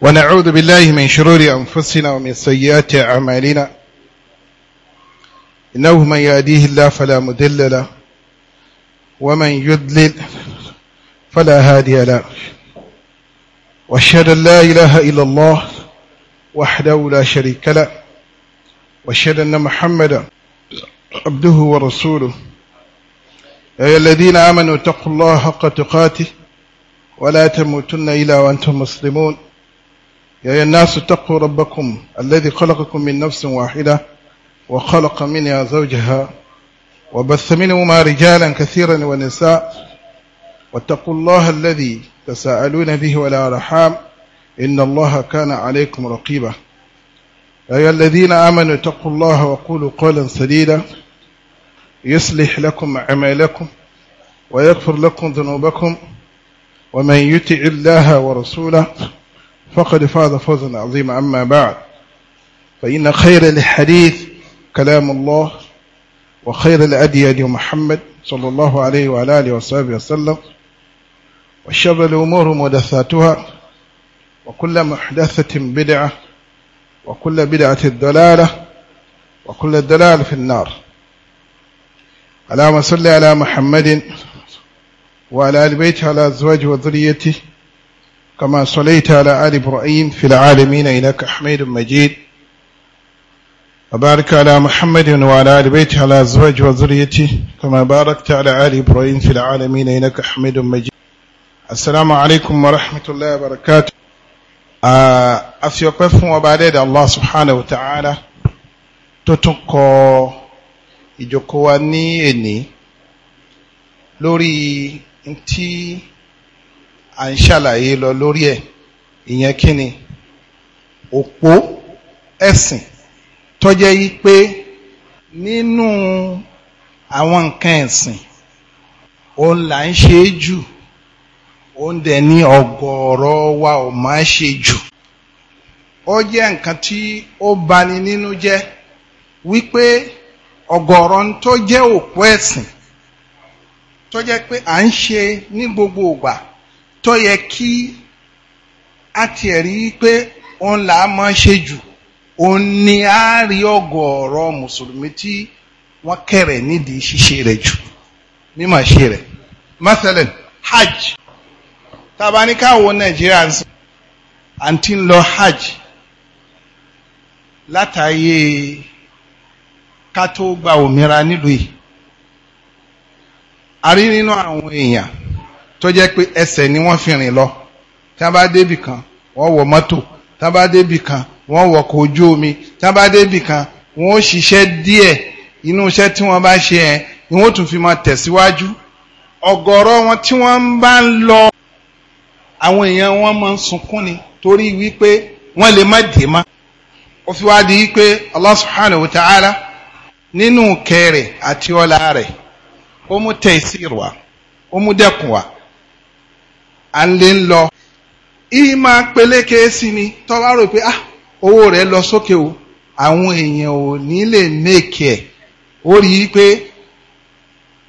ونعوذ بالله من شرور أنفسنا ومن سيئات أعمالنا إنه من يهديه الله فلا مدل له ومن يدلل فلا هادي له واشهد أن لا إله إلا الله وحده لا شريك له واشهد أن محمدا عبده ورسوله يا الذين آمنوا اتقوا الله حق تقاته ولا تموتن إلا وأنتم مسلمون يا أيها الناس اتقوا ربكم الذي خلقكم من نفس واحدة وخلق منها زوجها وبث منهما رجالا كثيرا ونساء واتقوا الله الذي تساءلون به والأرحام إن الله كان عليكم رقيبا يا أيها الذين آمنوا اتقوا الله وقولوا قولا سديدا يصلح لكم أعمالكم ويغفر لكم ذنوبكم ومن يطع الله ورسوله فقد فاز فوزا عظيما أما بعد فإن خير الحديث كلام الله وخير الأدي محمد صلى الله عليه وعلى آله وصحبه وسلم وشر الأمور محدثاتها وكل محدثة بدعة وكل بدعة ضلالة وكل الدلال في النار اللهم صل على محمد وعلى آل بيته على أزواجه وذريته كما صليت على آل إبراهيم في العالمين إنك حميد مجيد وبارك على محمد وعلى آل بيته على أزواجه وذريته كما باركت على آل إبراهيم في العالمين إنك حميد مجيد السلام عليكم ورحمة الله وبركاته أفيوكف وبعدد الله سبحانه وتعالى تتقى ìjòkó wa ní èní lórí à ń ṣàlàyé lọ lórí ẹ̀ ìyẹn kí ni òpó ẹ̀sìn tó jẹ́ yí pé nínú àwọn nǹkan ẹ̀sìn òun là ń ṣe é jù òun dẹ̀ ní ọ̀gọ̀ọ̀rọ̀ wa ò máa ṣe jù ó jẹ́ nǹkan tí ó bani nínú jẹ́ wípé ọ̀gọ̀ọ̀rọ̀ tó jẹ́ òpó ẹ̀sìn tó pé à ń ṣe ní gbogbo ìgbà tó yẹ kí a tiẹ̀ rí pé òun là á mọ̀ ṣe jù òun ni a rí ọ̀gọ̀ọ̀rọ̀ mùsùlùmí tí wọ́n kẹ̀rẹ̀ nídìí ṣíṣe rẹ̀ jù mímọ̀ ṣe rẹ̀ masalan hajj tàbá nàìjíríà ń sìn àǹtí ń lọ hajj látàyè ká tó gba òmìnira nílùú yìí a rí nínú àwọn èèyàn tó jẹ́ pé ẹsẹ̀ ni wọ́n fi rìn lọ tí wọ́n bá débì kan wọ́n wọ mọ́tò tí wọ́n bá débì kan wọ́n wọ ọkọ̀ ojú omi tí wọ́n bá débì kan wọ́n ó ṣiṣẹ́ díẹ̀ inú iṣẹ́ tí wọ́n bá ṣe ẹ̀ ni wọ́n tún fi máa tẹ̀síwájú ọ̀gọ̀rọ̀ wọn tí wọ́n bá ń lọ àwọn èèyàn wọn máa ń sunkún ni torí wípé wọ́n lè má dé má ó fi wá di wípé Allah subhanahu wa nínú kẹrẹ̀ àti ọlá rẹ̀ ó mú tẹ̀síwá ó mú dẹ́kun wá. à ń lé ń lọ ìyí máa peléke sí ni tó bá rò pé ah owó rẹ lọ sókè o àwọn èèyàn ò ní lè méèkì ẹ̀ ó rí i pé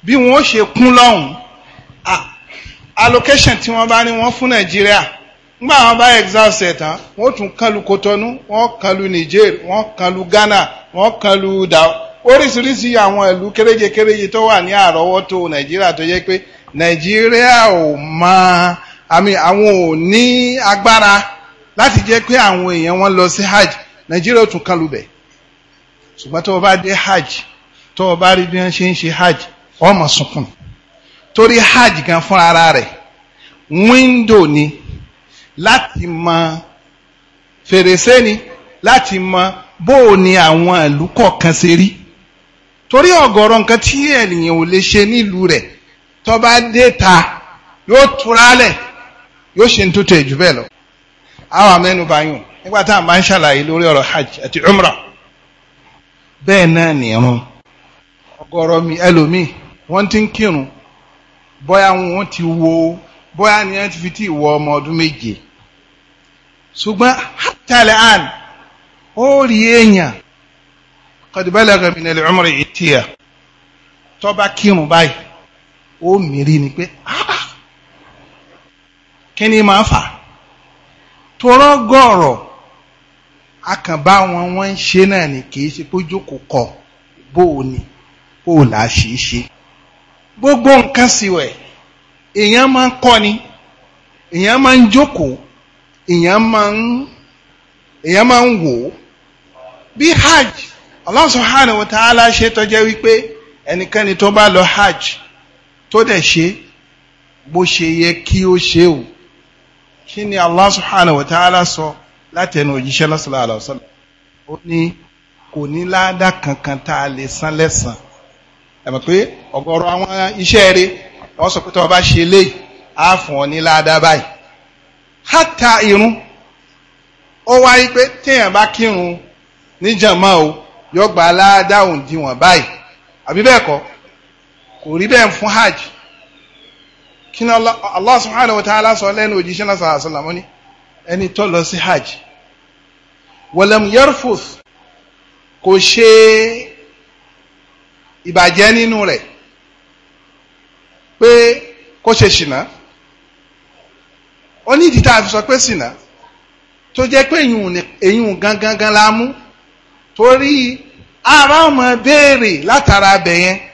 bí wọ́n ṣe kún lọ́hùn ah, allocation tí wọ́n bá ní wọn fún Nàìjíríà ngbà wọn bá exhaust ẹ̀ tán wọ́n tún kánlu Kotonu wọ́n kánlu Niger wọ́n kánlu Ghana wọ́n kánlu dao oríṣiríṣi àwọn ìlú kéréje kéréje tó wà ní àrọ́wọ́tó nàìjíríà tó yẹ pé nàìjíríà ò máa àmì àwọn ò ní agbára láti jẹ́ pé àwọn èèyàn wọn lọ sí hajj nàìjíríà tún kan lubẹ̀ ṣùgbọ́n tó o bá dé hajj tó o bá rí bí ṣe ń ṣe hajj ọmọ sunkún torí hajj gan fún ara rẹ̀ wíńdò ni láti mọ fèrèsé ni láti mọ bó o ní àwọn ìlú ṣe rí torí yóò ṣe ń tó tẹ̀ jù bẹ́ẹ̀ lọ àwọn amẹ́nuba yùn nígbà tá à ń bá ń ṣàlàyé lórí ọ̀rọ̀ hajj àti umrah bẹ́ẹ̀ náà nìrun ọ̀gọ̀rọ̀ mi ẹlòmíì wọ́n ti ń kírun bóyá wọ́n ti wo bóyá ni wọ́n ti fi tí ìwọ ọmọ ọdún méje ṣùgbọ́n hátàlẹ̀ àn ó rí èèyàn kọ̀dùbẹ́lẹ̀ rẹ̀mìnàlẹ̀ ọmọrẹ̀ ètìyà tó kírun báyìí ó mìírí ni pé áà ah, kí máa fà torọ́ gọ̀ọ̀rọ̀ akànbá wọn wọ́n ń ṣe náà ni kì ṣe pé jókòó kọ bó o ni o là á ṣe é ṣe gbogbo nǹkan sì wẹ̀ èèyàn máa ń kọ́ èèyàn máa ń jókòó èèyàn máa ń èèyàn máa ń wò ó bí hajj ṣe tọ́jẹ́ wípé ẹnikẹ́ni tó bá lọ hajj tó dẹ̀ ṣe bó ṣe yẹ kí ó kí ni Allah subhanahu wa ta'ala sọ látẹnu òjíṣẹ́ sallallahu alaihi wasallam ó ní kò ní ládà kankan tá a lè san lẹ́sàn ẹ̀mọ̀ pé ọ̀gọ̀rọ̀ àwọn iṣẹ́ rẹ̀ wọ́n sọ pé tó bá ṣe lé á fún ọ ní ládà báyìí hátà irun hajj kí ni Allah subhanahu wa ta'ala sọ lẹ́nu òjíṣẹ́ náà sàrà sàlámù ní ẹni tó lọ sí hajj walam yarfuth kò ṣe ìbàjẹ́ nínú rẹ̀ pé kó ṣe ṣìnà ó ní ìdí tá pé ṣìnà tó jẹ́ pé èyún gangan la mú torí ara ọmọ béèrè látara abẹ yẹn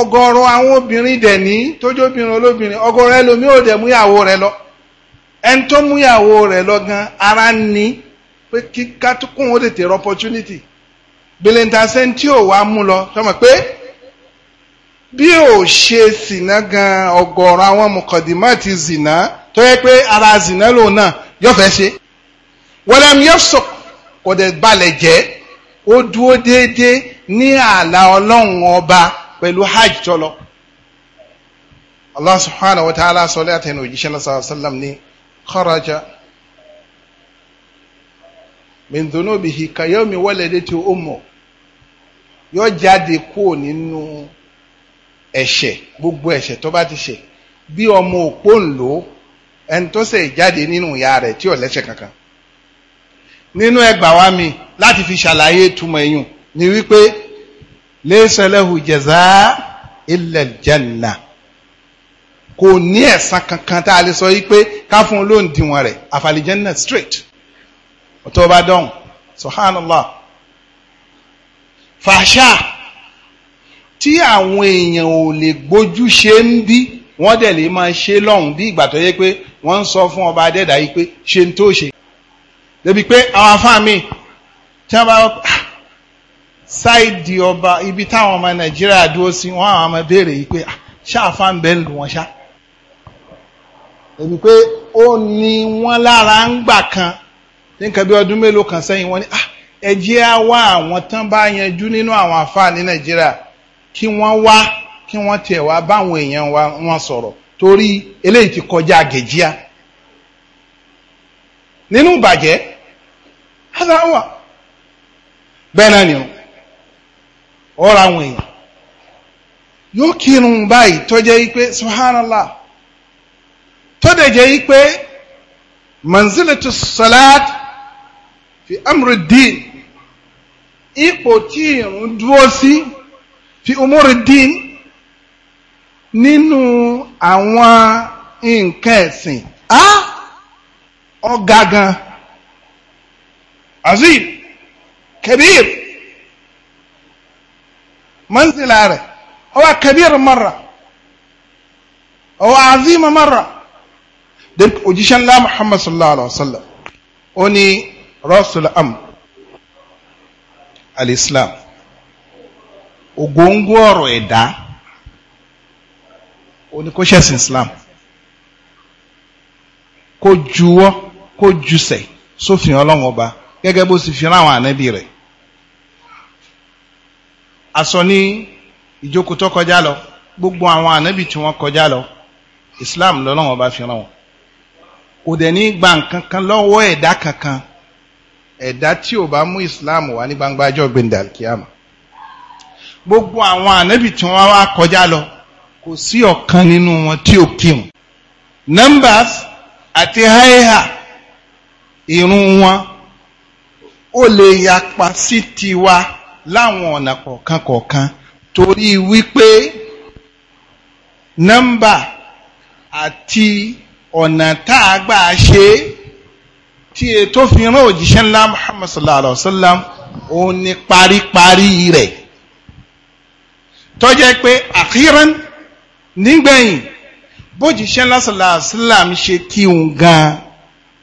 ọ̀gọ̀rọ̀ àwọn obìnrin dẹ̀ ní tójóbìnrin olóbìnrin ọ̀gọ̀rọ̀ ẹlòmí ò dẹ̀ múyàwó rẹ̀ lọ ẹni tó múyàwó rẹ̀ lọ gan ara ní pé kí kátókùn ó tètè rọ opportunity belentansen tí ò wá mú lọ sọmọ pé bí ò ṣe sìnà gan ọ̀gọ̀rọ̀ àwọn mọkàndínmá ti zìnà tó yẹ pé ara zìnà lòun náà yọfẹ ṣe wọlẹm yọsọ kò dẹ̀ balẹ̀ jẹ́ ó dúró déédéé ní ààlà Ọlọ́run ọba pẹ̀lú hajj tó lọ allah subhanahu wa ta'ala sọ látẹnu òjíṣẹ́ náà sallam ní kharaja min dhunubihi kayomi waladati ummu yóò jáde kúrò nínú ẹ̀ṣẹ̀ gbogbo ẹ̀ṣẹ̀ tó bá ti ṣe bí ọmọ òpó ń lò ó ẹni tó ṣe ìjáde nínú ìyá rẹ̀ tí ò lẹ́ṣẹ̀ kankan nínú ẹgbàá wa mi láti fi ṣàlàyé ìtumọ̀ ẹ̀yùn ni wípé laysa lahu jazaa illa al-janna kò ní ẹ̀san kankan tá a lè sọ yìí pé ká fún un lóun diwọn rẹ̀ àfàlìjẹ́nà straight ọ̀tọ́ bá dọ̀hùn subhanallah fàṣà tí àwọn èèyàn ò lè gbójú ṣe ń bí wọ́n dẹ̀ lè máa ṣe lọ́hùn bí ìgbà tó yẹ pé wọ́n ń sọ fún ọba adẹ́dà yìí pé ṣe ń tó ṣe débi pé àwọn afáàmì tí wọ́n bá sáìdì ọba ibi táwọn ọmọ nàìjíríà dúró sí wọn àwọn ọmọ béèrè yìí pé ah, ṣáàfà ń bẹ ń lù wọn ṣá èmi pé ó ní wọn lára ń gbà kan ní nǹkan bí ọdún mélòó kan sẹ́yìn wọn ni ah, ẹ jẹ́ á wá àwọn tán bá yanjú nínú àwọn àfáà ní nàìjíríà kí wọ́n wá kí wọ́n tiẹ̀ wá báwọn èèyàn wa wọn sọ̀rọ̀ torí eléyìí ti kọjá àgèjíà nínú ìbàjẹ́ hádà wà bẹ́ẹ̀ náà nìyẹn ọ̀rọ̀ àwọn èèyàn yóò kírun báyìí tó jẹ́ pé subhanallah tó dẹ̀ jẹ́ pé manzilatu salat fi amri din ipò tí ìrun dúró sí fi umuri din nínú àwọn nǹkan ẹ̀sìn á ọ̀gá gan azim kabir manzila rẹ̀ ó wà kabir mara ó wà azima mara dẹ́pẹ́ òjíṣẹ́ ńlá muhammad sallallahu alaihi wa sallam ó ní rasul am alislam ògóńgó ọ̀rọ̀ ẹ̀dá ó ní kó ṣẹ̀sìn islam kó juwọ́ kó jusẹ̀ sófin ọlọ́run gẹ́gẹ́ bó sì fi rán àwọn ànábì rẹ̀ asọ ní ìjókòó tó kọjá lọ gbogbo àwọn ànábì tí wọ́n kọjá lọ islam lọ́lọ́wọ́n bá fi ràn wọ́n kò dẹ̀ ní gba nǹkan kan lọ́wọ́ ẹ̀dá kankan ẹ̀dá tí ò bá mú islam wá ní gbangba ọjọ́ gbendal kíámà gbogbo àwọn ànábì tí wọ́n wá kọjá lọ kò sí ọ̀kan nínú wọn tí ò kírun numbers ati haiha irun wọn ó lè yapa sí tiwa láwọn ọ̀nà kọ̀ọ̀kan kọ̀ọ̀kan torí wípé nọ́mbà àti ọ̀nà tá a gbà ṣe tí ètò fi rán òjíṣẹ́ ńlá Muhammad sallallahu alaihi wa sallam òun ni paríparí rẹ̀ tó jẹ́ pé àkíran nígbẹ̀yìn bójíṣẹ́ ńlá sallallahu alaihi wa sallam ṣe kí òun gan-an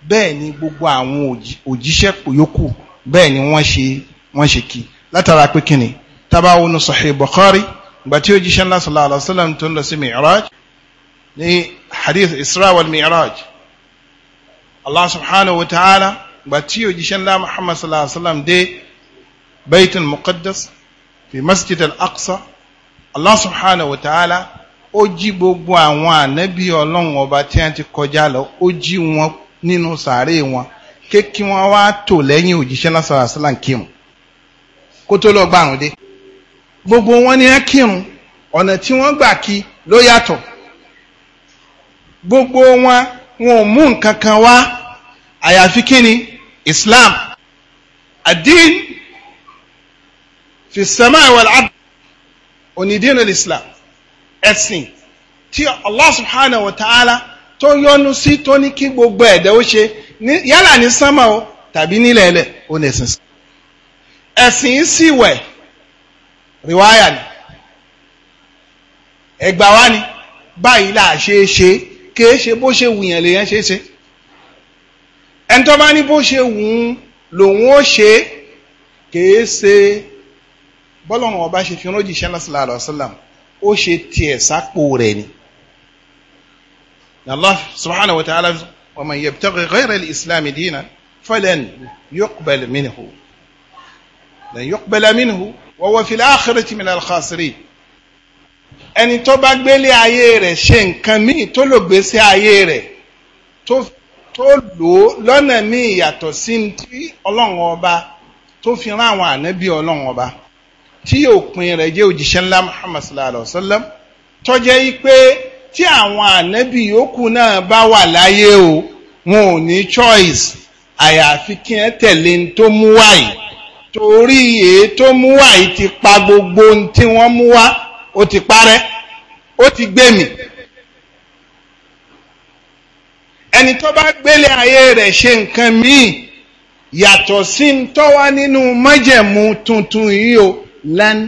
bẹ́ẹ̀ ni gbogbo àwọn òjíṣẹ́ yòókù bẹ́ẹ̀ ni wọ́n ṣe kí látara pé kíni tábà wọnú Sahih Bukhari ìgbà tí ó jíṣẹ́ ńlá sallallahu alaihi wasallam tó ń lọ sí mi'raj ní hadith isra wal mi'raj Allah subhanahu wa ta'ala ìgbà tí ó jíṣẹ́ ńlá Muhammad sallallahu alaihi wasallam dé baitul muqaddas fi masjid al-aqsa Allah subhanahu wa ta'ala ó jí gbogbo àwọn ànábì ọlọ́run ọba tí wọ́n ti kọjá lọ ó jí wọn nínú sàárè wọn kékí wọn wá tò lẹ́yìn òjíṣẹ́ lásàrásílà kírun kó tó lọ gbàrún dé gbogbo wọn ni wọn kírun ọ̀nà tí wọ́n gbà kí ló yàtọ̀ gbogbo wọn wọn ò mú nǹkan kan wá àyàfi kíni Islam adin fi samaa wal ard Islam ẹ̀sìn tí Allah subhanahu wa ta'ala tó yọ́nú sí tó ní kí gbogbo ẹ̀dẹ́ ó ṣe yálà ní sánmà o tàbí nílẹ̀ ẹlẹ̀ ó ní sí ẹ̀sìn sì wẹ̀ rìwáyà ni ẹgbà wa ni báyìí là ṣe é ṣe kìí ṣe bó ṣe wù yàn lèyàn ṣe é ṣe ẹni tó bá ní bó ṣe wù ú lòun ó ṣe kìí ṣe bọ́lọ̀wọ̀n ọba ṣe fi rọ́jì ṣẹlẹ̀ sallallahu alaihi wasallam ó ṣe tiẹ̀ sápò rẹ̀ ni. Allah subhanahu wa ta'ala wa man yabtaghi ghayra al-islam dinan falan yuqbal minhu lan yuqbala minhu wa huwa fil akhirati minal khasirin ẹni tó bá gbélé ayé rẹ̀ ṣe nǹkan míì tó lò gbèsè ayé rẹ̀ tó tó lò ó lọ́nà míì yàtọ̀ sí ti ọlọ́run ọba tó fi rán àwọn ànábì ọlọ́run ọba tí òpin rẹ̀ jẹ́ òjíṣẹ́ ńlá Muhammad sallallahu alayhi wa sallam tó jẹ́ pé tí àwọn ànábì yòókù náà bá wà láyé o wọn ò ní choice àyàfi kí ẹ tẹ̀lé tó mú wáyìí torí èyí tó mú wá yìí ti pa gbogbo ohun tí wọ́n mú wá ó ti parẹ́ ó ti gbẹ̀mí ẹni tó bá gbélé ayé rẹ̀ ṣe nǹkan míì yàtọ̀ sí ń tọ́wá nínú májẹ̀mú tuntun yìí o lẹ́nu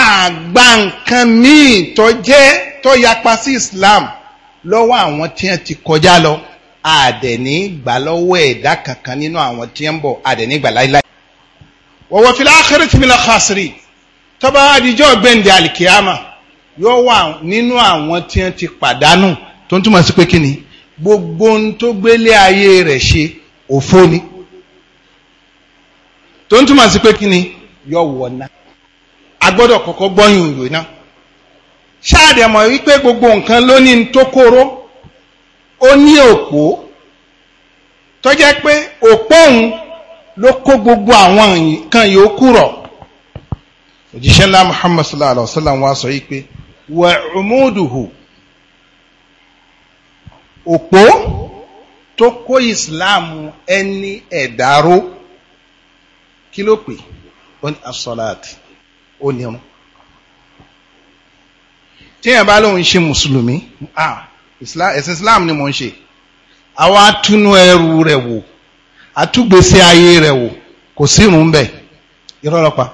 àgbà nǹkan míì tó jẹ́ tó yapa sí Islam lọ́wọ́ àwọn tí wọ́n ti kọjá lọ àdẹ̀ní gbà lọ́wọ́ ẹ̀dá kankan nínú àwọn tí ń bọ̀ àdẹ̀ní gbà láíláí. wọ́wọ́ fi láàkiri tí mi lọ kà sírí tọ́ba àdìjọ́ gbẹ̀ǹdẹ̀ àlìkíyàmà yóò wà nínú àwọn tí ń ti pàdánù tó ń túmọ̀ sí pé kíni gbogbo ohun tó gbélé ayé rẹ̀ ṣe òfó ni tó ń túmọ̀ sí pé kíni yóò wọ̀ ná a kọ́kọ́ gbọ́yìn òyò náà ṣáàdẹ̀mọ̀ wípé gbogbo nǹkan ló ní tó kóró ó ní òpó tó jẹ́ pé òpó òun ló kó gbogbo àwọn nǹkan yòókù rọ̀ òjíṣẹ́ ńlá muhammad sallallahu alaihi wa sallam wa sọ yìí pé wà umuduhu òpó tó kó islam ẹni ẹ̀dáró kí ló pè ó ní asọ́láàtì ó tí èèyàn bá lóun ṣe mùsùlùmí ah ẹ̀sìn islam ni mò ń ṣe àwa atúnú ẹrù rẹ̀ wò atúgbèsè ayé rẹ̀ wò kò sí ìrùn bẹ́ẹ̀ irọ́ lọ́pàá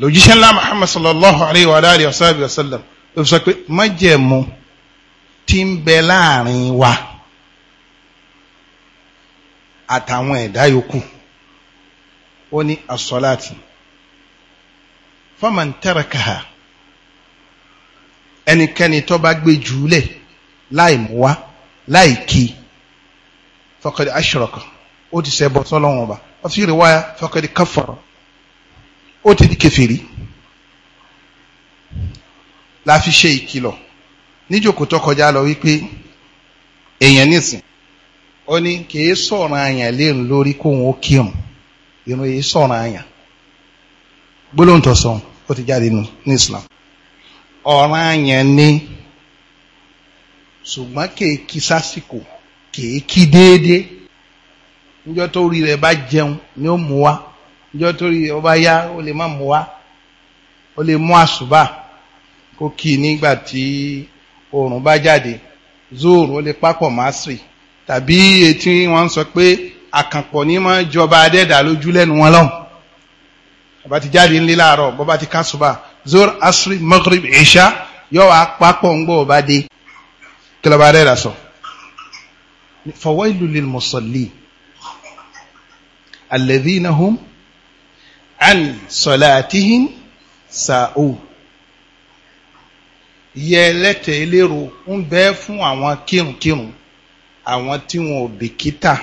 lòjíṣẹ́ ńlá muhammad sallallahu alayhi wa alayhi wa sallam wa sallam ló fi sọ pé májẹ̀mú tí ń bẹ láàrin wa àtàwọn ẹ̀dá yòókù ó ní asọ́láàtì faman tarakaha ẹnikẹ́ni tó bá gbé jùúlẹ̀ láì mú wá láì kí faqad ashraka ó ti ṣẹbọ sọ́lọ́run ọba ó wáyà faqad kafara ó ti di kèfèrí la fi ṣe ìkìlọ̀ níjòkó tó kọjá lọ wípé èèyàn nìsín ó ní kìí sọ̀rọ̀ àyàn léèrè lórí kóhun ó kírun ìrun yìí sọ̀rọ̀ àyàn gbólóhùn tó sọ ó ti jáde ní Islam ọ̀ràn àyàn ni ṣùgbọ́n kèékì sásìkò kèékì déédéé níjọ́ tó rí rẹ̀ bá jẹun ni ó mú wa níjọ́ tó rí rẹ̀ bá yá ó lè má mú wa ó lè mú àṣùbà kó kì í nígbà tí oòrùn bá jáde zoro ó lè papọ̀ má sè tàbí etí wọn sọ pé àkànpọ̀ ní máa jọba adẹ́dà lójú lẹ́nu wọn lọ́hùn bàbá ti jáde ńlẹ́ láàárọ̀ bàbá ti kásùbà zor asri maghrib isha yóò wá papọ̀ ń gbọ́ ọba dé kílọ̀bà rẹ̀ rà sọ. fawailul lil musallin alladhina hum an salatihim sa'u yẹ ẹlẹ́tẹ̀ eléro ń bẹ fún àwọn kírunkírun àwọn tí wọn ò bìkítà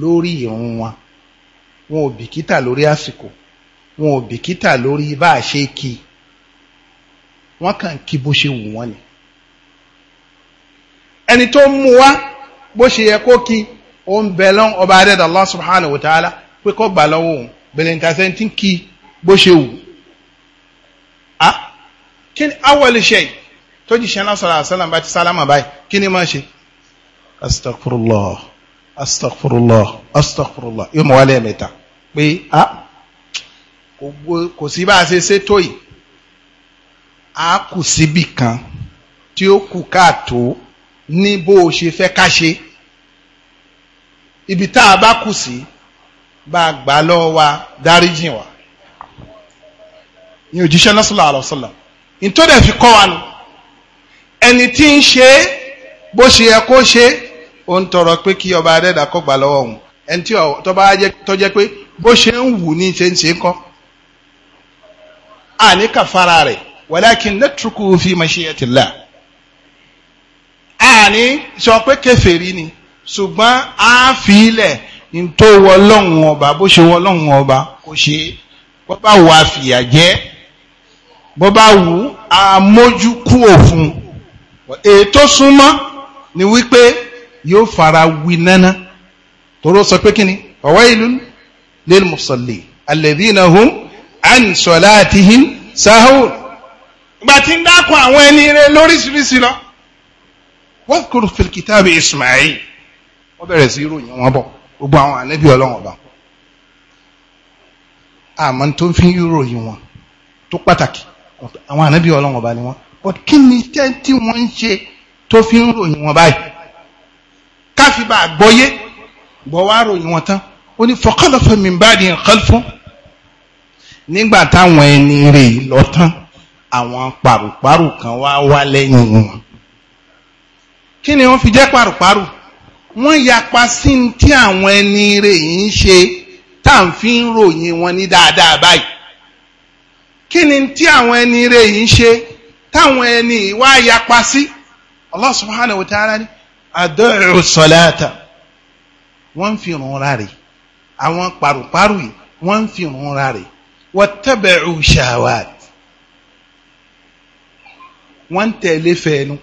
lórí ìrun wọn wọn ò bìkítà lórí àsìkò wọn ò bìkítà lórí bá a ṣe kí i wọ́n kàn kí bó ṣe wù wọ́n ni ẹni tó mú wá bó ṣe yẹ kó kí ó ń bẹ lọ́n ọba adẹ́dà Allah subhanahu wa ta'ala pé kọ́ gbà lọ́wọ́ òun bẹ̀rẹ̀ nǹkan sẹ́ni tí ń kí bó ṣe wù á kí ni awọ́lẹ̀ ṣe yìí tó jíṣẹ́ náà sọ̀rọ̀ àṣálàm bá ti sálámà báyìí kí ni máa ṣe astaghfirullah astaghfirullah astaghfirullah yóò mọ̀ wálé ẹ̀mẹ́ta pé á kò sí bá a ṣe ṣètò yìí á kù síbì kan tí ó kù káàtó ní bó o ṣe fẹ́ ká ṣe ibi tá a bá kù sí bá a gbà lọ́wọ́ wa dáríjì wa ní òjíṣẹ́ lọ́sọ̀lá àlọ́sọ̀lá ìtọ́dẹ̀ fi kọ́ wa nù ẹni tí ń ṣe bó ṣe yẹ kó ṣe ó ń tọrọ pé kí ọba adẹ́dà kó gbà lọ́wọ́ òun ẹni tí tọ́ba tọ́jẹ́ pé bó ṣe ń wù ní ṣe ń ṣe ń kọ́ àní rẹ̀ walakin natruku fi mashiyatillah àní sọ pé kèfèrí ni ṣùgbọ́n a fi ilẹ̀ tó wọ lọ́hùn ọba bó ṣe wọ lọ́hùn ọba kò ṣe bó bá wù àfìyà jẹ́ bó bá wù àmójú kú òfun ètò súnmọ́ ni wípé yóò fara wí nánà tóró sọ pé kíni fawailun lil musalli alladhina hum an salatihim sahun ìgbà tí ń dákọ̀ àwọn ẹni rẹ lóríṣiríṣi lọ. wadhkur fil kitabi Ismail wọ́n bẹ̀rẹ̀ sí ìròyìn wọn bọ̀ gbogbo àwọn ànábì ọlọ́wọ̀n bá àmọ́ tó ń fi ìròyìn wọn tó pàtàkì àwọn ànábì ọlọ́wọ̀n bá ni wọn but kí ni tí wọ́n ń ṣe tó fi ń ròyìn wọn báyìí káfíbà gbọ́yé gbọ́ wá ròyìn wọn tán ó ní faqalafa min ba'dihim khalfun nígbà táwọn ẹni rè lọ tán àwọn pàrùpàrù kan wá wá lẹ́yìn wọn kí ni wọ́n fi jẹ́ pàrùpàrù wọ́n yapa sí tí àwọn ẹni rẹ̀ yìí ń ṣe tá à ń fi ń ròyìn wọn ní dáadáa báyìí kí ni tí àwọn ẹni rẹ̀ yìí ń ṣe táwọn ẹni wá yapa sí Allah subhanahu wa ta'ala ni adọ́rù wọ́n ń fi ràn ra rè àwọn pàrùpàrù yìí wọ́n ń fi ràn ra rè wọ́n tẹ̀bẹ̀rù ṣàwàdì wọ́n ń tẹ̀lé fẹ́ẹ́nu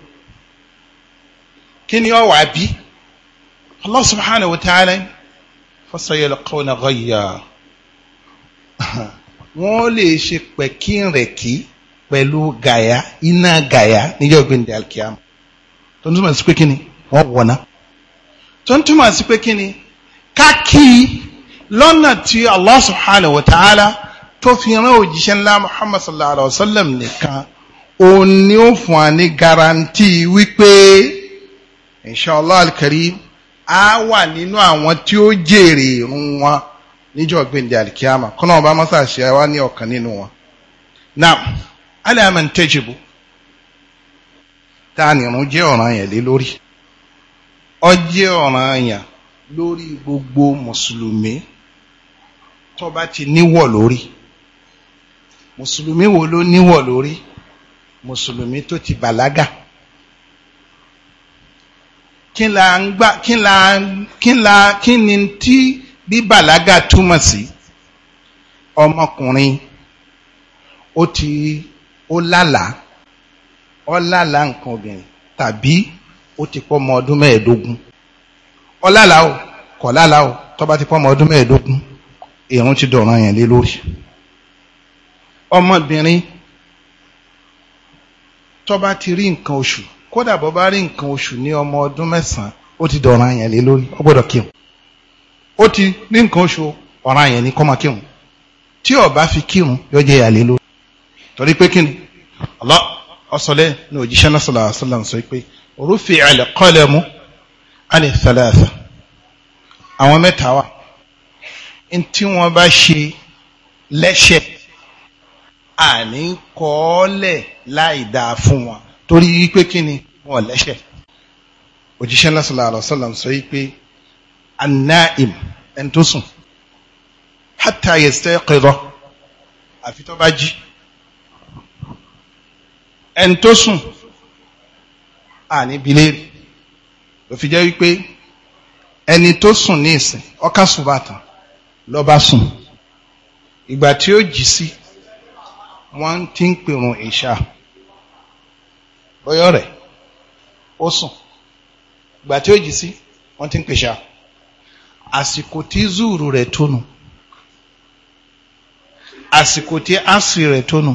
kí ni ọ wà bí Allah subhanahu wa ta'ala fasayẹlẹ qawna ghayya wọ́n lè ṣe pẹ̀kínrẹ̀kí pẹ̀lú gàyà iná gàyà níjọ́ gbẹ̀ndẹ̀ alkiyama tó ń túmọ̀ sí pé kí ni wọ́n wọ̀nà tó ń túmọ̀ sí pé kí ni kákì lọ́nà tí Allah subhanahu wa ta'ala tó fi rán òjíṣẹ́ ńlá Muhammad sallallahu alaihi wa sallam nìkan òun ni ó fún wa ní garanti wípé inshallah alkarim a wà nínú àwọn tí ó jèrè irun wọn níjọ́ gbẹ̀ndẹ̀ alikiyama kọ́nà ọba mọ́sá ṣe wá ní ọ̀kan nínú wọn. now alaman tejibu ta ni irun jẹ́ ọ̀ràn yẹn lé lórí ó ọ̀ràn yẹn lórí gbogbo mùsùlùmí tó bá ti níwọ̀ lórí mùsùlùmí wo ló níwọ̀ lórí. mùsùlùmí tó ti bàlágà kí la ń gbà kí la kí la kí ni tí bí bàlágà túmọ̀ sí ọmọkùnrin ó ti ó lálàá ó lálàá nǹkan obìnrin tàbí ó ti pọ́ ọmọ ọdún mẹ́ẹ̀ẹ́dógún ó lálàá o kọ̀ lálàá o tó ti pọ́ ọmọ ọdún mẹ́ẹ̀ẹ́dógún ìrun ti dọ̀ràn yẹn lé lórí ọmọbìnrin tó bá ti rí nǹkan oṣù kódà bó bá rí nǹkan oṣù ní ọmọ ọdún mẹ́sàn-án ó ti dọ̀ràn àyàn lé lórí ó gbọ́dọ̀ kírun ó ti rí nǹkan oṣù ọ̀ràn àyàn ní kó kírun tí ó fi kírun yóò jẹ́ ìyàlé lórí torí pé kí ni Allah ọ̀sọ̀lẹ̀ ní òjíṣẹ́ náà sallallahu alaihi wasallam sọ pé rufi al-qalamu an thalatha àwọn mẹ́ta wà tí wọ́n bá ṣe lẹ́ṣẹ̀ẹ́ àní kọ́ọ́lẹ̀ láì dáa fún wọn torí wípé kí ni wọn lẹ́ṣẹ̀ òjíṣẹ́ lásìlá àlọ́sọ́làm sọ wípé anáìm ẹni tó sùn hátà yẹsẹ̀ kẹrọ àfi tó bá jí ẹni tó sùn àní bilérì ló fi jẹ́ wípé ẹni tó sùn ní ìsìn ọkà sùn sùn ìgbà tí ó jí sí. Si, wọ́n ti ń pèrún ìṣá bọ́yọ́ rẹ̀ ó sùn ìgbà tí ó jì sí wọ́n ti ń pèṣà àsìkò tí zúùrù rẹ̀ tónu àsìkò tí asiri rẹ̀ tónu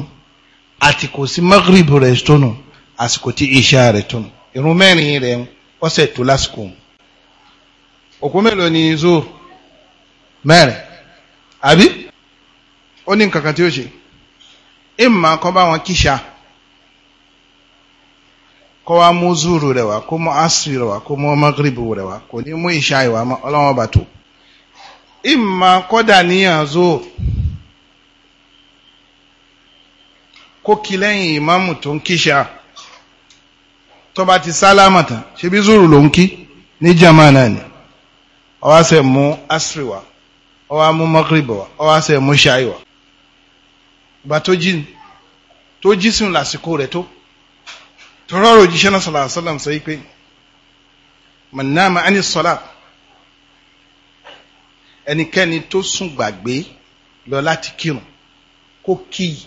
àtìkò sí magrib rẹ̀ tónu àsìkò tí ìṣá rẹ̀ tónu irun mẹ́rin rẹ̀ ọ̀sẹ̀ tó lásìkò òkú mélòó ni zúùrù mẹ́rin àbí ó ní nǹkan kan tí ó ṣe ìmà kọ́ bá wọn kíṣà kọ́ wá mú zúrù rẹ̀ wá kó mú asiri rẹ̀ wá kó mú magribu rẹ̀ wá kò ní mú ìṣá ìwà ọlọ́wọ́n bàtò ìmà kọ́ dà níyàn zúrù kó kí lẹ́yìn ìmáàmù tó ń kíṣà tó bá ti sálámà tán ṣe bí zúrù ló ń kí ní jama náà ni ọwá sẹ mú asiri wá ọwá mú magribu wá ọwá sẹ mú ṣáì wá ìgbà tó jí tó jí sùn lásìkò rẹ̀ tó tọrọ òjíṣẹ́ náà sallallahu alaihi wasallam sọ wípé man nama ani salat ẹnikẹ́ni tó sùn gbàgbé lọ láti kírun kó kíyì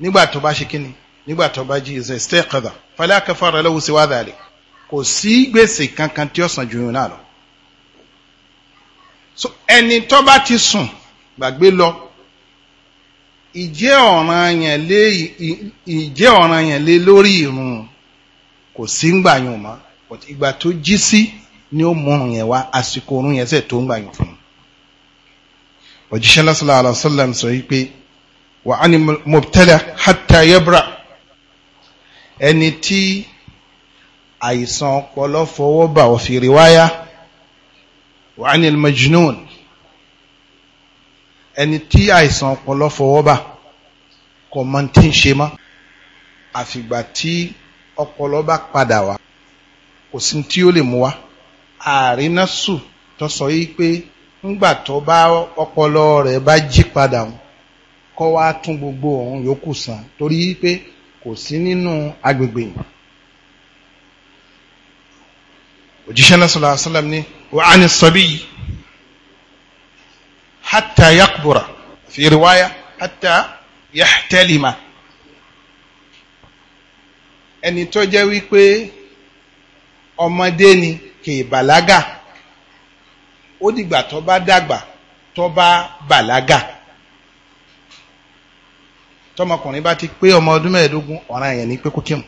nígbà tó bá ṣe kíni nígbà tó bá jí ìṣe istaqadha fala kafara lahu siwa dhalik kò sí gbèsè kankan tí ó sàn jù yún náà lọ so ẹni tó bá ti sùn gbàgbé lọ ìjẹ́ ọ̀ràn yẹn lé lórí ìrun kò sí ń gbàyàn mọ́ but ìgbà tó jí sí ni ó mú òrùn yẹn wá àsìkò òrùn yẹn sẹ̀ tó ń gbàyàn fún un òjíṣẹ́ lọ́sọ̀lá àlọ́sọ́làm sọ wípé wà á ní mọ̀tẹ́lẹ̀ hátà ẹni tí àìsàn ọpọlọ fọwọ́ bà ó fi rí wáyà wà á ní majnun ẹni tí àìsàn ọpọlọ fọwọ́ bà kò mọ tí ń ṣe mọ́ àfìgbà tí ọpọlọ bá padà wá kò sí tí ó lè mú wá àrínà sù tó sọ yìí pé ńgbà tó bá ọpọlọ rẹ̀ bá jí padà kó wá tún gbogbo ọ̀hún yòókù san torí pé kò sí nínú agbègbè yìí. òjíṣẹ́ náà sallallahu alaihi ní wàá ní sọ bí yìí. حتى يكبر في رواية حتى يحتلم ẹni tó jẹ́ wípé ọmọdé ni kìí bàlágà ó dìgbà tó bá dàgbà tó bá bàlágà tọmọkùnrin bá ti pé ọmọ ọdún mẹ́ẹ̀ẹ́dógún ọ̀ràn yẹn ní pé kó kírun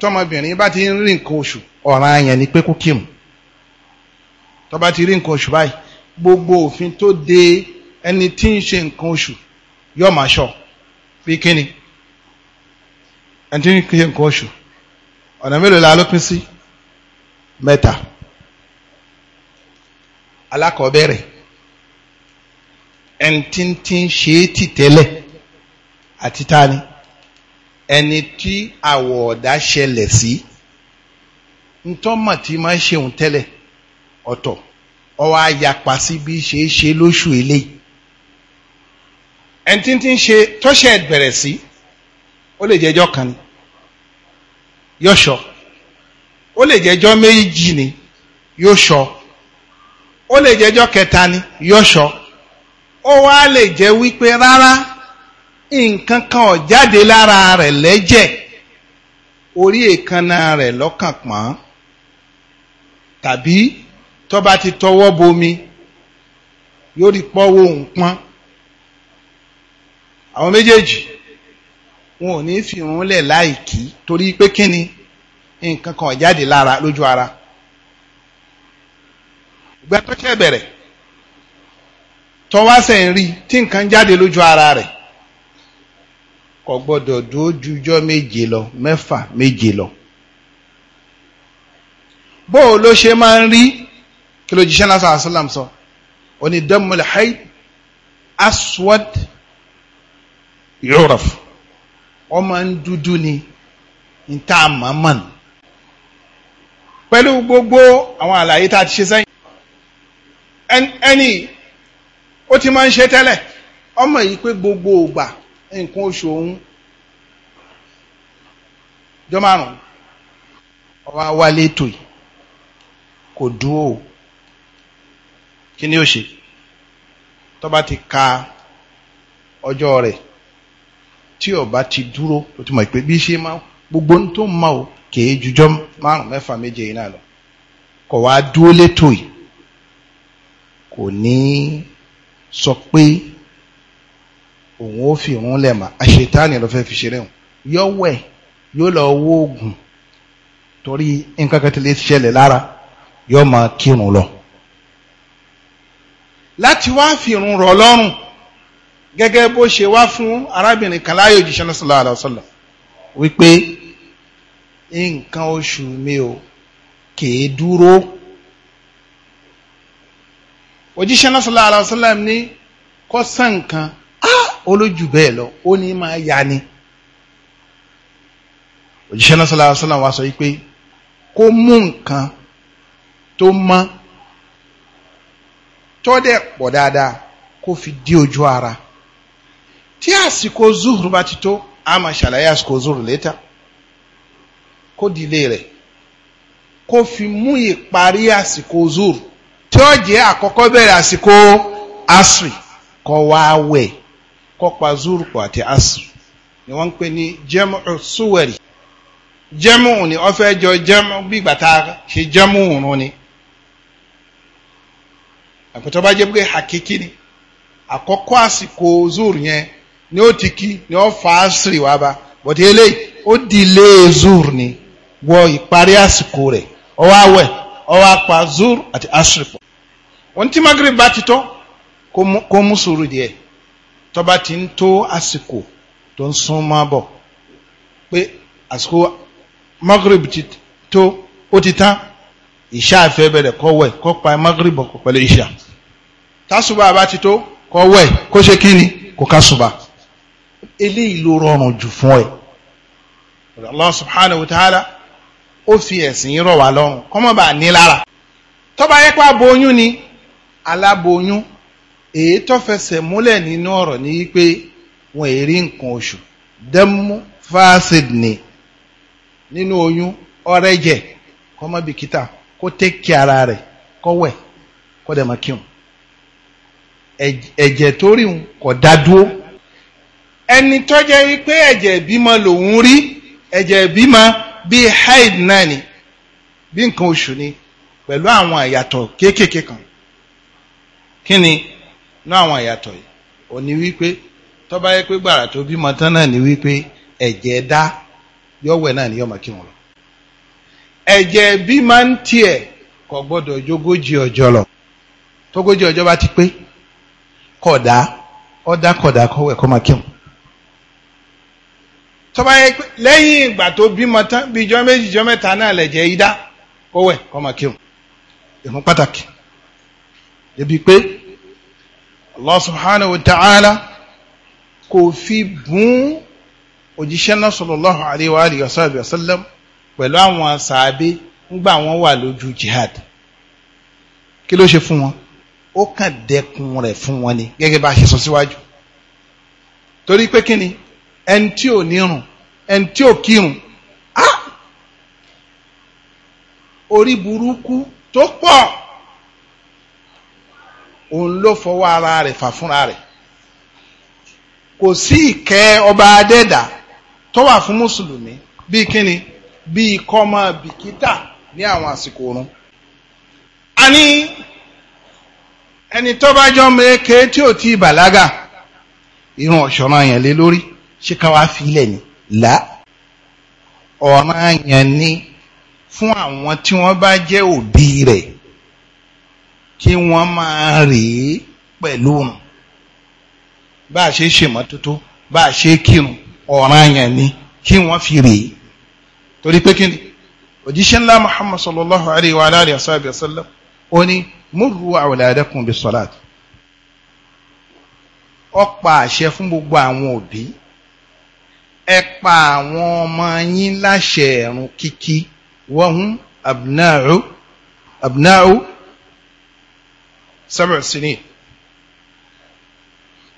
tọmọbìnrin bá ti ń rí nǹkan oṣù ọ̀ràn yẹn ní tó bá ti rí nǹkan oṣù báyìí gbogbo òfin tó de ẹni tí ń ṣe nǹkan oṣù yóò máa ṣọ́ bí kíni ẹni tí ń ṣe nǹkan oṣù ọ̀nà mélòó la ló pín sí mẹ́ta alákọ̀ọ́bẹ̀rẹ̀ ẹni tí ń ti ń ṣe é tì tẹ́lẹ̀ àti tani ẹni tí àwọ̀ ọ̀dá ṣẹlẹ̀ sí ntọ́mọ̀ tí máa ń ṣeun tẹ́lẹ̀ ọ̀tọ̀ ọwọ́ ayapa sí bí ṣe é ṣe lóṣù eléyìí ẹni tí ń ti ń ṣe tọ́ṣẹ̀ bẹ̀rẹ̀ sí ó lè jẹ́jọ́ kan ni yóò ṣọ ó lè jẹ́jọ́ méjì ni yóò ṣọ ó lè jẹ́jọ́ kẹta ni yóò ó wá lè jẹ́ wípé rárá nǹkan kan jáde lára rẹ̀ lẹ́jẹ̀ orí èékánná rẹ̀ lọ́kàn pọ́n tàbí tó bá ti tọwọ́ bomi yóò rí pọ́wọ́ òun pọ́n àwọn méjèèjì wọn ò ní fi irun lẹ̀ láìkí torí pé kí ni nǹkan kan jáde lára lójú ara ìgbà tó ṣe bẹ̀rẹ̀ tọ́wásẹ̀ ń rí tí nǹkan jáde lójú ara rẹ̀ kò gbọ́dọ̀ dúró jujọ́ méje lọ mẹ́fà méje lọ bó o ló ṣe máa ń rí kí ló jíṣẹ́ náà sàn àṣìlám sọ ó ní dammul hayd aswad yu'raf ọmọ ń dúdú ni ń tá a mọ̀ mọ̀ ní. pẹ̀lú gbogbo àwọn àlàyé tá a ti ṣe sẹ́yìn ẹni ó ti máa ń ṣe tẹ́lẹ̀ ọmọ yìí pé gbogbo ògbà nǹkan oṣù òun jọ márùn-ún ọwọ́ wálé tòyí kò dúró kí ni ó ṣe tó bá ti ka ọjọ́ rẹ̀ tí ó bá ti dúró tó ti mọ̀ pé bí ṣe máa gbogbo tó ń ma o kèé jujọ́ márùn mẹ́fà méje yìí náà lọ kò wá dúró létò yìí kò ní sọ pé òun ó fi òun lẹ̀ mà àṣetáni ló fi ṣeré òun yọ̀wẹ̀ yóò lọ wó torí nǹkan kan ti lè ṣẹlẹ̀ lára yóò máa kírun lọ láti wá fìrun rọ̀ lọ́rùn gẹ́gẹ́ bó ṣe wá fún arábìnrin kan láyé òjíṣẹ́ náà sallallahu alaihi wasallam wípé nǹkan oṣù mi ò kèé dúró òjíṣẹ́ náà sallallahu alaihi wasallam ní kó sàn nǹkan á olójú bẹ́ẹ̀ lọ ó ní máa ya ni òjíṣẹ́ náà sallallahu alaihi wasallam wá sọ wípé kó mú nǹkan tó mọ́ tọ́dẹ̀ pọ̀ dáadáa kó fi dí ojú ara tí àsìkò zuhur bá ti tó a máa ṣàlàyé àsìkò zuhur létà kó di ilé rẹ̀ kó fi mú ìparí àsìkò zuhur tí ó jẹ́ àkọ́kọ́ bẹ̀rẹ̀ àsìkò asri kó wá wẹ̀ kó pa zuhur pọ̀ àti asri ni wọ́n ń pè ní jẹ́mú suwẹ̀rì jẹ́mú ni ó fẹ́ jọ jẹ́mú bí gbàtà ṣe jẹ́mú òun ni. na bá jẹ́ pé hakiki ni àkọ́kọ́ àsìkò yẹn ni ó ti kí ni ó fa asiri wá bá bọ̀dé eléyìí ó di ilé ni wọ ìparí àsìkò rẹ̀ ọwọ awẹ̀ ọwọ apá àti asiri pọ̀ ti magrib bá ti tọ́ kó mú sùúrù ìṣá àfẹ́ bẹ̀rẹ̀ kọ́ wẹ̀ kọ́ pa magrib ọkọ̀ pẹ̀lú ìṣá tásùbà bá ti tó kọ́ wẹ̀ kó ṣe kí ni kò ká sùbà eléyìí rọrùn jù fún ẹ Allah subhanahu wa ta'ala ó fi ẹ̀sìn rọ̀ wá lọ́rùn kọ́mọ́ bá ní lára tọ́ba yẹ pa boyún ni aláboyún èyí tó fẹsẹ̀ múlẹ̀ nínú ọ̀rọ̀ ní wípé wọn è rí nǹkan oṣù dẹ́mú fásid ni nínú oyún ọ̀rẹ́jẹ̀ kọ́mọ́ bìkítà kó tẹ́kì ara rẹ̀ kọ́wẹ̀ kó dẹ̀ máa kírun ẹ̀jẹ̀ tó rí òun kò dá dúró ẹni tó jẹ́ wípé ẹ̀jẹ̀ ìbímọ lòun rí ẹ̀jẹ̀ ìbímọ bíi haid náà ni bí nǹkan oṣù ni pẹ̀lú àwọn àyàtọ̀ kéékèèké kan kí ni náà àwọn àyàtọ̀ yìí ò wípé tó yẹ pé gbàrà tó bímọ tán náà ni wípé ẹ̀jẹ̀ dá yọ̀wẹ̀ náà ni yọ̀mọ̀ kí wọn lọ. ẹ̀jẹ̀ bí máa ń tiẹ̀ kò gbọ́dọ̀ jogójì ọjọ́ lọ tógójì ọjọ́ bá ti pé kọ̀dá ọ̀dá kọ̀dá kọ̀wé kọ́ máa kírun tọ́ba yẹ pé lẹ́yìn ìgbà tó bímọ tán bí ijọ́ méjì ijọ́ mẹ́ta náà lẹ̀jẹ̀ yìí dá kọ̀wé kọ́ Allah subhanahu wa ta'ala kò fi bùn òjíṣẹ́ náà sallallahu alaihi wa sallam pẹ̀lú àwọn sàábé ńgbà wọ́n wà lójú jihad kí ló ṣe fún wọn ó kàn dẹkùn rẹ̀ fún wọn ni gẹ́gẹ́ bá a ṣe sọ síwájú torí pé kí ni ẹni tí ò nírun ẹni tí ò kírun á orí burúkú tó pọ̀ òun ló fọwọ́ ara rẹ̀ fà fúnra rẹ̀ kò sí ìkẹ́ ọba adẹ́dà tó wà fún mùsùlùmí bíi kí ni bíi kọ́mọ bìkítà ní àwọn àsìkò oorun. a ní ẹni tó bá jọ mẹ́ẹ̀kẹ́ tí ò tí ì bàlágà irun ọ̀ṣọ́ràn yẹn lé lórí ṣé ká wá fi ilẹ̀ ni là ọ̀ràn yẹn ni fún àwọn tí wọ́n bá jẹ́ òbí rẹ̀ kí wọ́n máa rèé pẹ̀lú òrùn bá a ṣe ṣèmọ́tótó bá a ṣe kírun ọ̀ràn yẹn ni kí wọ́n fi rèé torí pé kí ni òjíṣẹ́ ńlá muhammad sallallahu alayhi wa alayhi wa sallam sallam ó ní murru awladakum bis salat ó pa àṣẹ fún gbogbo àwọn òbí ẹ pa àwọn ọmọ yín láṣẹ ẹ̀rùn kíkí wahum abna'u abna'u sab'a tí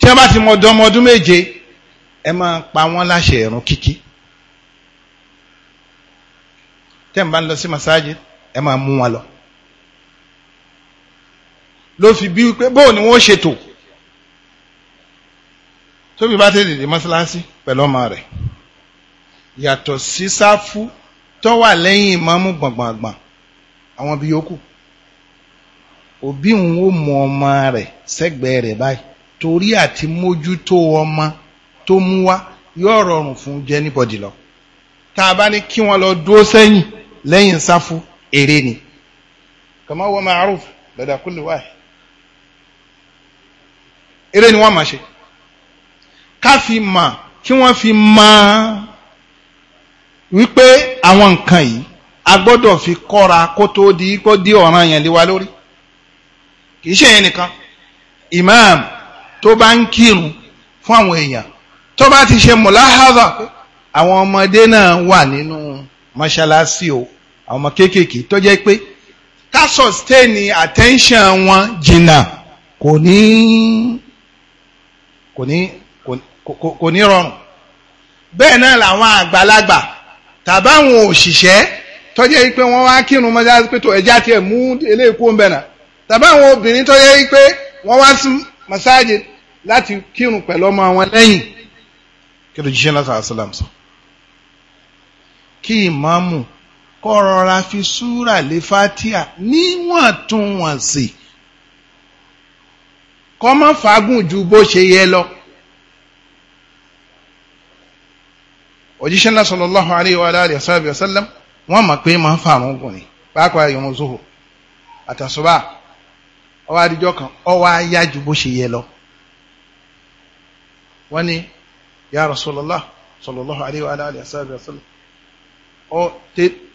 wọ́n bá ti mọ méje ẹ máa pa wọ́n láṣẹ ẹ̀rùn kíkí tẹ́ ń bá ń lọ sí masajid ẹ máa mú wọn lọ ló fi bí pé bóò ni wọ́n ṣètò tóbi bá tètè dé mọ́sálásí pẹ̀lú ọmọ rẹ̀ yàtọ̀ sí sáfù tó wà lẹ́yìn ìmáàmù gbọ̀ngbọ̀ngbọ̀n àwọn bí yòókù òbí òun ó mọ ọmọ rẹ̀ sẹ́gbẹ̀ẹ́ rẹ̀ báyìí torí àti mójútó ọmọ tó mú wá yóò rọrùn fún jẹ́ níbọ̀dì lọ tá a bá ní kí wọ́n lọ dúró sẹ́yìn lẹ́yìn sáfù èrè ni kama huwa ma'ruf lada kulli wahid èrè ni wọ́n máa ṣe ká fi mà kí wọ́n fi mà wípé àwọn nǹkan yìí a gbọ́dọ̀ fi kọ́ra kó tó di kó di ọ̀ràn yẹn lé wa lórí kì í ṣe yẹn nìkan imam tó bá ń kírun fún àwọn èèyàn tó bá ti ṣe mọ̀láhàzà àwọn ọmọdé náà wà nínú mọ́ṣáláṣí o àwọn ọmọ kéékèèké tó jẹ́ pé ká sustain attention wọn jìnnà kò ní kò ní kò ní rọrùn bẹ́ẹ̀ náà làwọn àgbàlagbà tàbáwọn òṣìṣẹ́ tó jẹ́ pé wọ́n wá kírun mọ́ṣáláṣí pé tó ẹja tiẹ̀ mú eléyìí kó ń bẹ̀ náà tàbáwọn obìnrin tó jẹ́ pé wọ́n wá sí mọ́ṣáájì láti kírun pẹ̀lú ọmọ wọn lẹ́yìn kí ló jíṣẹ́ lásán àṣàlámù sọ kí ìmáàmù kó rọra fi súrà lé fatia níwọ̀ntúnwọ̀nsì kó má fagùn ju bó ṣe yẹ lọ. òjíṣẹ́ náà sallallahu alayhi wa alihi wa sallam wọ́n mọ̀ pé máa ń fa àwọn ogun ni pàápàá ìyọ̀mọ̀ zoho àtàṣọ́bà ọwọ́ adijọ́ kan ọwọ́ ayá ju bó ṣe yẹ lọ. wọ́n ní ya Rasulullah sallallahu alayhi wa alihi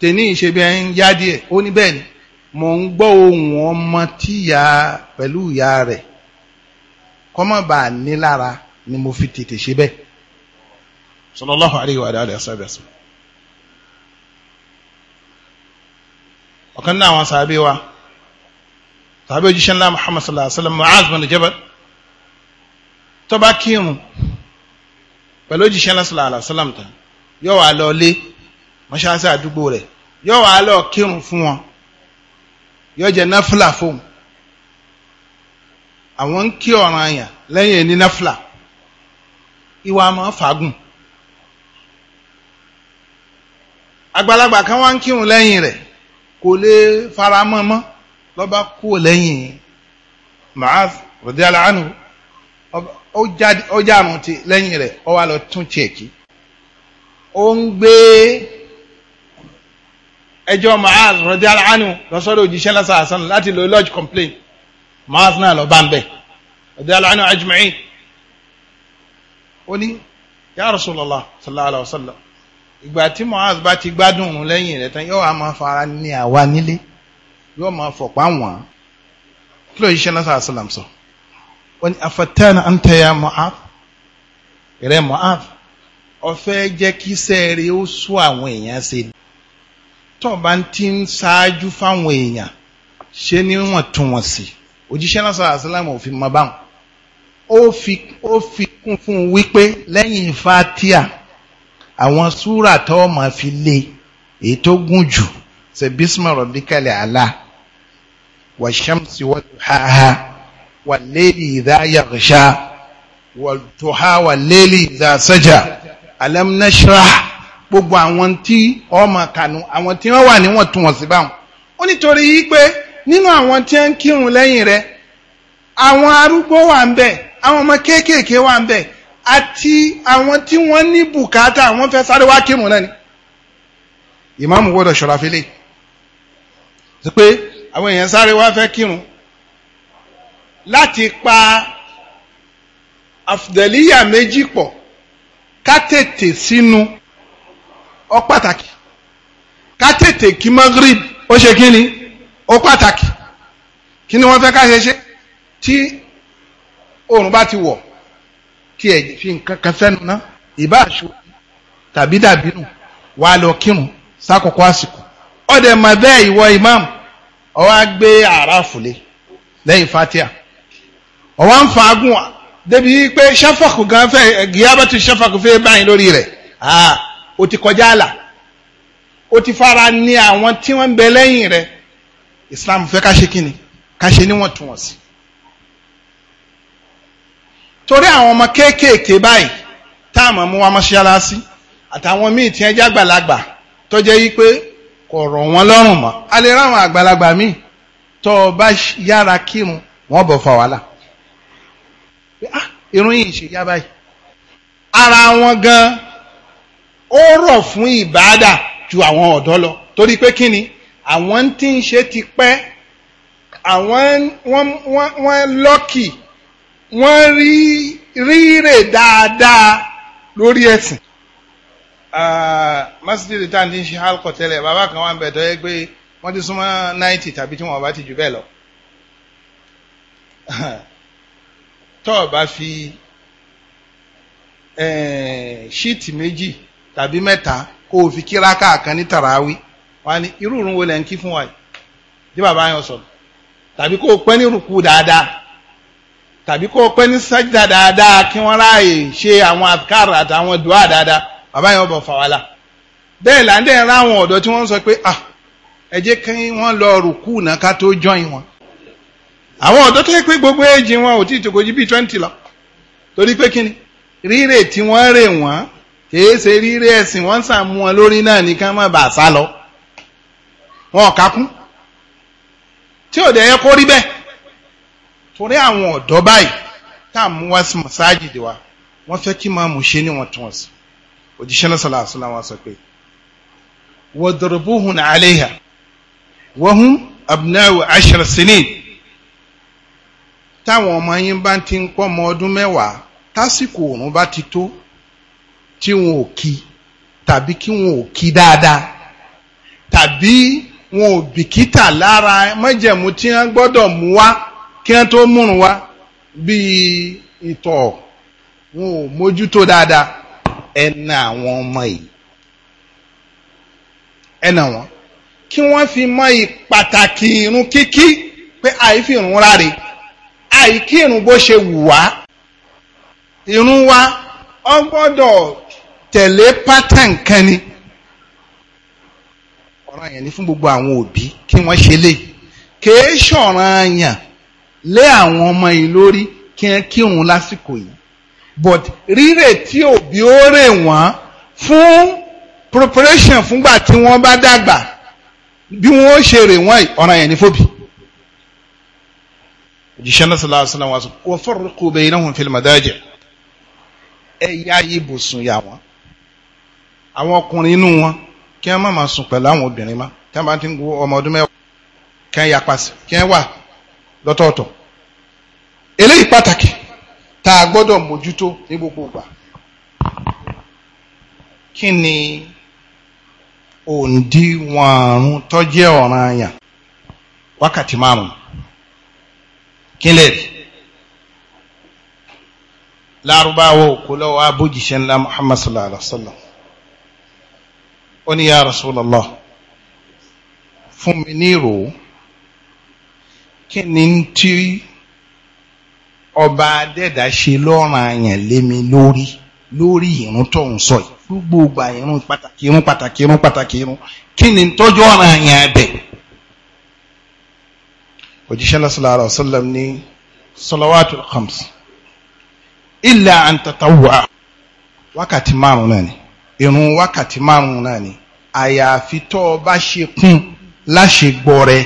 tèní ìṣe bí ẹni yá díẹ̀ ó ní bẹ́ẹ̀ ni mò ń gbọ́ ohùn ọmọ tíyà pẹ̀lú ìyá rẹ̀ kọ́mọ̀bà nílára ni mo fi tètè ṣe bẹ́ẹ̀ sallallahu alayhi wa alihi wa sallam ọ̀kan náà àwọn sàábé wa sàábé ojúṣẹ́ ńlá muhammad sallallahu alayhi wa sallam mu'az bin jabal tó bá kírun pẹ̀lú ojúṣẹ́ ńlá sallallahu alayhi wa sallam tán yóò wà lọ mọ́ṣáláṣí àdúgbò rẹ̀ yóò wá lọ kírun fún wọn yọ́ jẹ náfìlà fóun àwọn ń kí ọ̀ràn àyàn lẹ́yìn ní náfìlà ìwà máa fàágùn àgbàlagbà kan wá ń kírun lẹ́yìn rẹ̀ kò lè fara mọ́ mọ́ lọ́ba kú lẹ́yìn lọ tún tiẹ̀ kí ó ń ẹjọ́ Mu'az radiyallahu anhu lọ́sọ́dọ̀ òjíṣẹ́ lásán àsán láti lo lodge complaint Mu'az náà lọ bá ń bẹ̀ radiyallahu anhu ajma'in ó ní ya Rasulullah sallallahu alaihi wasallam ìgbà tí Mu'az bá ti gbádùn òun lẹ́yìn rẹ̀ tán yóò máa fara ní àwa nílé yóò máa fọ̀pá wọ̀n kí ló yíṣẹ́ lásán àsán sọ ó ní afatana anta ya Mu'az ìrẹ́ Mu'az ó jẹ́ kí sẹ́ẹ̀rẹ̀ ó sún àwọn èèyàn ṣe ni tọ́ọ̀bá ti ń ṣáájú fáwọn èèyàn ṣe níwọ̀ntúnwọ̀nsì òjíṣẹ́ náà sọ̀rọ̀ àṣìláàmù òfin mọ́ báwọn ó fi kún fún un wípé lẹ́yìn fatia àwọn súrà tọ́ọ̀ máa fi lé èyí tó gùn jù ṣe bísímà rọ̀bíkàlẹ̀ àlá wàṣẹ́mùsì wàdùháhá wàlélì ìdá yaghsha wàdùhá wàlélì ìdá sájà alam gbogbo àwọn tí ọmọ kànú àwọn tí wọ́n wà níwọ̀ntúnwọ̀nsí báwọn ó nítorí wípé nínú àwọn tí ń kírun lẹ́yìn rẹ̀ àwọn arúgbó wà ń bẹ àwọn ọmọ kéékèèké wà ń bẹ àti àwọn tí wọ́n ní bùkátà wọ́n fẹ́ sáré wá kírun náà ni ìmáàmù gbọ́dọ̀ ṣọ́ra fílẹ̀ sí pé àwọn èèyàn sáré wá fẹ́ kírun láti pa àfùdẹ̀líyà méjì pọ̀ ká tètè sínú ọ pàtàkì ká tètè kí magrib ó ṣe kí ni ó pàtàkì kí ni wọ́n fẹ́ ká ṣe ṣe tí oòrùn bá ti wọ̀ tí ẹ̀ fi nǹkan kan sẹ́nu ná ìbá aṣọ tàbí dàbínú wà á lọ kírun sákòókò àsìkò ọ̀dẹ̀ mà bẹ́ẹ̀ ìwọ imam ó wá gbé àràfù lé lẹ́yìn fatia ó wá ń fa agún wa débi pé ṣáfàkù gan fẹ́ gíábàtì ṣáfàkù fẹ́ báyìí lórí rẹ̀ ah o ti kọjá àlà o ti fara ní àwọn tí wọ́n bẹ lẹ́yìn rẹ̀ Islam fẹ́ ká ṣe kí ni ká ṣe níwọ̀ntúnwọ̀nsì torí àwọn ọmọ kéékèèké báyìí táàmù mú wa mọ́ṣáláṣí àtàwọn míì tí wọ́n jẹ́ àgbàlagbà tó jẹ́ yí pé kò rọ̀ wọ́n lọ́rùn mọ́ a lè ráwọn àgbàlagbà míì tó bá yára kírun wọ́n bọ̀ fa wàhálà ah, irun yìí ṣe yá báyìí ara wọn gan-an ó rọ̀ fún ìbáàdà ju àwọn ọ̀dọ́ lọ torí pé kí ni àwọn tí ń ṣe ti pẹ́ wọ́n lọ́kì wọ́n rí rírè dáadáa lórí ẹ̀sìn. Ah, masjid tan ti ń ṣe alkọ tẹ́lẹ̀ bàbá kan wà ń bẹ̀ tọ́ yẹ pé wọ́n ti súnmọ́ náìtì tàbí tí wọ́n bá ti jù bẹ́ẹ̀ lọ. tọ́ọ̀ bá fi ṣíìtì eh, méjì tàbí mẹ́ta kó o fi kíra káàkan ní tàràwí wá ní irú wo lẹ̀ fún wa yìí bí bàbá yẹn sọ̀rọ̀ tàbí kó o pẹ́ ní rùkú dáadáa tàbí kó o pẹ́ ní kí wọ́n ráàyè ṣe àwọn àkàrà àtàwọn dùá dáadáa bàbá yẹn bẹ́ẹ̀ là ń dẹ̀ ra àwọn ọ̀dọ́ tí wọ́n sọ pé ah, ẹ wọ́n lọ rùkú náà ká tó jọyìn wọn àwọn ọ̀dọ́ tó yẹ pé gbogbo èjì wọn ò tí ì tòkòjì bíi twenty lọ torí pé èé ríré ẹ̀sìn wọ́n wọn lórí náà ní ká má bàa sá lọ wọn ò kákún tí ò dẹ̀ yẹ kó rí bẹ́ẹ̀ torí àwọn ọ̀dọ́ báyìí tá à mú wá sí mọ́sáàjìdì wa wọ́n fẹ́ kí máa mú ṣe níwọ̀ntúnwọ̀nsì òjíṣẹ́ náà sọ̀rọ̀ àṣọ làwọn sọ pé wadrubuhun alayha wa hum táwọn ọmọ yín bá ti ń ọdún mẹ́wàá tásìkò tí wọn ò kí tàbí kí wọn ò kí dáadáa tàbí wọn ò bìkítà lára májẹ̀mú tí wọ́n gbọ́dọ̀ mú wá kí wọ́n tó múrun wá bíi ìtọ̀ wọn ò mójútó dáadáa ẹnà àwọn ọmọ yìí ẹnà wọn kí wọ́n fi mọ ìpàtàkì irun kíkí pé àìfi irun ráre àìkí irun bó ṣe wù wá irun wa ọ tẹ̀lé pátán kan ni ọ̀ràn yẹn ni fún gbogbo àwọn òbí kí wọ́n ṣe lè kèé ṣọ̀ràn yàn lé àwọn ọmọ yìí lórí kí wọ́n kírun lásìkò yìí but rírè tí òbí ó rè wọ́n fún preparation fúngbà tí wọ́n bá dàgbà bí wọ́n ó ṣe rè wọ́n ọ̀ràn yẹn ni fóbi. òjíṣẹ́ náà sallallahu alaihi wasallam wa farriqu bainahum fil madaji' ẹ̀yà ibùsùn yà wọ́n. àwọn ọkùnrin inú wọn kí wọ́n ma máa sùn pẹ̀lú àwọn obìnrin má tí wọ́n bá ti ń wo ọmọ ọdún mẹ́wàá kí wọ́n yapa sí kí wọ́n wà lọ́tọ̀ọ̀tọ̀ eléyìí pàtàkì tá a gbọ́dọ̀ mójútó ní gbogbo ìgbà kí ni àrùn àyàn Muhammad sallallahu alaihi wa sallam ó ní ya Rasulullah fún mi ní ìrò kí ni tí ọba adẹ́dà ṣe lọ́rùn àyàn lé mi lórí lórí ìrún tó ń sọ yìí gbogbo ìgbà ìrún pàtàkì ìrún pàtàkì ìrún pàtàkì ìrún kí ni tọ́jú ọ̀ràn àyàn abẹ. òjíṣẹ́ sallallahu alaihi wasallam ní salawatul khams illa an wákàtí márùn-ún náà ni irun wákàtí márùn náà ni àyàfi tó o bá ṣe kún láṣegbọ rẹ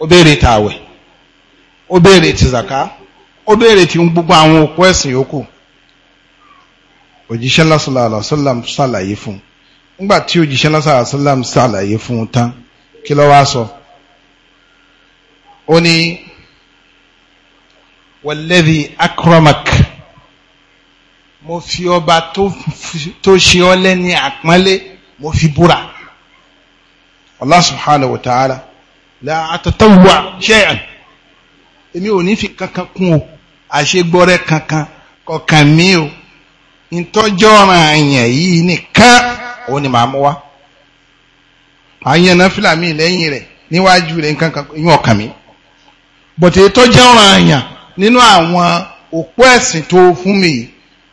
ó béèrè tààwẹ̀ ó béèrè ti zaka ó béèrè ti gbogbo àwọn òkú ẹ̀sìn yòókù òjíṣẹ́ sallallahu alaihi wasallam ṣàlàyé fún nígbà tí òjíṣẹ́ sallallahu ṣàlàyé fún tán kí ló wá sọ ó ní walladhi akramak mo fi ọba tó ṣe ọ lẹ́ni àpọ́nlé mo fi búra Allah subhanahu wa ta'ala la atatawwa shay'an èmi ò ní fi kankan kún o àṣegbọ́rẹ́ kankan kọkàn mi o ìtọ́jọ́ ọ̀ràn àyàn yìí nìkan òun ni màá mú wá àyàn náà fìlàmì lẹ́yìn rẹ̀ níwájú rẹ̀ nǹkan kan yín ọkàn mi bọ̀tẹ̀ ìtọ́jọ́ ọ̀ràn àyàn nínú àwọn òpó ẹ̀sìn tó fún mi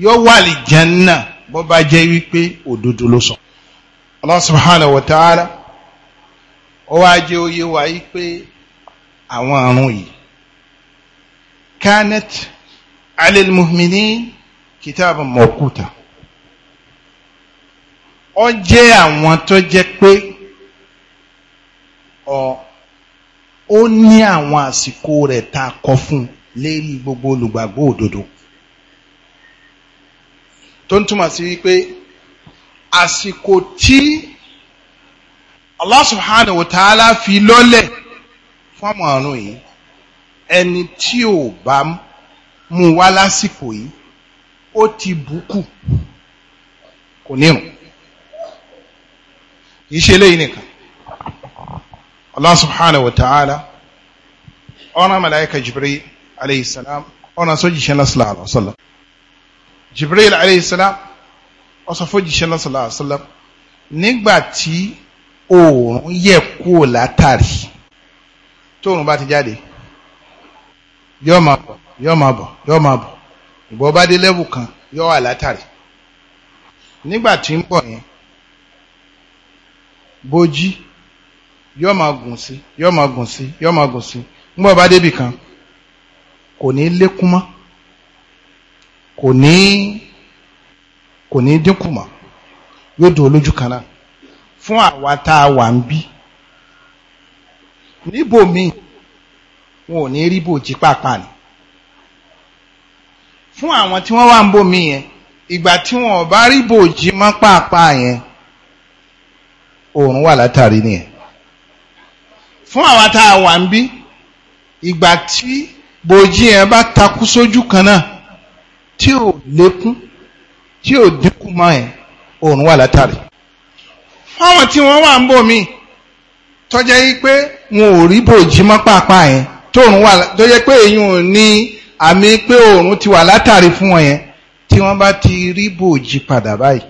yóò wà lè jẹ́nà bó bá jẹ́ wípé òdodo ló sọ. Allah subhanahu wa ta'ala ó wá jẹ́ oyé wa wípé àwọn àrùn yìí kanat alal mu'minin kitaban ó jẹ́ àwọn tó jẹ́ pé ó ní àwọn àsìkò rẹ̀ tá kọ fún lérí gbogbo olùgbàgbọ́ òdodo tó ń túmọ̀ sí wípé àsìkò tí Allah subhanahu wa ta'ala fi lọ́lẹ̀ fún àwọn àrùn yìí ẹni tí ò bá mú wá lásìkò yìí ó ti bùkù kò nírun kì eléyìí nìkan Allah subhanahu wa ta'ala ọ̀nà malaika Jibril alayhi salam ọ̀nà sójì ṣẹlẹ̀ sallallahu jibril aleyhisselam ó sọ fún jíṣẹ́ lọ́sọ̀lá àṣọlá nígbà tí oòrùn yẹ kúrò látàrí tóòrùn bá ti jáde yóò máa bọ̀ yóò máa bọ̀ yóò máa bọ̀ ìbọn bá dé lẹ́wù kan yóò wà látàrí nígbà tí ń bọ̀ yẹn bójí yóò máa gùn sí yóò máa gùn sí yóò máa gùn sí ń bọ̀ bá débì kan kò ní lékún mọ́ kò ní kò ní dínkù mọ́ yóò dùn olójú kan náà fún àwa tá a wà ń bí níbòmíì wọn ò ní rí bòjì pàápàá ni fún àwọn tí wọ́n wà ń bòmí yẹn ìgbà tí wọn ò bá rí bòjì mọ́ pàápàá yẹn oòrùn wà látàrí nìyẹn fún àwa tá a wà ń bí ìgbà tí bòjì yẹn bá takú sójú kan náà tí ò lékún tí ò dínkù mọ́ ẹ̀ òòrùn wà látàrí. fáwọn tí wọ́n wà ń bò mí tọ́jẹ́ yí pé wọn ò rí bòjí mọ́ pàápàá yẹn tóòrùn wà tó yẹ pé èyí ò ní àmì pé òòrùn ti wà látàrí fún wọn yẹn tí wọ́n bá ti rí bòjí padà báyìí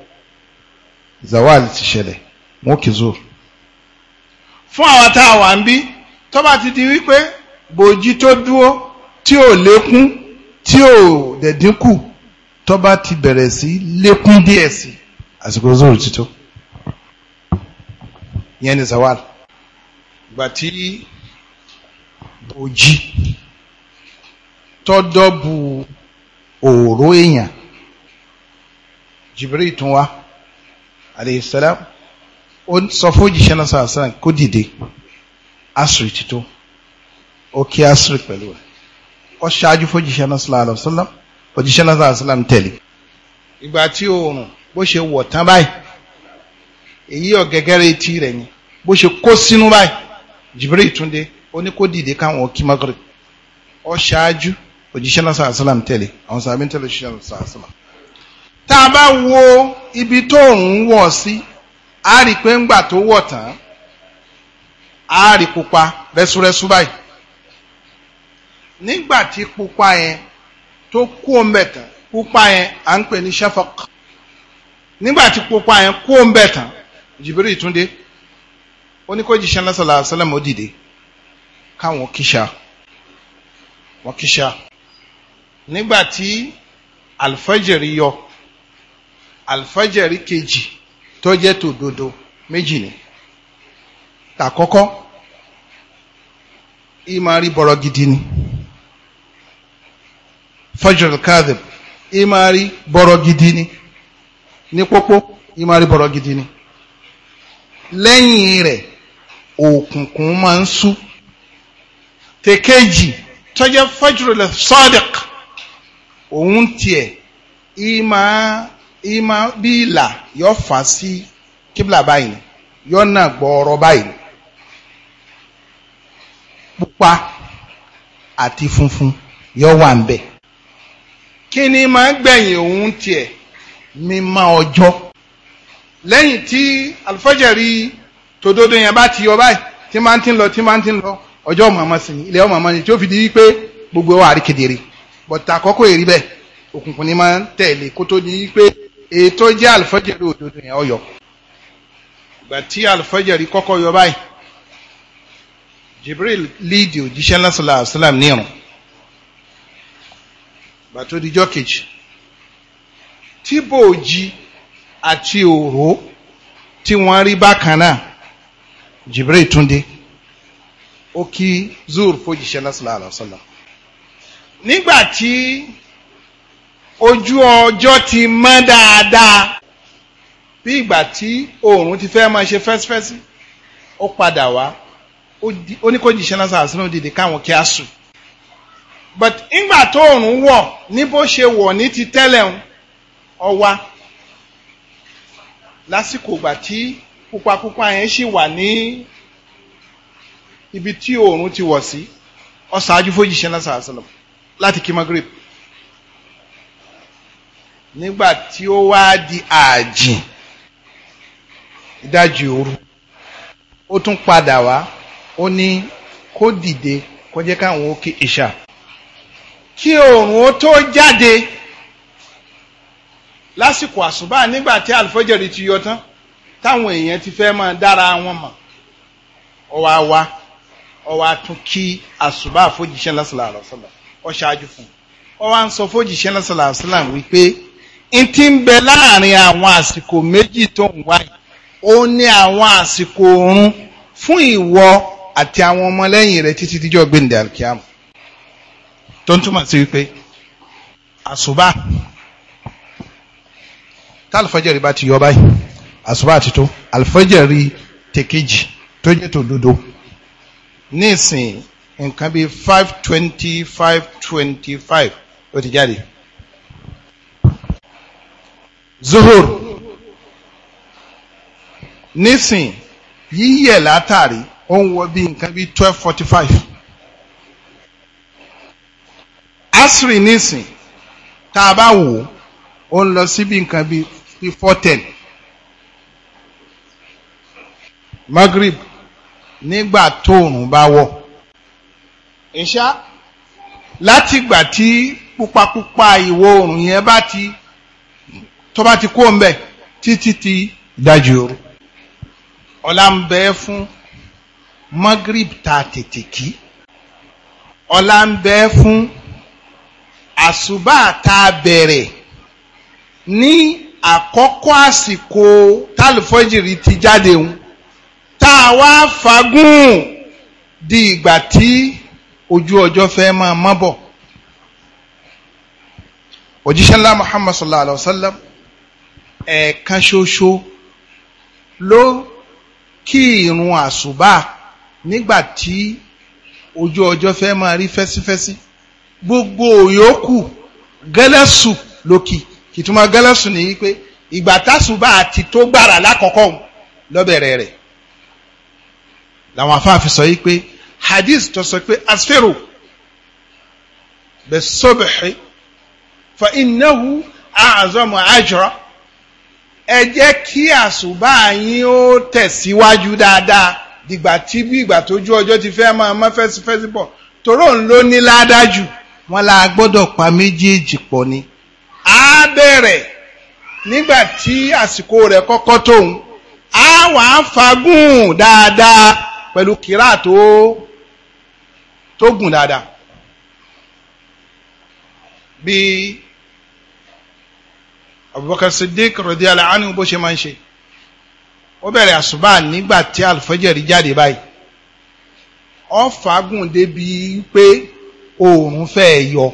zawal ti ṣẹlẹ̀ wọn kì í zò. fún àwọn tá a wà ń bí tó bá ti di wípé bòjí tó dúró tí ò lékún tí ò dẹ̀ dínkù tó bá ti bẹ̀rẹ̀ sí lékún díẹ̀ sí àsìkò zoro títọ́ ìyẹn ni zawal ìgbà tí bòjì tọ́dọ̀ bu òòró èèyàn jìbìrì tún wá aleyhisselam ó sọ fún òjìṣẹ́ náà sàásàn kó dìde asiri títọ́ ó kí asiri pẹ̀lú rẹ̀ ọ ṣáájú fòjíṣẹ́ náà sallallahu alaihi wasallam òjíṣẹ́ náà sallallahu alaihi wasallam tẹ̀lé ìgbà tí oòrùn bó ṣe wọ̀ tán báyìí èyí ọ̀gẹ́gẹ́rẹ́ etí rẹ̀ ni bó ṣe kó sínú báyìí Jibril Túndé ó ní kó dìde káwọn kí Maghrib ọ ṣáájú òjíṣẹ́ náà sallallahu tẹ̀lé àwọn sàbí tẹ̀lé òjíṣẹ́ náà tá a bá wo ibi tó ń wọ̀ sí a rí pé ńgbà tó wọ̀ tán a rí pupa rẹ́súrẹ́sú báyìí nígbà tí pupa yẹn tó kú ombẹ̀ tán pupa yẹn à ń pè ní shafaq nígbà tí pupa yẹn kú ombẹ̀ tán Jibril ìtúndé ó ní kó jíṣẹ́ lọ́sọ̀lá àṣálẹ̀mọ́ dìde káwọn kíṣà wọ́n kíṣà nígbà tí alfajiri yọ alfajiri kejì tó jẹ́ tòdodo méjì ni tàkọ́kọ́ ìmọ̀ rí bọ̀rọ̀ gidi ni. fajr kadhib imari bọ̀rọ̀ gidi ni ní pópó imari bọ̀rọ̀ gidi ni lẹ́yìn rẹ̀ òkùnkùn máa ń sú tẹ̀kẹ́jì tọ́jẹ́ fajr sadiq òun tiẹ̀ ima ima bí ìlà yọ fà sí kíbla báyìí yọ náà gbọ́ọ̀rọ̀ báyìí pupa àti funfun yọ wà ń bẹ́ẹ̀. kí ni máa ń gbẹ̀yìn òun tiẹ̀ mímọ́ ọjọ́ lẹ́yìn tí alifájàrí tòdodo yẹn bá ti yọ báyìí tí máa ń ti lọ tí máa ń ti lọ ọjọ́ màmá sí ni ilẹ̀ màmá ni tí ó fi di wípé gbogbo wa àrí kedere bọ̀tà àkọ́kọ́ èrí bẹ́ẹ̀ òkùnkùn ni máa ń tẹ̀lé kó tó di wípé ètò jẹ́ alifájàrí òdodo yẹn ọyọ ìgbà tí alifájàrí kọ́kọ́ yọ báyìí Jibril líìdì òjíṣẹ́ lásìlá àṣìlám ní ìrùn bàtó dijọ́ kejì tí bòójì àti òró tí wọ́n rí bákan náà Jibril túndé ó kí zur fojìṣẹ́ lásìlá àlọ́sọ́lá nígbà tí ojú ọjọ́ ti mọ́ dáadáa bí ìgbà tí oòrùn ti fẹ́ máa ṣe fẹ́sífẹ́sí ó padà wá ó ní kó jìṣẹ́ lásìlá àlọ́sọ́lá ó dìde káwọn kí á sùn but ńgbà tó òrùn wọ̀ ní bó ṣe wọ̀ ní ti tẹ́lẹ̀ ń ọwa lásìkò ìgbà tí pupapupa yẹn ṣì wà ní ibi tí òòrùn ti wọ̀ sí ọ̀sáájú fòjìṣẹ́ náà sàásìlọ̀ láti kí magrib nígbà tí ó wá di ààjìn ìdajì òru ó tún padà wá ó ní kó dìde kó jẹ́ káwọn ó kí ìṣà kí oòrùn ó tó jáde lásìkò àsùbá nígbà tí àlùfọ́jẹ̀rì ti yọ tán táwọn èèyàn ti fẹ́ máa dára wọn mọ̀ ọwọ́ àwa ọwọ́ àtún kí àsùbá àfojìṣẹ́ lásìlá àlọ́sọ̀lá ọ̀ṣáájú fún un ọwọ́ à ń sọ fojìṣẹ́ lásìlá àlọ́sọ̀lá wípé n ti ń bẹ láàrin àwọn àsìkò méjì tó ń wáyé ó ní àwọn àsìkò oorun fún ìwọ àti àwọn ọmọlẹ́yìn rẹ títí díjọ́ gbẹ̀ǹdẹ̀ àlùkìyàmù tó ń túmọ̀ sí wípé àṣùbà tálfẹ́jẹ̀rì bá ti yọ báyìí àṣùbà ti tó àlfẹ́jẹ̀rì tèkejì tó jẹ́ tòdodo nísìn nǹkan bíi five twenty five twenty five ó ti jáde zuhur nísìn yíyẹ̀ látàrí ó ń wọ bíi nǹkan bíi twelve forty five. asiri nísìn tá a bá wò ó ń lọ síbi nǹkan bíi four ten magrib nígbà tóòrùn bá wọ̀ ìṣá látìgbà tí pupapupa ìwọ̀ oòrùn yẹn bá ti tó bá ti kó ń bẹ títí ti dájú ooru ọlá ń bẹ fún magrib tá a tètè kí ọlá ń bẹ fún àṣùbà tá a bẹ̀rẹ̀ ní àkọ́kọ́ àsìkò tálùfọ́jìrì ti jáde ń tá a wá fagún di ìgbà tí ojú ọjọ́ fẹ́ máa mọ́ bọ̀ òjíṣẹ́ ńlá Muhammad sallallahu alaihi wa sallam ẹ̀ẹ̀kan ṣoṣo ló kí ìrun àṣùbà nígbà tí ojú ọjọ́ fẹ́ máa rí fẹ́sífẹ́sí. -fẹ́sí gbogbo òyòkù gẹ́lẹ́sù lókì ìtumọ̀ gẹ́lẹ́sù ni wípé ìgbà tásùbà àti tó gbàrà lákọ̀ọ́kọ́ lọ́bẹ̀rẹ̀ rẹ̀ làwọn afáàfin sọ yìí pé hadith tó sọ pé asfero bẹ sọbẹ̀ẹ́ fa innahu a'zamu ajra ẹ jẹ́ kí àsùbà yín ó tẹ̀síwájú dáadáa dìgbà tí bí ìgbà tójú ọjọ́ ti fẹ́ máa mọ́ fẹ́sífẹ́sí bọ̀ tòró ń ló ládájú wọ́n la gbọ́dọ̀ pa méjèèjì pọ̀ ni á bẹ̀rẹ̀ nígbà tí àsìkò rẹ̀ kọ́kọ́ tóun á wà á fagùn dáadáa pẹ̀lú kíra tó tó gùn dáadáa bí Abubakar Siddiq radiyallahu anhu bó ṣe máa ń ṣe ó bẹ̀rẹ̀ àṣùbà nígbà tí alfajiri jáde báyìí ó fagùn débi pé oòrùn fẹ́ yọ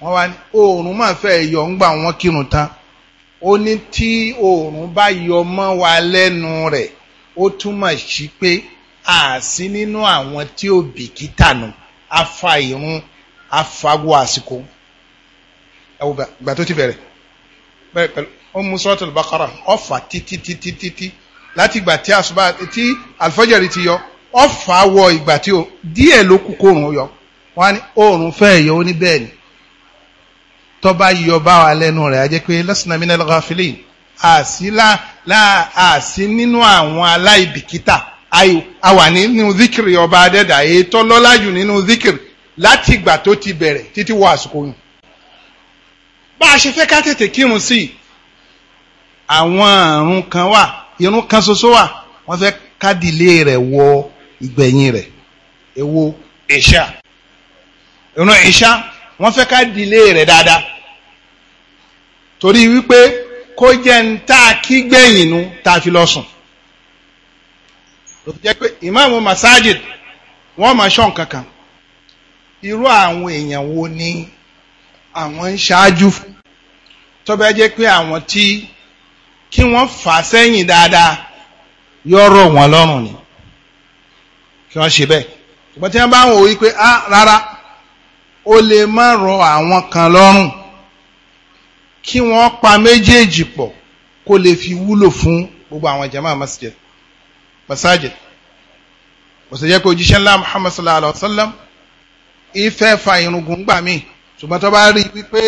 wọ́n wá ní oòrùn máa fẹ́ yọ ńgbà wọ́n kírun tán ó ní tí oòrùn bá yọ mọ́ wa lẹ́nu rẹ̀ ó túmọ̀ sí pé àsí nínú àwọn tí ó bìkítà nù afa irun afago àsìkò ẹwọ gbà tó ti bẹ̀rẹ̀ bẹ̀rẹ̀ pẹ̀lú ó mú suratul Baqara ọ̀fà títí títí títí láti ìgbà tí àsùbá tí àlùfájàrí ti yọ ọ̀fà wọ ìgbà tí ó díẹ̀ ló kù kóòrùn yọ wọ́n á ní oòrùn fẹ́ yọ ó ní bẹ́ẹ̀ ni tó bá yọ bá wa lẹ́nu rẹ̀ á jẹ́ pé lasna minal ghafilin àsí lá lá àsí nínú àwọn aláìbìkítà àwà nínú zikiri ọba adẹ́dà ètò lọ́láyù nínú zikiri láti ìgbà tó ti bẹ̀rẹ̀ títí wọ àsìkò yìí bá a ṣe fẹ́ ká tètè kírun sí i àwọn àrùn kan wà irun kan ṣoṣo wà wọ́n fẹ́ kádìlé rẹ̀ wọ ìgbẹ̀yìn rẹ̀ èwo ìṣà ìrun ìṣá wọ́n fẹ́ ká dìlé rẹ̀ dáadáa torí wípé kó jẹ́ ń tá a kí gbẹ̀yìn nu tá a fi lọ sùn jẹ́ pé ìmáàmù masajid wọ́n máa ṣọ́ nǹkan kan irú àwọn èèyàn wo ni àwọn ń ṣáájú tó jẹ́ pé àwọn tí kí wọ́n fà sẹ́yìn dáadáa yóò rọ̀ wọ́n lọ́rùn ni kí wọ́n ṣe bẹ́ẹ̀ ìgbà tí wọ́n bá wọ̀ wípé ah rárá ó lè má rọ àwọn kan lọ́rùn kí wọ́n pa méjèèjì pọ̀ kó lè fi wúlò fún gbogbo àwọn jama masjid masajid òsè jẹ́ pé òjíṣẹ́ ńlá muhammad sallallahu alaihi wa sallam ìfẹ́ fa irungun gbà mí ṣùgbọ́n tó bá rí i wípé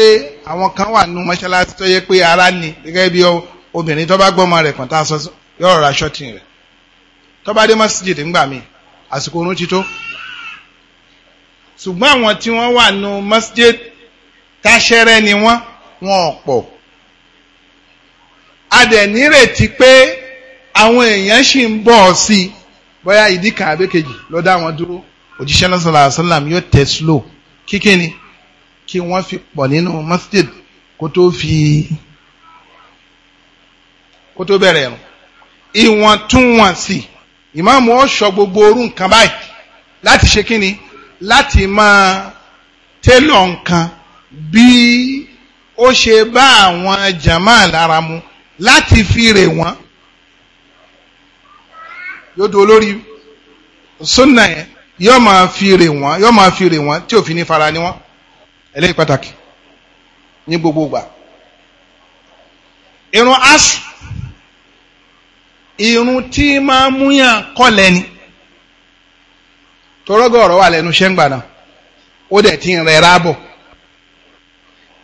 àwọn kan wà nínú mọ́ṣáláṣí tó yẹ pé ara ni gẹ́gẹ́ bí obìnrin tó bá gbọ́mọ rẹ̀ kàn tá a sọ yọ̀rọ̀ ra ṣọ́tìn rẹ̀ tó bá dé masjid ńgbà mí àsìkò orun ti tó ṣùgbọ́n àwọn tí wọ́n wà nù masjid táṣẹ́rẹ́ ni wọ́n wọn ò pọ̀ a dẹ̀ nírètí pé àwọn èèyàn ṣì ń bọ̀ ọ́ sí i bóyá ìdí kan àbẹ́kejì ló dá dúró òjíṣẹ́ náà sallallahu alaihi yóò tẹ̀ slow kíkíni kí wọ́n fi pọ̀ nínú masjid kó tó fi kó tó bẹ̀rẹ̀ ẹ̀rùn ìwọ̀ntúnwọ̀nsì ìmáàmù ó sọ gbogbo orú nǹkan báyìí láti ṣe kíni láti máa télọ̀ nǹkan bí ó ṣe bá àwọn jàmá lára mu láti fi rè wọ́n yóò do olórí sunna yẹn yóò máa fi rè wọ́n yóò máa fi rè wọ́n tí òfin ní fara ni wọ́n eléyìí pàtàkì ní gbogbo ìgbà irun asu irun tí máa múyàn kọ́lẹ̀ ni tọ́rọ́gọ̀ ọ̀rọ̀ wà lẹ́nu ṣẹ́ngbà náà ó dẹ̀ ti ń rẹ rábọ̀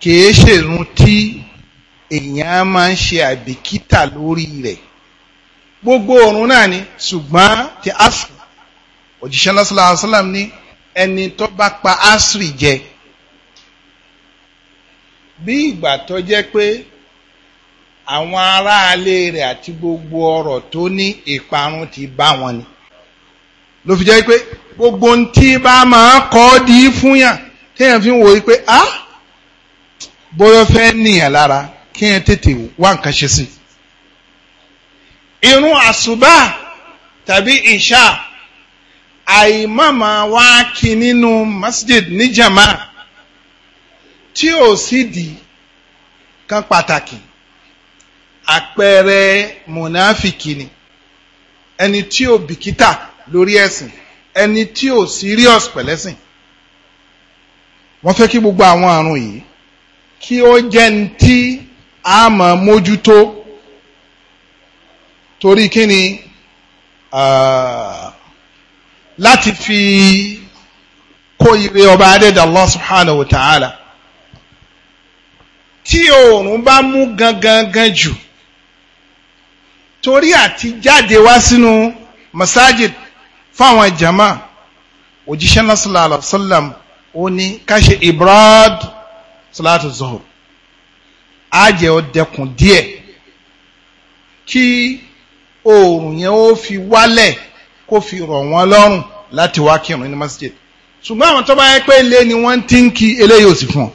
kìí ṣèrun tí èèyàn máa ń ṣe àbíkítà lórí rẹ̀ gbogbo òrun náà ni ṣùgbọ́n ti asri òjíṣẹ́ lọ́sọ̀lá asọ́làm ní ẹni tó bá pa asri jẹ bí ìgbà tó jẹ́ pé àwọn aráalé rẹ̀ àti gbogbo ọrọ̀ tó ní ìparun ti bá wọn ni ló fi jẹ́ pé gbogbo ń tí bá máa kọ́ di fún yàn téèyàn fi ń wòye pé a ah, bóyá fẹ́ nìyàn lára kí yẹn tètè wá nǹkan ṣe sí. irun àṣùbà tàbí ìṣà àìmọ̀mọ̀ wá kí nínú masjid níjàmá tí ò sì di kan pàtàkì àpẹẹrẹ mùnàfìkì ni ẹni tí ò bìkítà lórí ẹ̀sìn ẹni tí ò serious pẹ̀lẹ́sìn wọ́n fẹ́ kí gbogbo àwọn àrùn yìí kí ó jẹ́ ní tí a máa mójútó torí kí ni ah, láti fi kó ire ọba adẹ́dàá Allah subhanahu wa ta'ala tí oòrùn bá mú gangan gan jù torí àti jáde wá sínú masajid fáwọn jama òjíṣẹ́ náà sallallahu alaihi wasallam ní ká ibrad salatu zuhur á jẹ́ ó dẹkùn díẹ̀ kí oòrùn yẹn ó fi wálẹ̀ kó fi rọ̀ wọ́n lọ́rùn láti wá kírun ní masjid ṣùgbọ́n àwọn tó bá yẹ pé ilé ni wọ́n ti ń kí eléyìí ò sí fún ọ.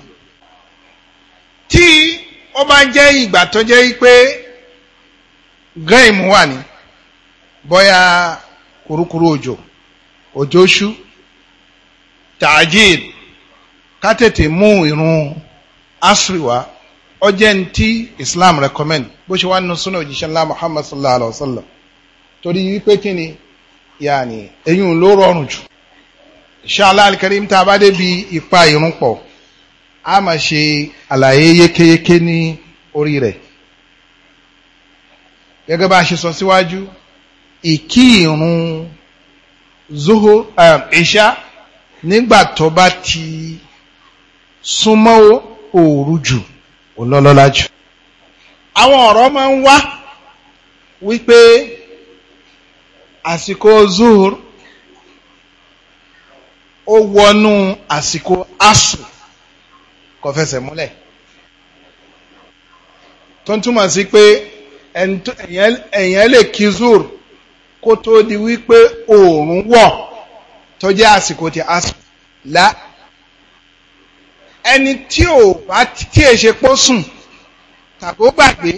tí ó bá jẹ́ ìgbà tó jẹ́ pé gẹ́ẹ̀mù wà ní bóyá kurukuru òjò òjò ṣú tajid ká tètè mú ìrun asri wá ó tí islam recommend bó ṣe wá nínú súnà òjíṣẹ́ ńlá muhammad sallallahu alaihi wa sallam torí wípé kí ni yaani eyín ló rọrùn jù inshallah alkarim tá a bá débi ipa ìrun pọ̀ a máa ṣe àlàyé yékéyéké ní orí rẹ̀ gẹ́gẹ́ bá a ṣe sọ síwájú. Si ìkí ìrun zuhu um, ìṣá nígbà tó bá ti súnmọ́ òru jù òlọ́lọ́lá jù. àwọn ọ̀rọ̀ máa ń wá wípé àsìkò zuhur ó wọnú àsìkò asù kò múlẹ̀ tó ń túmọ̀ sí pé ẹ̀yàn lè kí zuhur kó tó di wípé oòrùn wọ̀ tó jẹ́ àsìkò ti asùn lá ẹni tí ò bá tí è ṣe pọ́ sùn tàbí ó gbàgbé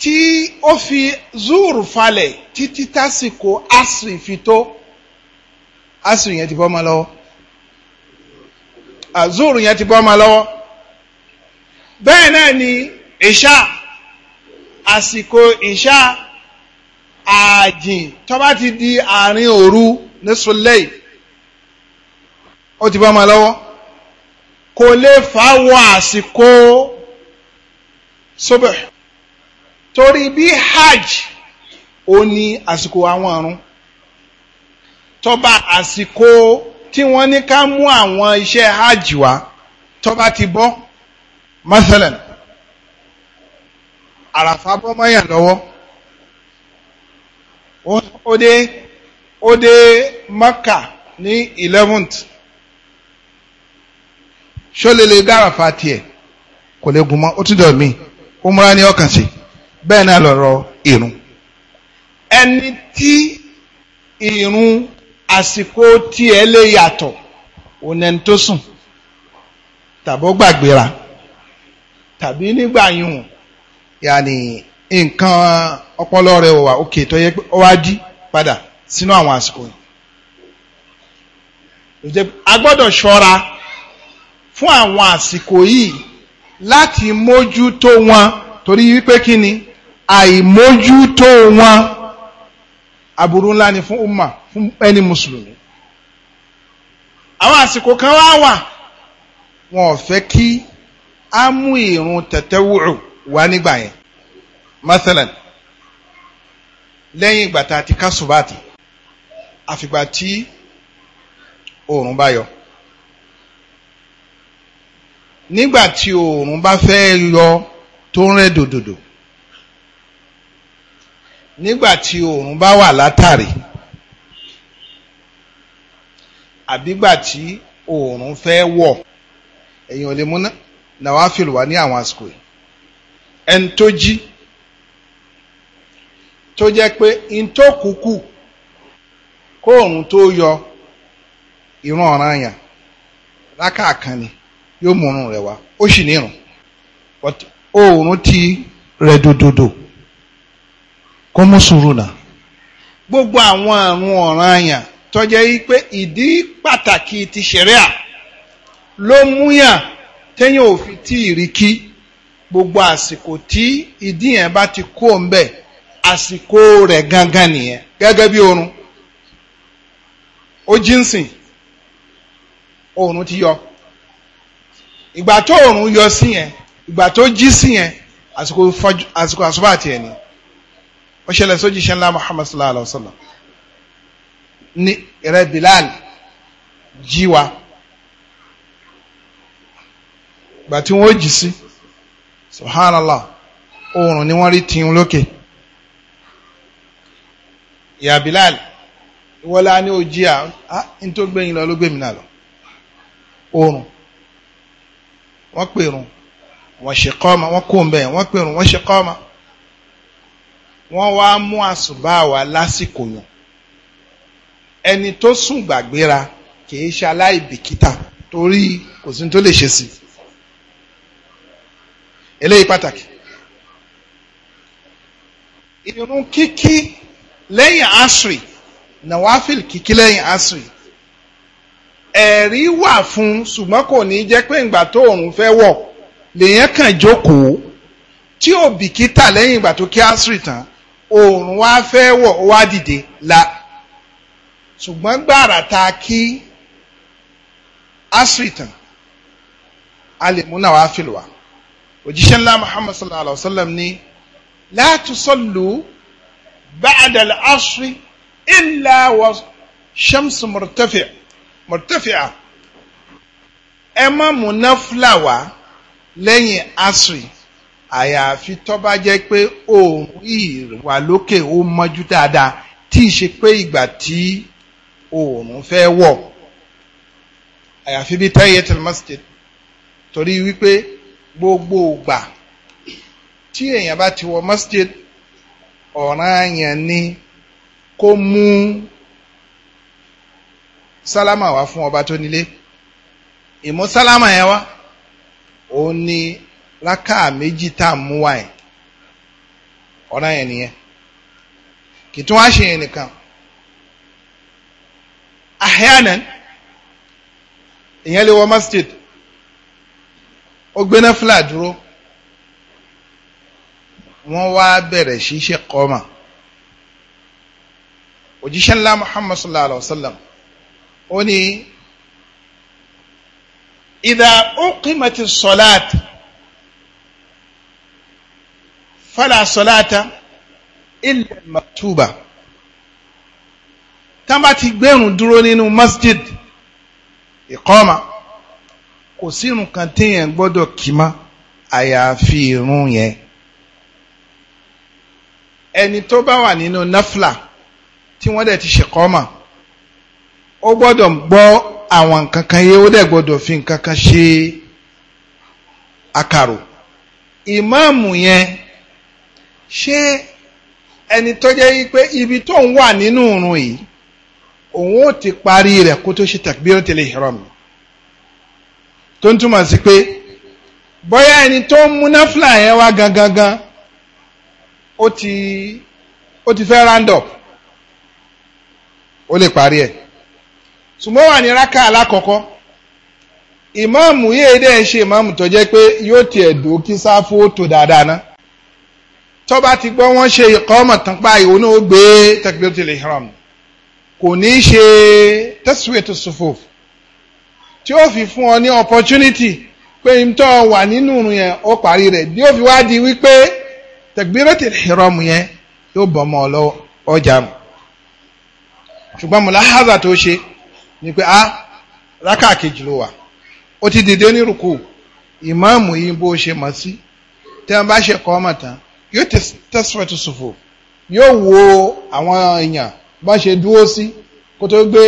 tí ó fi zúùrù falẹ̀ títí tásìkò asùn ìfitó asùn yẹn ti bọ́ ma lọ́wọ́ azúrù yẹn ti bọ́ ma lọ́wọ́ bẹ́ẹ̀ náà ni ìṣá àsìkò ìṣá ààjìn tó bá ti di àárín òru ní sùlẹ̀ ó ti bá ma lọ́wọ́ kò lè fà wọ àsìkò sóbẹ̀ torí bí hajj ó ní àsìkò àwọn àrùn tó àsìkò tí wọ́n ní ká mú àwọn iṣẹ́ hajj wá tó ti bọ́ masalan àràfà bọ́ mọ́yàn lọ́wọ́ ó dé ó dé Maka ní eleventh ṣọlẹ́lẹ́ gàràfà tiẹ̀ kò lè gun mọ́ ó tún dọ̀ mí ó múra ní ọkàn sí bẹ́ẹ̀ náà lọ́rọ̀ irun ẹni tí irun àsìkò tiẹ̀ lè yàtọ̀ onẹni tó sùn tàbó gbàgbéra tàbí nígbà yùn yàní nǹkan ọpọlọ rẹ̀ wà òkè tó yẹ pé ó wá dí padà sínú àwọn àsìkò yìí a gbọ́dọ̀ ṣọ́ra fún àwọn àsìkò yìí láti mójútó wọn torí wípé kí ni àìmójútó wọn aburú ńlá ni fún umma fún ẹni mùsùlùmí àwọn àsìkò kan wá wà wọn ò fẹ́ kí á mú ìrun tẹ̀tẹ̀wùrù wá nígbà yẹn masalan lẹ́yìn ìgbà tá a ti ká subati àfìgbà tí oòrùn bá yọ nígbà tí oòrùn bá fẹ́ yọ tó ń rẹ̀ dòdòdò nígbà tí oòrùn bá wà látàrí àbígbà tí oòrùn fẹ́ wọ̀ èèyàn lè múná nàwáfíìlù wà ní àwọn àsìkò yìí ẹni tó jí tó jẹ́ pé in tó kúkú kó tó yọ ìran ọ̀ràn àyàn lákàkàn yóò mú rẹ̀ wá ó sì nírun òrùn ti rẹ̀ dòdòdò kó mú sùúrù náà gbogbo àwọn àrùn ọ̀ràn àyàn tó jẹ́ yí pé ìdí pàtàkì ti ṣẹ̀ríà ló múyàn téèyàn ò fi tí ì rí kí gbogbo àsìkò tí ìdí yẹn bá ti kó ń bẹ̀ àsìkò rẹ̀ gangan nìyẹn gẹ́gẹ́ bí oorun ó jínsìn oorun ti yọ ìgbà tó oorun yọ sí yẹn ìgbà tó jí sí yẹn àsìkò fọjú àsìkò àsùbà tiẹ̀ ni ó ṣẹlẹ̀ sójì ṣẹlá Muhammad sallallahu alaihi wa sallam ní ìrẹ Bilal jí wa ìgbà tí wọ́n jí sí subhanallah oorun ni wọ́n rí tiyun lókè. Okay ìyá Bilal ìwọlá ní ojí à ń tó gbẹ̀yìn lọ ló gbẹ̀mí náà lọ oorun wọ́n pèrún wọ́n ṣe kọ́ọ̀mà wọ́n kó mbẹ́ wọ́n pèrún wọ́n ṣe kọ́ọ̀mà wọ́n wá mú àsùbá wa lásìkò yàn ẹni tó sùn gbàgbéra kìí ṣe aláìbìkítà torí kò sí tó lè ṣe sí eléyìí pàtàkì ìrun kíkí lẹ́yìn asri nawafil kìkí lẹ́yìn asri ẹ̀rí wà fún ṣùgbọ́n kò ní jẹ́ pé ìgbà tó òòrùn fẹ́ wọ̀ lèèyàn kàn jókòó tí ò bìkítà lẹ́yìn ìgbà tó kí asri tán òòrùn wá fẹ́ wọ̀ ó wá dìde la ṣùgbọ́n gbàrà tá kí asri tán a lè mú nawafil wá òjíṣẹ́ ńlá Muhammad sallallahu alayhi wa sallam ní la بعد العصر إلا وشمس مرتفع مرتفعة ẹ má mú náfìlà wá lẹ́yìn asri àyàfi tó bá jẹ́ pé òun yìí wà lókè ó mọ́jú dáadáa tí ì ṣe pé ìgbà tí òòrùn fẹ́ wọ̀ àyàfi bíi tahiyatul masjid torí wípé gbogbo ìgbà tí èèyàn bá ti wọ masjid ọ̀ranyàn ni kó mú sálámà wá fún ọba tó nílé ìmú sálámà yẹn wá òun ni rákà méjì tá à ń mú wá yẹn nìyẹn kì tún wá ṣe yẹn nìkan ahyanan ìyẹn lè wọ masjid ó gbéná fúlà dúró wọ́n wá bẹ̀rẹ̀ ṣíṣe kọ́mà òjíṣẹ́ ńlá muhammad sallallahu alaihi wa sallam ó ní ìdá uqimati salat fala salata illa maktuba tá bá ti gbẹ̀rùn dúró nínú masjid ìkọ́mà kò sí irun kan téèyàn gbọ́dọ̀ kì àyàfi irun yẹn ẹni tó bá wà nínú nafla tí wọ́n dẹ̀ ti ṣèkọ́mà ó gbọ́dọ̀ gbọ́ àwọn nǹkan kan yé ó dẹ̀ gbọ́dọ̀ fi nǹkan kan ṣe àkàrò ìmáàmù yẹn ṣé ẹni tó jẹ́ pé ibi tó ń wà nínú ìrun yìí òun ó ti parí rẹ̀ kó tó ṣe takbiratul ihram tó ń túmọ̀ sí pé bóyá ẹni tó ń mú náfìlà yẹn wá gangan gan ó ti ó ti fẹ́ round up ó lè parí ẹ̀ ṣùgbọ́n wà ní rákà alákọ̀ọ́kọ́ ìmáàmù yéé dẹ́ ṣe ìmáàmù tó jẹ́ pé yóò tiẹ̀ dùn kí sáfù ó tò dáadáa ná tọ́ba ti gbọ́ wọ́n ṣe ìkọ́mọ̀ tán pa ìwọ náà ó gbé takbiratul ihram kò ní í ṣe taswiyatu sufuf tí ó fi fún ọ ní opportunity pé ìtọ́ wà nínú yẹn ó parí rẹ̀ bí ó fi wá di wípé takbiratul ihram yẹn yóò bọ́ ọmọ ọlọ́wọ́ ọjà ṣùgbọ́n mùláhàzà tó ṣe ni pé a ah, rákà kejì ló wà ó ti dìde ní rúkú ìmáàmù yìí bó ṣe mọ̀ sí tí wọ́n bá ṣe kọ́ ọmọ tán yóò tẹ̀síwẹ̀tì ṣòfò yóò wo àwọn èèyàn bá ṣe dúró sí kó tó gbé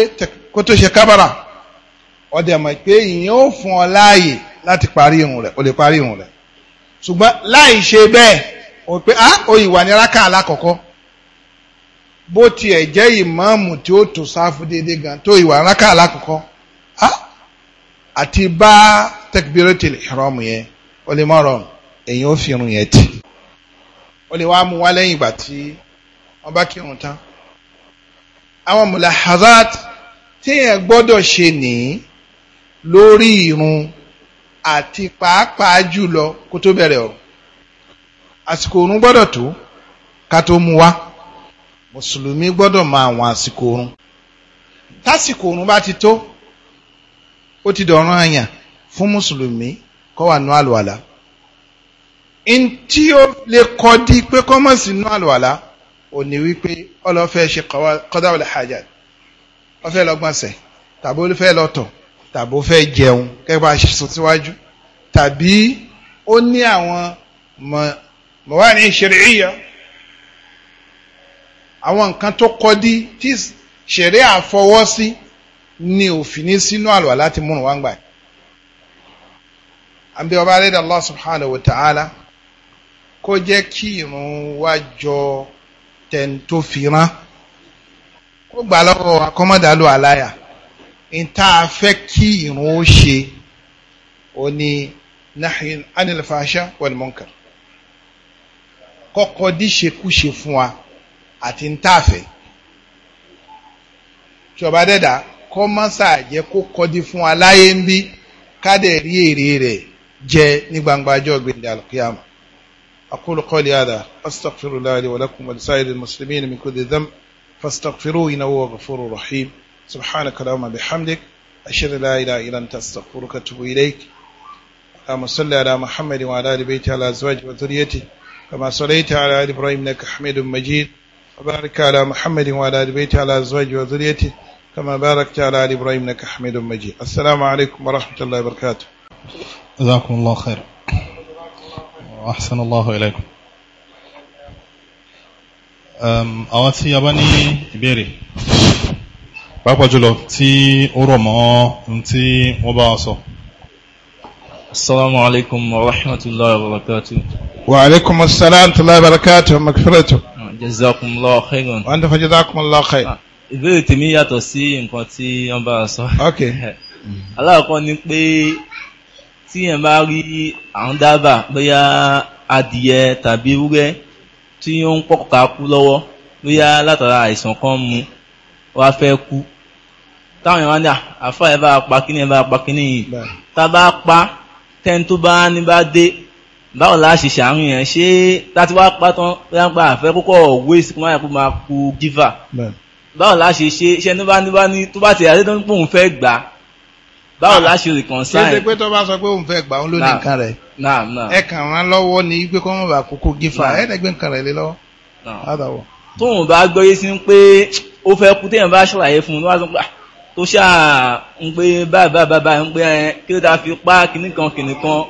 kó tó ṣe kábàrà ọdẹ mọ̀ pé ìyẹn ó fún ọ láàyè láti parí irun rẹ̀ ó lè parí irun rẹ̀ ṣùgbọ́n láì ṣe bẹ́ẹ̀ ó pé á ó ìwà ní rákà alákọ̀ọ́kọ́ bó tiẹ̀ jẹ́ ìmáàmù tí ó tò sáfù déédéé gan tó ìwà rákà alákọ̀ọ́kọ́ á ah, àti bá takbiratul ihram yẹn ó lè mọ̀ rọrùn èyàn ó fi irun yẹn tì ó lè wá mú wá lẹ́yìn ìgbà tí wọ́n bá kírun tán àwọn mulahazat téèyàn gbọ́dọ̀ ṣe nìyí lórí irun àti pàápàá jùlọ kó tó bẹ̀rẹ̀ ọ̀rọ̀ àsìkò oorun gbọ́dọ̀ tó ká tó mu wá mùsùlùmí gbọ́dọ̀ mọ àwọn àsìkò oorun tásìkò oorun bá ti tó ó ti dọ̀ràn àyàn fún mùsùlùmí kó wà nú àlùwàlà n tí ó lè kọ́ di pé kọ́mọ̀sì nú àlùwàlà ò ní wípé ọlọ́fẹ́ ṣe kọ́dà wọlé hajat ọfẹ́ lọ́gbọ̀nsẹ̀ tàbí ó fẹ́ lọ́tọ̀ tàbí ó fẹ́ jẹun kẹ́kọ̀ọ́ àṣìṣe síwájú tàbí ó ní àwọn mọ̀wáàní شرعية. àwọn nǹkan tó kọdí tí ṣẹ̀rí àfọwọ́ sí ni òfin ní sínú àlọ́ láti múnú wá ń gbà. àbí ọba alẹ́dà Allah subhanahu wa ta'ala kó jẹ́ kí irun wá jọ tẹ̀n tó fi rán kó gbà lọ́wọ́ akọ́mọ́dálù aláyà ní tá a fẹ́ irun ó ṣe ó nahyin anil fasha wal munkar kọ́kọ́ díṣekúṣe fún wa àti ń tàfẹ́ tí ọba dẹ́dà kọ́ mọ́sà jẹ́ kó kọ́dí fún wa láyé ń bí kádẹ̀ rí èrè rẹ̀ jẹ ní gbangba ọjọ́ gbẹ̀ndẹ̀ alkiyama أقول قولي هذا أستغفر الله لي ولكم ولسائر المسلمين من كل ذنب فاستغفروه إنه هو غفور رحيم سبحانك اللهم بحمدك أشهد لا إله إلا أنت أستغفرك وأتوب إليك اللهم صل على محمد وعلى آل بيته على أزواجه وذريته كما صليت على آل إبراهيم إنك حميد مجيد وبارك على محمد وعلى آل بيته على أزواجه وذريته كما باركت على آل إبراهيم إنك حميد مجيد السلام عليكم ورحمة الله وبركاته جزاكم الله خير وأحسن الله إليكم àwọn tí a bá ní ìbéèrè pàápàá jùlọ tí ó السلام عليكم ورحمة الله وبركاته وعليكم السلام ورحمة الله وبركاته مغفرته جزاكم الله خيرا وأنت فجزاكم الله خير ìbéèrè tèmi yàtọ̀ sí nǹkan tí wọ́n bá sọ. alákọ̀ọ́ ni pé tí èèyàn bá rí àwọn dábà bóyá adìyẹ tàbí ewúrẹ́ tí ó ń pọ̀kà kú lọ́wọ́ bóyá látara àìsàn kan mu wá fẹ́ kú táwọn èèyàn wá ní àfáà ẹ bá pa kíní ẹ bá pa kíní yìí tá a bá pa tẹ́ni tó bá ní bá dé báwo la ṣe ṣàánú yẹn ṣé láti wá pátán lápá àfẹ́ kókó waste kó máa kó máa kú giver báwo la ṣe ṣe ṣe ní bá ní bá ní tó bá ti àdé tó ń pòun fẹ́ gbà báwo la ṣe reconcile. ṣé ṣe pé tó bá sọ pé òun fẹ́ gbà òun ló ní nǹkan rẹ̀ ẹ kàn án lọ́wọ́ ní pé kó mọ̀ bá kókó giver ẹ̀ẹ́dẹ́gbẹ́ nǹkan rẹ̀ lé lọ́wọ́ tóun bá gbọ́yé sí pé ó fẹ́ kú téèyàn bá ṣàlàyé fún un ló wá sọ pé ah, tó ṣáà ń pé báyìí báyìí báyìí ń pé ẹ kí ló dáa fi pa kìnnìkan kìnnìkan.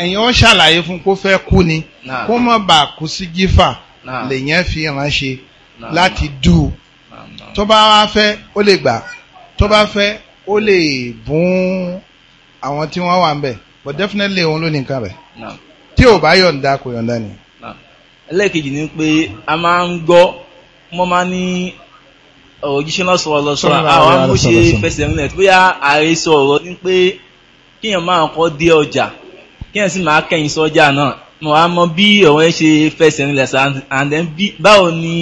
ẹ̀yin ó ṣàlàyé fún kó fẹ́ kú ni kó má bàa kú sí gífà lèyẹn fi ránṣẹ́ láti dù ú tó bá wá fẹ́ ó lè gbà tó bá fẹ́ ó lè bùn àwọn tí wọ́n wà ń bẹ̀ but definitely òun ló ní nǹkan rẹ̀ tí ò bá yọ̀ǹda kò yọ̀ǹda ni. ẹlẹ́ẹ̀kejì ni pé a máa ń gbọ́ wọ́n máa ní òjíṣẹ́ náà sọ̀rọ̀ lọ sọ́ra àwọn amúṣe fẹsẹ̀ múlẹ̀ tó yá ààrẹ sọ ọ̀rọ̀ ní pé kíyàn máa kọ́ dé ọjà kíyàn sì máa kẹ́yìn sọ́jà náà mo á mọ bí ọ̀rọ̀ yẹn ṣe fẹsẹ̀ múlẹ̀ sọ and then báwo ni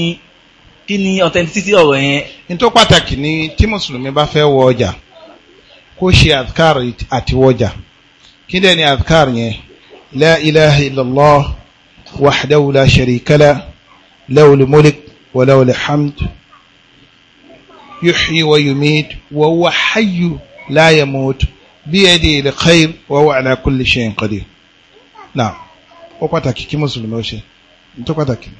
kí ni authenticity ọ̀rọ̀ yẹn. ní tó pàtàkì ni tí mùsùlùmí bá fẹ́ wọ ọjà kó ṣe adkar àti wọjà kí dẹ̀ ni adkar yẹn la ilaha illallah wahdahu la sharika lah lawul mulik wa lawul hamd. يحيي ويميت وهو حي لا يموت بيده الخير وهو على كل شيء قدير نعم ó pàtàkì kí mùsùlùmí ó ṣe tó pàtàkì.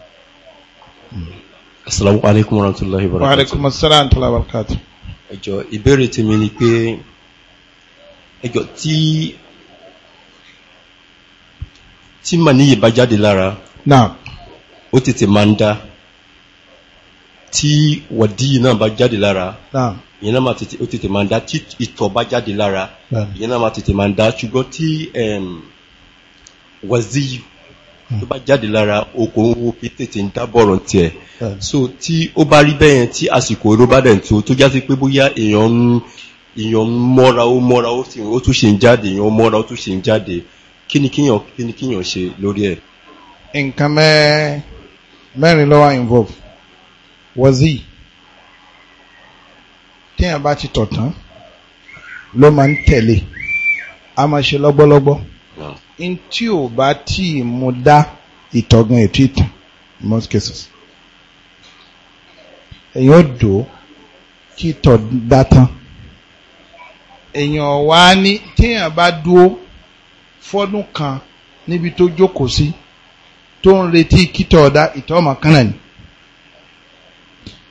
asalaamu alaykum wa rahmatulahi wa barakatu. wa alaykum asalaam wa barakatu. ẹ jọ̀ọ́ ìbéèrè tèmi ni pé ẹ jọ̀ọ́ tí tí màníyì bá jáde lára. náà. ó tètè máa ń dá tí wàdí yìí náà bá jáde lára ìyẹn náà máa tètè ó tètè máa ń dá tí ìtọ̀ bá jáde lára ìyẹn náà tètè máa dá ṣùgbọ́n tí wàzí hmm. tó bá jáde lára okòwò fi tètè ń dábọ̀rọ̀ tiẹ̀ so tí ó bá rí bẹ́yẹn tí àsìkò oró bá dẹ̀ tó tó jásí pé bóyá èèyàn ń èèyàn mọ́ra ó mọ́ra ó sì ó tún ṣe ń jáde èèyàn mọ́ra ó tún ṣe ń jáde kí kíyàn ṣe lórí ẹ̀. nǹkan mẹ́rin ló involve wọ́zí téèyàn bá ti tọ̀ tán ló máa ń tẹ̀lé a máa ṣe lọ́gbọ́lọ́gbọ́ n tí ò bá tí ì mú dá ìtọ̀gùn ètò ìtàn most cases èyàn dò ó kí ìtọ̀ dá tán èyàn wá ní téèyàn bá dúó fọ́dún kan níbi tó jókòó sí tó ń retí kítọ̀ ọ̀dá ìtọ́ ọmọ kan náà ni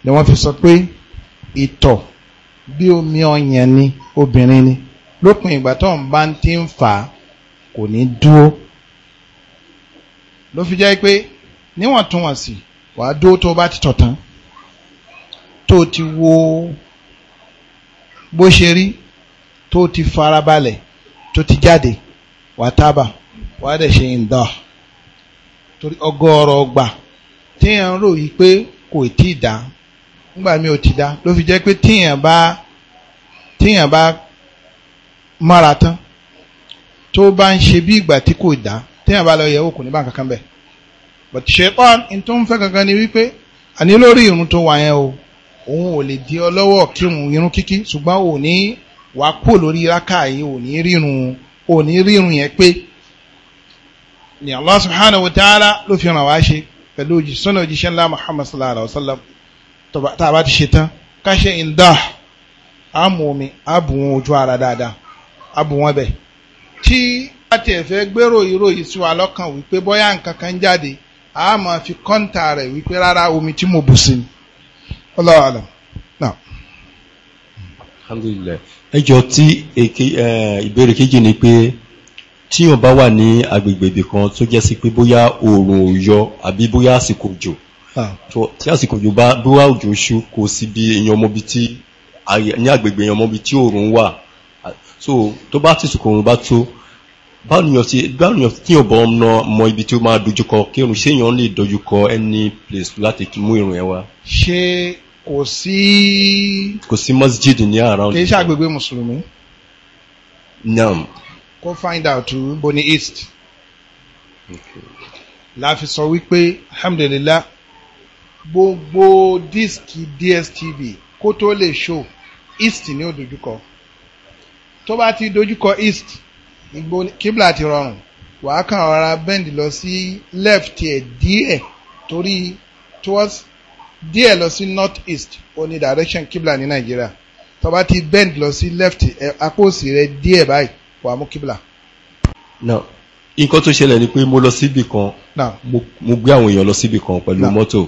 ni wọ́n fi sọ pé ìtọ̀ bí omi ọyàn ni obìnrin ni lópin ìgbà tó ń bá ti ń fà á kò ní dúró ló fi jẹ́ pé níwọ̀ntúnwọ̀nsì wàá dúró tó bá ti tọ̀ tán tó ti wo bó ṣe rí tó ti farabalẹ̀ tó ti jáde wàá tábà wàá dẹ̀ ṣe ń dà torí ọgọ́rọ̀ ọgbà téèyàn rò yí pé kò tí ì dá ńgbà mi ò ti dá ló fi jẹ́ pé tíyàn bá tíyàn bá mọ́ra tán tó bá ń ṣe bí ìgbà tí kò dá tíyàn bá lọ yẹ̀ wò kò ní bá kankan bẹ̀ but ṣetán n tó ń fẹ́ kankan ni wípé àní lórí irun tó wà yẹn o òun ò lè di ọlọ́wọ́ kírun irun kíkí ṣùgbọ́n ò ní wàá kó lórí rákà yìí ò ní rírun ò ní rírun yẹn pé ni Allah subhanahu wa ta'ala ló fi ràn wá ṣe pẹ̀lú sọ́nà òjíṣẹ́ ńlá Muhammad sallallahu alaihi wa sallam tá a bá ti ṣe tán ká ṣe ìdá a mú omi a bù wọn ojú ara dáadáa a bù wọn bẹ̀. tí a tiẹ̀ fẹ́ gbèrò ìró yìí sí wa lọ́kàn wípé bóyá nǹkan kan jáde a máa fi kọ́ńtà rẹ̀ wípé rárá omi tí mo bù sí ni. Allahu alam. alhamdulilayi ẹ tí ìbéèrè kejì ni pé tí wọn bá wà ní agbègbè ibì kan tó jẹ́ sí pé bóyá oòrùn ò yọ àbí bóyá àsìkò òjò Ah. tí àsìkò òjò bá búrá òjò ṣú kò sí bí èèyàn ọmọbi tí ní agbègbè èèyàn ọmọbi tí òòrùn wà so tó bá ti sùkò òòrùn bá tó báwọn tí yóò bọ́ ọmọ mọ ibi tí ó máa dojúkọ kí irun ṣé èèyàn lè dojúkọ any place láti mú irun ẹ wá. ṣé kò sí. kò sí masjid ní around. kì í ṣe agbègbè mùsùlùmí. naam. kó find out bo east. Okay. la fi sọ wípé alhamdulilah gbogbo díìskì DSTV kó tó lè show east ni ó dojúkọ tó bá ti dojúkọ east ìgbò kíbla ti rọrùn wàá kàn rọra bend lọ sí left ẹ̀ díẹ̀ torí towards díẹ̀ lọ sí north east ó direction kíbla ní Nàìjíríà tó bá ti bend lọ sí left ẹ̀ apòsì rẹ̀ díẹ̀ báyìí wàá mú kíbla. no nǹkan tó ṣẹlẹ̀ ni pé mo lọ síbì kan mo gbé àwọn èèyàn lọ síbì kan pẹ̀lú mọ́tò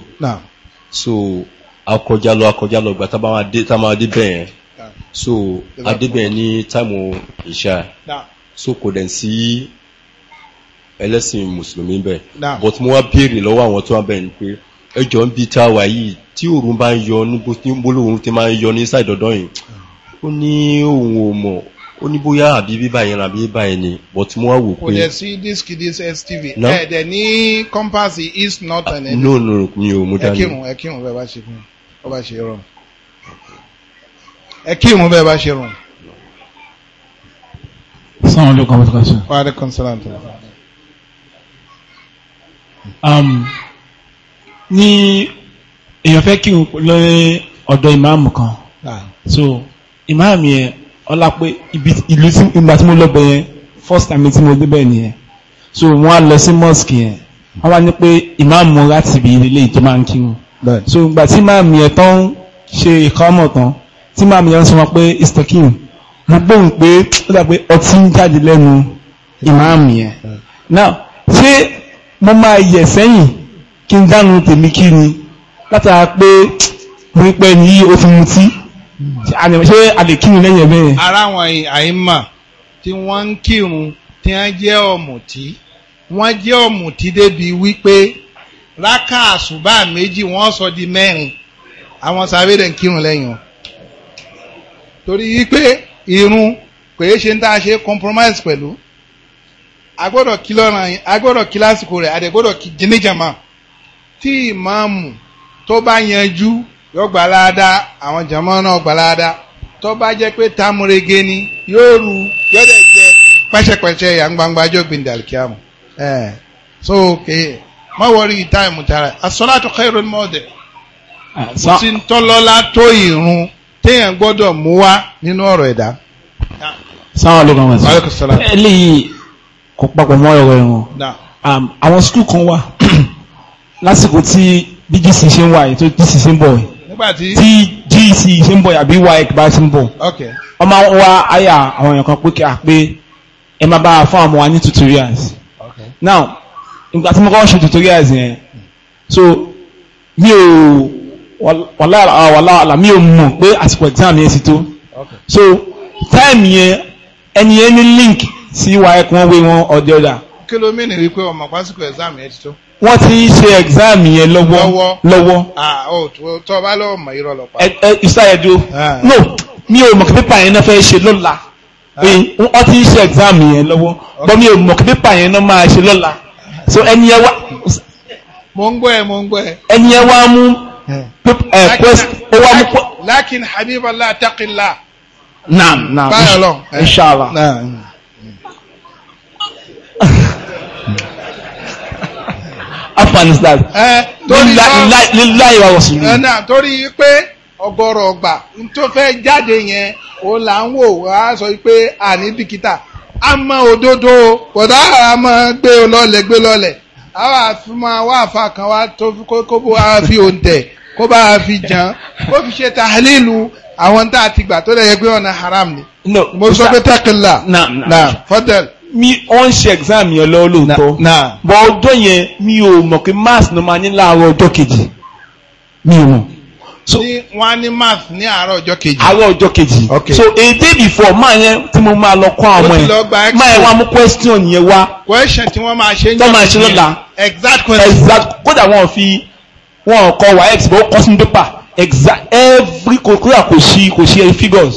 so akọjá lọ akọjá lọ gbà tá a máa dé bẹ́ẹ̀ so adébẹ̀yẹn ní táìmù ìṣá so kò dẹ̀ sí ẹlẹ́sìn mùsùlùmí bẹ́ẹ̀ but mo wá béèrè lọ́wọ́ àwọn tó wà bẹ́ẹ̀ ni pé ẹjọ́ ń bi tá a wà yìí tí òòrùn bá ń yọ níbo lóòrùn ti máa ń yọ ní sáìdọ̀dọ̀ yìí hmm. ó ní òun ò mọ̀ ó ní bóyá àbí bíbá yẹn àbí bíbá yẹn ni but mo wá wò pé. kò dẹ̀ sí disc disc stv. na ẹ dẹ̀ ní compass east north and ah, no no mi ò mú dání. ẹ kírun ẹ kírun bẹ́ẹ̀ bá ṣe fún ọ bá ṣe rọrùn ẹ kírun bẹ́ẹ̀ bá ṣe rọrùn. sọ́wọ́n ló kàn wọ́n kàn sí. wàhálà consulant. ní èèyàn fẹ́ kírun lọ́rẹ́ ọ̀dọ̀ ìmáàmù kan ah. so ìmáàmù yẹn ọlá pé ìlú tí ìgbà tí mo lọ bẹ̀ yẹn first time tí mo dé bẹ̀ nìyẹn so wọ́n á lọ sí mosque yẹn wọ́n wá ní pé ìmáàmù láti ibi ilé tó máa ń kírun so ìgbà tí ìmáàmù yẹn tán ṣe ìkọ́mọ̀ tán tí ìmáàmù yẹn sọ wọn pé istakim mo gbóhùn pé ó dà pé ọtí ń jáde lẹ́nu ìmáàmù yẹn now ṣé mo máa yẹ̀ sẹ́yìn kí n dánu tèmi kí ni látara pé mo ń pẹ́ ní ó ti mutí ṣé a lè kírun lẹ́yìn ẹ̀ bẹ́ẹ̀. ara àwọn àìmọ̀ tí wọ́n ń kírun tí wọ́n jẹ́ ọ̀mùtí wọ́n jẹ́ ọ̀mùtí débi wípé rákà àṣùbà méjì wọ́n sọ di mẹ́rin àwọn sàbẹ̀ rẹ̀ ń kírun lẹ́yìn o torí wípé irun kò yé ṣe ń tá a ṣe compromise pẹ̀lú agbọ́dọ̀ kí lọ́rùn yín agbọ́dọ̀ kí lásìkò rẹ̀ àdẹ̀gbọ́dọ̀ kí jíníjàmá tí ìmáàmù tó bá yanjú yóò gbà láadáa àwọn jàmọ́ náà gbà láadáa tó bá jẹ́ pé tamurege ni yóò ru yóò dẹ̀ jẹ pẹ́ṣẹpẹ́ṣẹ yà ń gbangba jọ gbìndàlì kíámù ẹ̀ so okay má wọrí táìmù tara as-salatu khairul mawdi kò ah, sí ń tọ́lọ́lá tó ìrun téèyàn gbọ́dọ̀ mú wá nínú ọ̀rọ̀ ẹ̀dá. sáwọn alekun ọmọ ẹsẹ eléyìí kò papọ̀ mọ́ ọ̀rọ̀ ẹ̀wọ̀n um, àwọn skul kan wà lásìkò tí bí gcc ń wà yìí tó gcc ń bọ̀ yìí nígbàtí. tí gc ṣe ń bọ̀ yàbí y bá ṣe ń bọ̀. wọ́n máa ń wá àyà àwọn èèyàn kan pé kí a pé ẹ máa bá a fún àwọn wa ní tutorials. now nígbà tí mo kọ́ ṣe tutorials yẹn so mi ò wàhálà mi ò mọ̀ pé àsìkò exam yẹn ti tó. so time yẹn ẹni yẹn ní link sí y wọn wé wọn ọdẹ ọdà. kí ló mìíràn wípé ọmọ pásítọ̀ exam yẹn ti tó wọ́n ti ń ṣe exam yẹn lọ́wọ́ lọ́wọ́. Ah, oh, tó bá lọ́wọ́ mọ̀ irọ́ lọ pa. ìsáyẹ̀dó ah. no mi ò mọ̀ kí pépà yẹn náà fẹ́ ṣe lọ́la ah. wọ́n ti ń ṣe exam yẹn lọ́wọ́ bọ́ mi ò mọ̀ kí pépà yẹn náà máa ṣe lọ́la so ẹni ẹ wá. mo ń gbọ́ ẹ mo ń gbọ́ ẹ. ẹni ẹ wá mú hmm. ó wá mú. lakin habiballah taqillah. naam naam inshallah. afghanistan níláyìíwá wọ̀sùn mi. ẹnà torí pé ọ̀gọ̀rọ̀ ọgbà tó fẹ́ jáde yẹn ó là ń wò wá sọ pé àní bìkítà a mọ òdodo a mọ gbé lọlẹ gbé lọlẹ àwa fi máa wá àfa kan tó fi kó bó a fi òǹtẹ̀ kó bá a fi jàn kó fi ṣe tàhálílù àwọn tá a ti gbà tó lè yẹ pé ọ̀nà na fọ́dẹ̀lì. mi ò ṣe exam yẹn lọ Na, bọ́ ọjọ́ yẹn mi ò mọ̀ pé maths ló máa ní láàárọ̀ ọjọ́ kejì mi ò mọ̀. so wọ́n á ní maths ní àárọ̀ ọjọ́ kejì. àárọ̀ ọjọ́ kejì so a day before máa yẹn tí mo máa lọ kọ́ àwọn ẹ̀ máa yẹn wá mú question yẹn wá. question tí wọ́n máa ṣe ń jẹ́ ìyẹn exact question. exact kódà wọn fi wọn kọ wa x bó kọ sínú pépà exact every kódà kò sí kò sí figures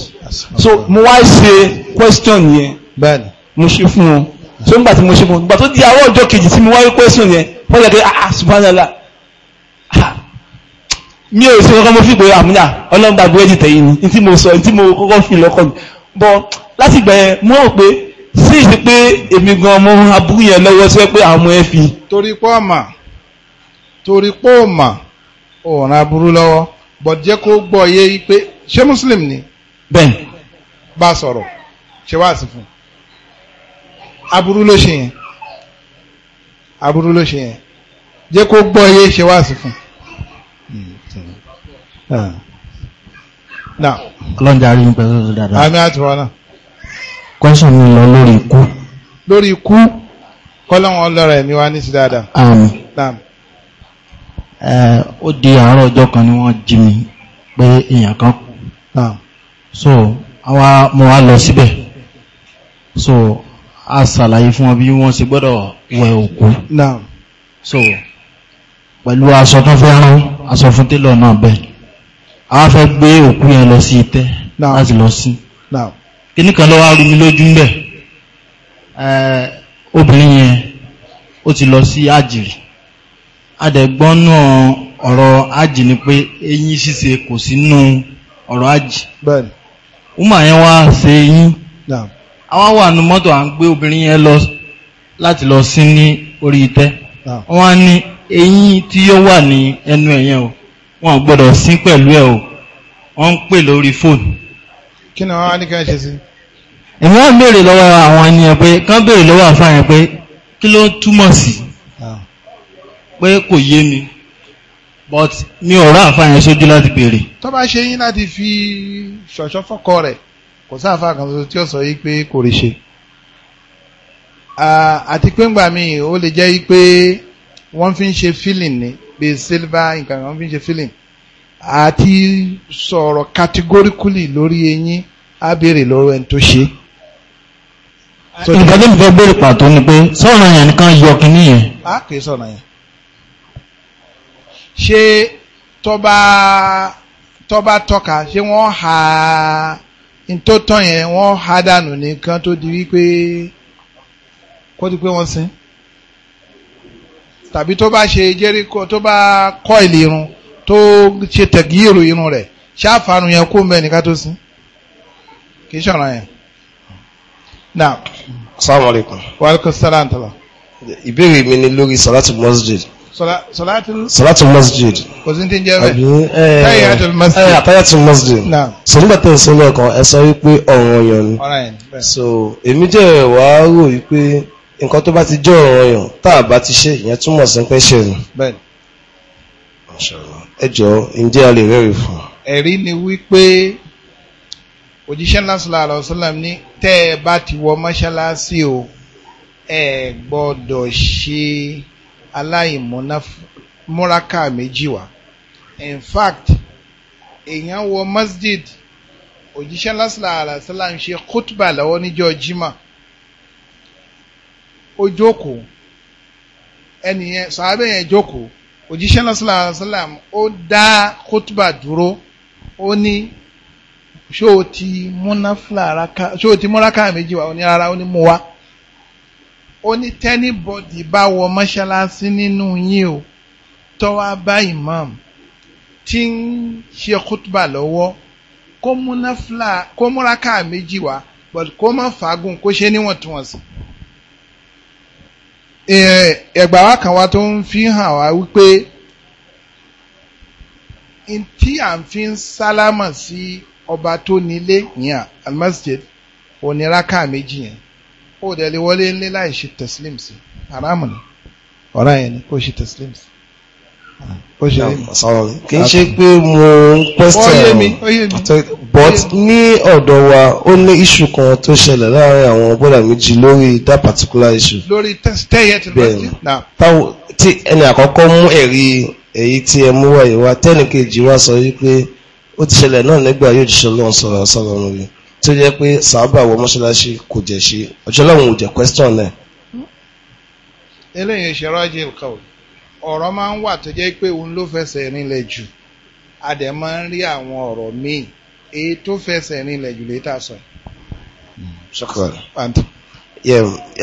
so mo wá ṣe question yẹn. bẹ́ẹ̀ni mo ṣe fún wọn so ń gbà tí mo ṣe fún wọn gbà tó di àwọn ọjọ́ kejì tí mo wáyé pẹ́sùn yẹn wọ́n lè pe ah subhanallah ah, mi ò sí ọkọ mo fi gbòòrò àmúyà ọlọ́mọba búrẹ́dì tẹ̀yìn ni ah, tí mo sọ tí mo kọ́kọ́ fi lọ́kọ̀ mi bọ́ láti gbà yẹn mo rò pé sí ìdí pé èmi gan ọmọ aburú yẹn lọ́wọ́ sí pé àwọn ọmọ ẹ fi. torí pọ́ ọ̀mà torí pọ́ ọ̀mà ọ̀ràn aburú lọ́wọ́ bọ̀ jẹ́ kó gbọ́ yé pé ṣé muslim ni. bẹ́ẹ̀ bá sọ̀rọ̀ ṣe wá sí fún un aburú ló ṣe yẹn aburú ló ṣe yẹn jẹ́ kó gbọ́ iye ṣe wá sí fún un. Hmm. ọlọ́njà rí ní pẹ̀lú ọ̀sẹ̀ dáadáa. àmì àtúwọ́ náà. kọ́sùn mi lọ lórí ikú. lórí ikú kọ́lọ́wọ́n lọ́rọ̀ ẹ̀mí wá ní sí dáadáa. ó di àárọ̀ ọjọ́ kan ni wọ́n jí mi pé èèyàn kan kú. so àwa mo wá lọ síbẹ̀ so a sàlàyé fún wọn bí wọ́n gbọ́dọ̀ wẹ òkú. so pẹ̀lú aṣọ tó fẹ́ rán aṣọ fún télọ̀ náà bẹ́ẹ̀ a fẹ́ gbé òkú yẹn lọ sí itẹ́ láti lọ sí. kíní kan ló wá rú mi lójú ń bẹ̀ obìnrin yẹn ó ti lọ sí àjèrè adẹ̀gbọ́n náà ọ̀rọ̀ àjì ni pé eyín ṣíṣe kò sínú ọ̀rọ̀ àjì. bẹ́ẹ̀ni. ó yẹn wá ṣe eyín àwọn wà nù mọ́tò à ń gbé obìnrin yẹn lọ láti lọ sí ní orí itẹ́ ah. wọ́n á ní eyín tí ó wà ní ẹnu ẹ̀yẹn o wọ́n gbọ́dọ̀ sín pẹ̀lú ẹ̀ o wọ́n ń pè lórí fóònù. kí ni wọ́n á ní ká ṣe sí. èmi wọ́n béèrè lọ́wọ́ àwọn ènìyàn pé kán béèrè lọ́wọ́ àfáà yẹn pé kí ló túmọ̀ sí ah. pé kò yé mi but mi ò rá àfáà yẹn sójú láti béèrè. tó bá ṣe yín láti fi ṣọ̀ṣọ́ fọ́kọ rẹ̀ kò sáfà kan tó tí ó sọ yí pé kò rí ṣe àti pé ńgbà ó lè jẹ́ yí pé wọ́n fi ń ṣe filling ni bíi silver nǹkan wọ́n fi ń ṣe filling àti sọ̀rọ̀ categorically lórí eyín á béèrè lọ́wọ́ ẹni tó ṣe. ìgbà tó ń fẹ́ béèrè pàtó ni pé sọ̀rọ̀ yẹn nìkan yọ kínní yẹn. a kì í sọ̀rọ̀ yẹn. ṣé tọ́ba tọ́ba tọ́ka ṣé wọ́n ha ntótọ́ yẹn wọ́n há dànù nìkan tó di wípé kó di pé wọ́n sin tàbí tó bá ṣe jẹ́ríkọ tó bá kọ́ ìlì irun tó ṣe tẹ̀gírò irun rẹ̀ ṣáfàánù yẹn kó mbẹ́ nìkan tó sin kì í ṣọ̀ràn yẹn. now. salaamaleykum. wa aleykum salaam tala. ìbéèrè mi ni lórí salatu masjid salatu masjid kò sí ti ń jẹ́ bẹ́ẹ̀ tahiyatul masjid tahiyatul masjid so nígbà tó ń sọ lẹ́ẹ̀kan ẹ sọ wípé ọ̀ràn ọ̀yàn ni so èmi jẹ́ wà á rò wípé nǹkan tó bá ti jẹ́ ọ̀ràn ọ̀yàn tá a bá ti ṣe ìyẹn túmọ̀ sí pé ṣe ni ẹ jọ ǹjẹ́ a lè rẹ́rìí fún ẹ̀rí ni wípé òjíṣẹ́ lásìlá àlọ́sọ́làm ní tẹ́ ẹ bá ti wọ mọ́ṣáláṣí o ẹ gbọ́dọ̀ ṣe aláìmúraka méjì wá in fact èèyàn wọ masjid òjíṣẹ́ lásìlá àlàsílà ń ṣe kútùbà lọ́wọ́ níjọ́ jimá ó jókòó ẹnìyẹn sàábẹ̀ yẹn jókòó òjíṣẹ́ lásìlá àlàsílà ó dá kútùbà dúró ó ní ṣó o ti múnáfìlà ṣó o ti múnáfìlà méjì wá ó ní rárá ó ní mú wá. Oni ní tẹ́nibọ́dì bá wọ mọ́ṣáláṣí nínú yín o tọ́wá bá imam tí ń ṣe kútùbà lọ́wọ́ kó múná fúlà kó múra káà méjì wá but kó má fàágùn kó ṣe níwọ̀ntúnwọ̀nsì. ẹ̀gbà wa kan wa tó ń fi hàn wá wípé tí à ń fi sálámà sí ọba tó nílé yẹn almasjid òní rákà méjì yẹn ó dẹ̀ lè wọlé ńlé láì ṣe tẹ̀sílìm sí haram ni ọ̀rá yẹn ni kó ṣe tẹ̀sílìm sí. ó ṣe sọ̀rọ̀ kì í ṣe pé mo ń pẹ́sẹ̀ but ní ọ̀dọ̀ wa ó ní iṣu kan tó ṣẹlẹ̀ láàrin àwọn bọ́dà méjì lórí that particular issue. lórí ti bẹ́ẹ̀ ni. táwọn tí ẹni àkọ́kọ́ mú ẹ̀rí èyí tí ẹ mú wáyé wa tẹ́nìkejì wa sọ wípé ó ti ṣẹlẹ̀ náà nígbà yóò ti ṣe lọ́n sọ̀rọ̀ sọ̀rọ̀ lórí tó jẹ́ pé sàábà wọ mọ́ṣáláṣí kò jẹ́ ṣe ọjọ́ láwọn ò jẹ́ question náà. eléyìí ṣe rájì ìkàwé ọ̀rọ̀ máa ń wà tó jẹ́ pé òun ló fẹsẹ̀ rinlẹ̀ jù a dẹ̀ máa ń rí àwọn ọ̀rọ̀ míì èyí tó fẹsẹ̀ rinlẹ̀ jù létà sọ.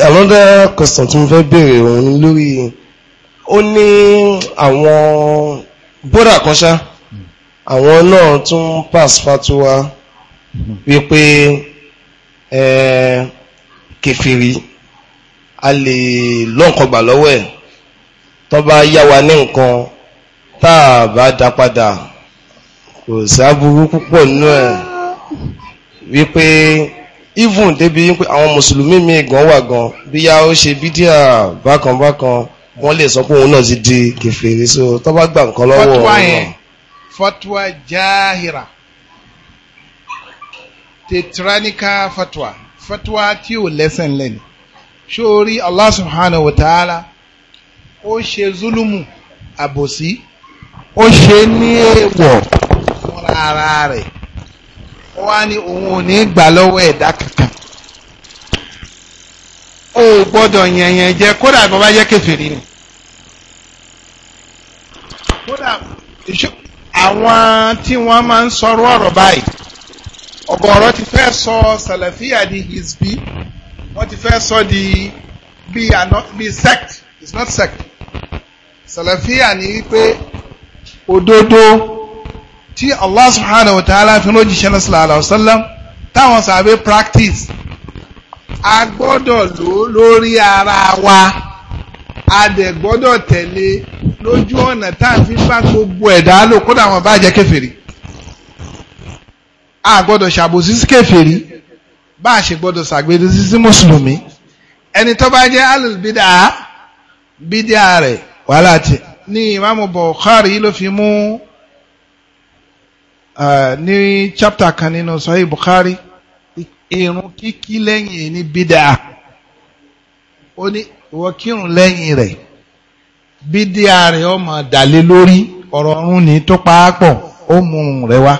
another question tí mo fẹ́ béèrè òun lórí ó ní àwọn bódà kan ṣá àwọn náà tún pass fatuwa wípé kẹfìrí a lè lọ nǹkan gbà lọ́wọ́ ẹ̀ tó bá yá wa ní nǹkan tá a bá dá padà kò sáburú púpọ̀ nínú ẹ̀ wípé even débi wípé àwọn mùsùlùmí mi gan wà gan bí yá ó ṣe bídíà bákan bákan wọ́n lè sọ pé òun náà ti di kẹfìrí so tó bá gbà nǹkan lọ́wọ́ ọ̀hún náà. fatwa yẹn fatwa jahira tetranical fatwa fatwa tí ò lẹ́sẹ̀ ńlẹ̀ ni ṣóorí Allah subhanahu wa ta'ala ó ṣe zulumu àbòsí ó ṣe ní èèwọ̀ fúnra ara rẹ̀ ó wá ní òun ò ní gbà lọ́wọ́ ẹ̀dá kankan ó gbọ́dọ̀ yẹ̀yẹ̀ jẹ kódà bó bá jẹ́ kèfèrí ni kódà àwọn tí wọ́n máa ń sọ̀rọ̀ ọ̀rọ̀ báyìí ọ̀gọ̀rọ̀ ti fẹ́ sọ Salafia di hizbi wọ́n ti fẹ́ sọ di bí bí sect it's not sect Salafiya ni wípé òdodo tí Allah subhanahu wa ta'ala fi lójíṣẹ́ náà sallallahu alaihi wasallam táwọn sàbẹ̀ practice a gbọ́dọ̀ lò lórí ara wa a dẹ̀ gbọ́dọ̀ tẹ̀lé lójú ọ̀nà tá a fi bá gbogbo ẹ̀dá lò kódà wọn bá jẹ́ kèfèrí a gbọ́dọ̀ ṣàbòsí sí kèfèrí bá a ṣe gbọ́dọ̀ ṣàgbéde sí sí mùsùlùmí ẹni tó bá jẹ́ alùbídà bídà rẹ̀ wàhálà tí ní ìmáàmù Bukhari ló fi mú ní chapter kan nínú Sahih Bukhari irun kíkí lẹ́yìn ní bídà ó ní ìwọ kírun lẹ́yìn rẹ̀ bídà rẹ̀ ó máa dàlé lórí ọ̀rọ̀ ọ̀run ní tó paápọ̀ ó mú un rẹ̀ wá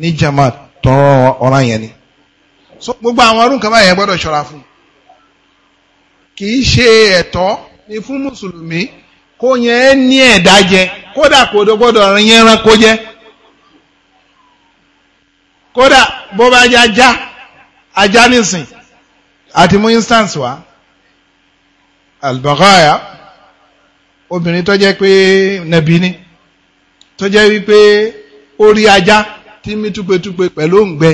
ní jamaat tọrọ ọ̀ràn yẹn ni so gbogbo àwọn ọdún kan báyẹn gbọ́dọ̀ ṣọ́ra fún kì í ṣe ẹ̀tọ́ ni fún mùsùlùmí kó yẹn ní ẹ̀dá jẹ kódà kò gbọ́dọ̀ rìn yẹn ránkó jẹ kódà bó bá já já ajá nísìn àti mú instance wa albagaya obìnrin tó jẹ́ pé nàbí ni tó jẹ́ wípé ó rí ajá tí mí túpetúpe pẹ̀lú òǹgbẹ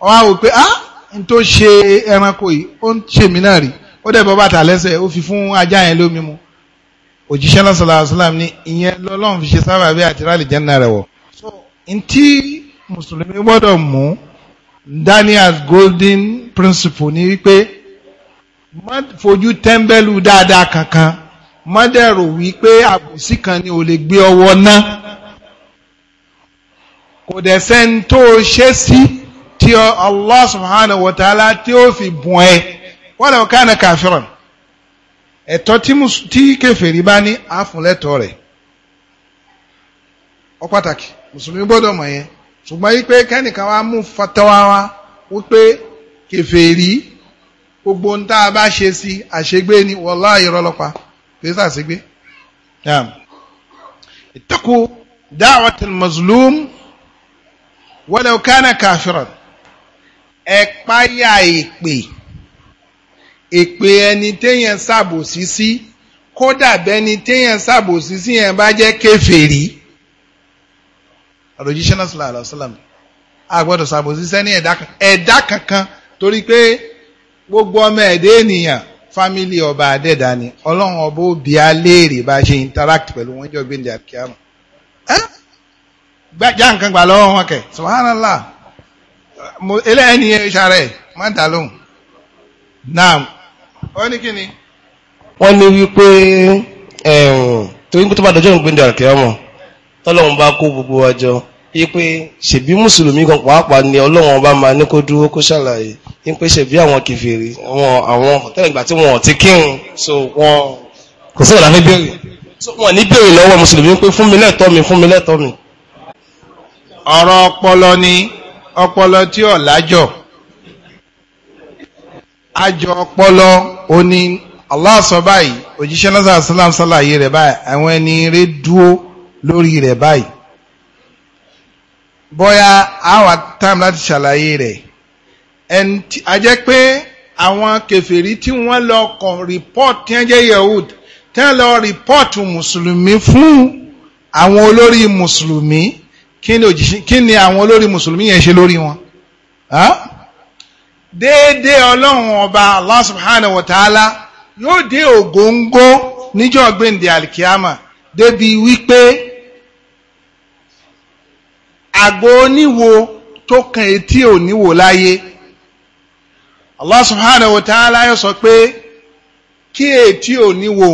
ó wò pé ah n tó ṣe ẹranko yìí ó ń ṣe mí náà rí ó dẹ̀ bọ́ bàtà lẹ́sẹ̀ ó fi fún ajá yẹn lómi mu òjíṣẹ́ náà sallallahu alaihi wasallam ní ìyẹn lọ́lọ́run fi ṣe sábà bí àti rálì jẹ́nà rẹ̀ wọ̀. so n tí mùsùlùmí gbọ́dọ̀ mú daniel golden principle ni wípé má fojú tẹ́ḿbẹ́lú dáadáa kankan má dẹ̀ rò wípé àbòsí kan ni ò lè gbé ọwọ́ ná kò dẹ̀ sẹ́ni tó o ṣe sí tí Allah subhanahu wa ta'ala tí ó fi bùn ẹ walaw kana kafiran ẹ̀tọ́ tí kèfèrí bá ní àfúnlẹ́tọ̀ rẹ̀ ó pàtàkì mùsùlùmí gbọ́dọ̀ mọ̀ yẹn ṣùgbọ́n yí pé kẹ́nìkan wá mú fatawa wá wípé kèfèrí gbogbo ń tá a bá ṣe sí àṣegbé ni wallahi rọlọ́pàá kì í sàṣegbé. ìtàkù da'watul walaw kana kafiran ẹ páyà èpè èpè ẹni téèyàn ṣàbòsí sí kódà bẹ́ni téèyàn ṣàbòsí sí yẹn bá jẹ́ kèfèrí àròjíṣẹ́ náà sallallahu alaihi wasallam a gbọ́dọ̀ ṣàbòsí sẹ́ni ẹ̀dá kankan ẹ̀dá kankan torí pé gbogbo ọmọ ẹ̀dẹ́ ènìyàn fámìlì ọba àdẹ́dà ni ọlọ́run ọba òbí á léèrè bá ṣe interact pẹ̀lú wọn jọ gbé ní àkíyàmù já nǹkan gbà lọ́wọ́ wọn kẹ̀ subhanallah eléyìí yẹn ṣàrẹ̀ má dà lóhùn naam ó ní kí ni. wọ́n ní wípé torí kó tó bá dọjọ́ ìgbéǹde àkẹ́ọ́mọ̀ tọ́lọ́run bá kó gbogbo wa wípé ṣèbí mùsùlùmí kan pàápàá ni ọlọ́run ọba máa ní kó dúró kó ṣàlàyé wípé ṣèbí àwọn kìfìrí àwọn àwọn tẹ́lẹ̀ ìgbà tí wọn ti kírun so wọn kò sí ọ̀la fi béèrè so wọn ní béèrè lọ́wọ́ mùsùlùmí pé fún mi lẹ́tọ́ mi fún mi lẹ́tọ́ mi ọ̀rọ̀ ọpọlọ ni ọpọlọ tí ò lájọ̀ ọpọlọ òní Allah sọ báyìí òjíṣẹ́ lọ́sà sálàm sálàyé rẹ̀ báyìí àwọn ẹni rẹ̀ dúó lórí rẹ̀ báyìí bóyá àwa time láti ṣàlàyé rẹ̀ ẹni a jẹ́ pé àwọn kèfèrí tí wọ́n lọ kọ̀ report tí wọ́n jẹ́ yehud tí wọ́n lọ report mùsùlùmí fún àwọn olórí mùsùlùmí kí ni ni àwọn olórí mùsùlùmí yẹn ṣe lórí wọn déédéé ọlọ́run ọba Allah subhanahu wa ta'ala yóò dé ògóńgó níjọ́ gbèǹde alikiyama débi wípé àgbo oníwo tó kan etí oníwo láyé Allah subhanahu wa ta'ala yóò sọ pé kí etí oníwo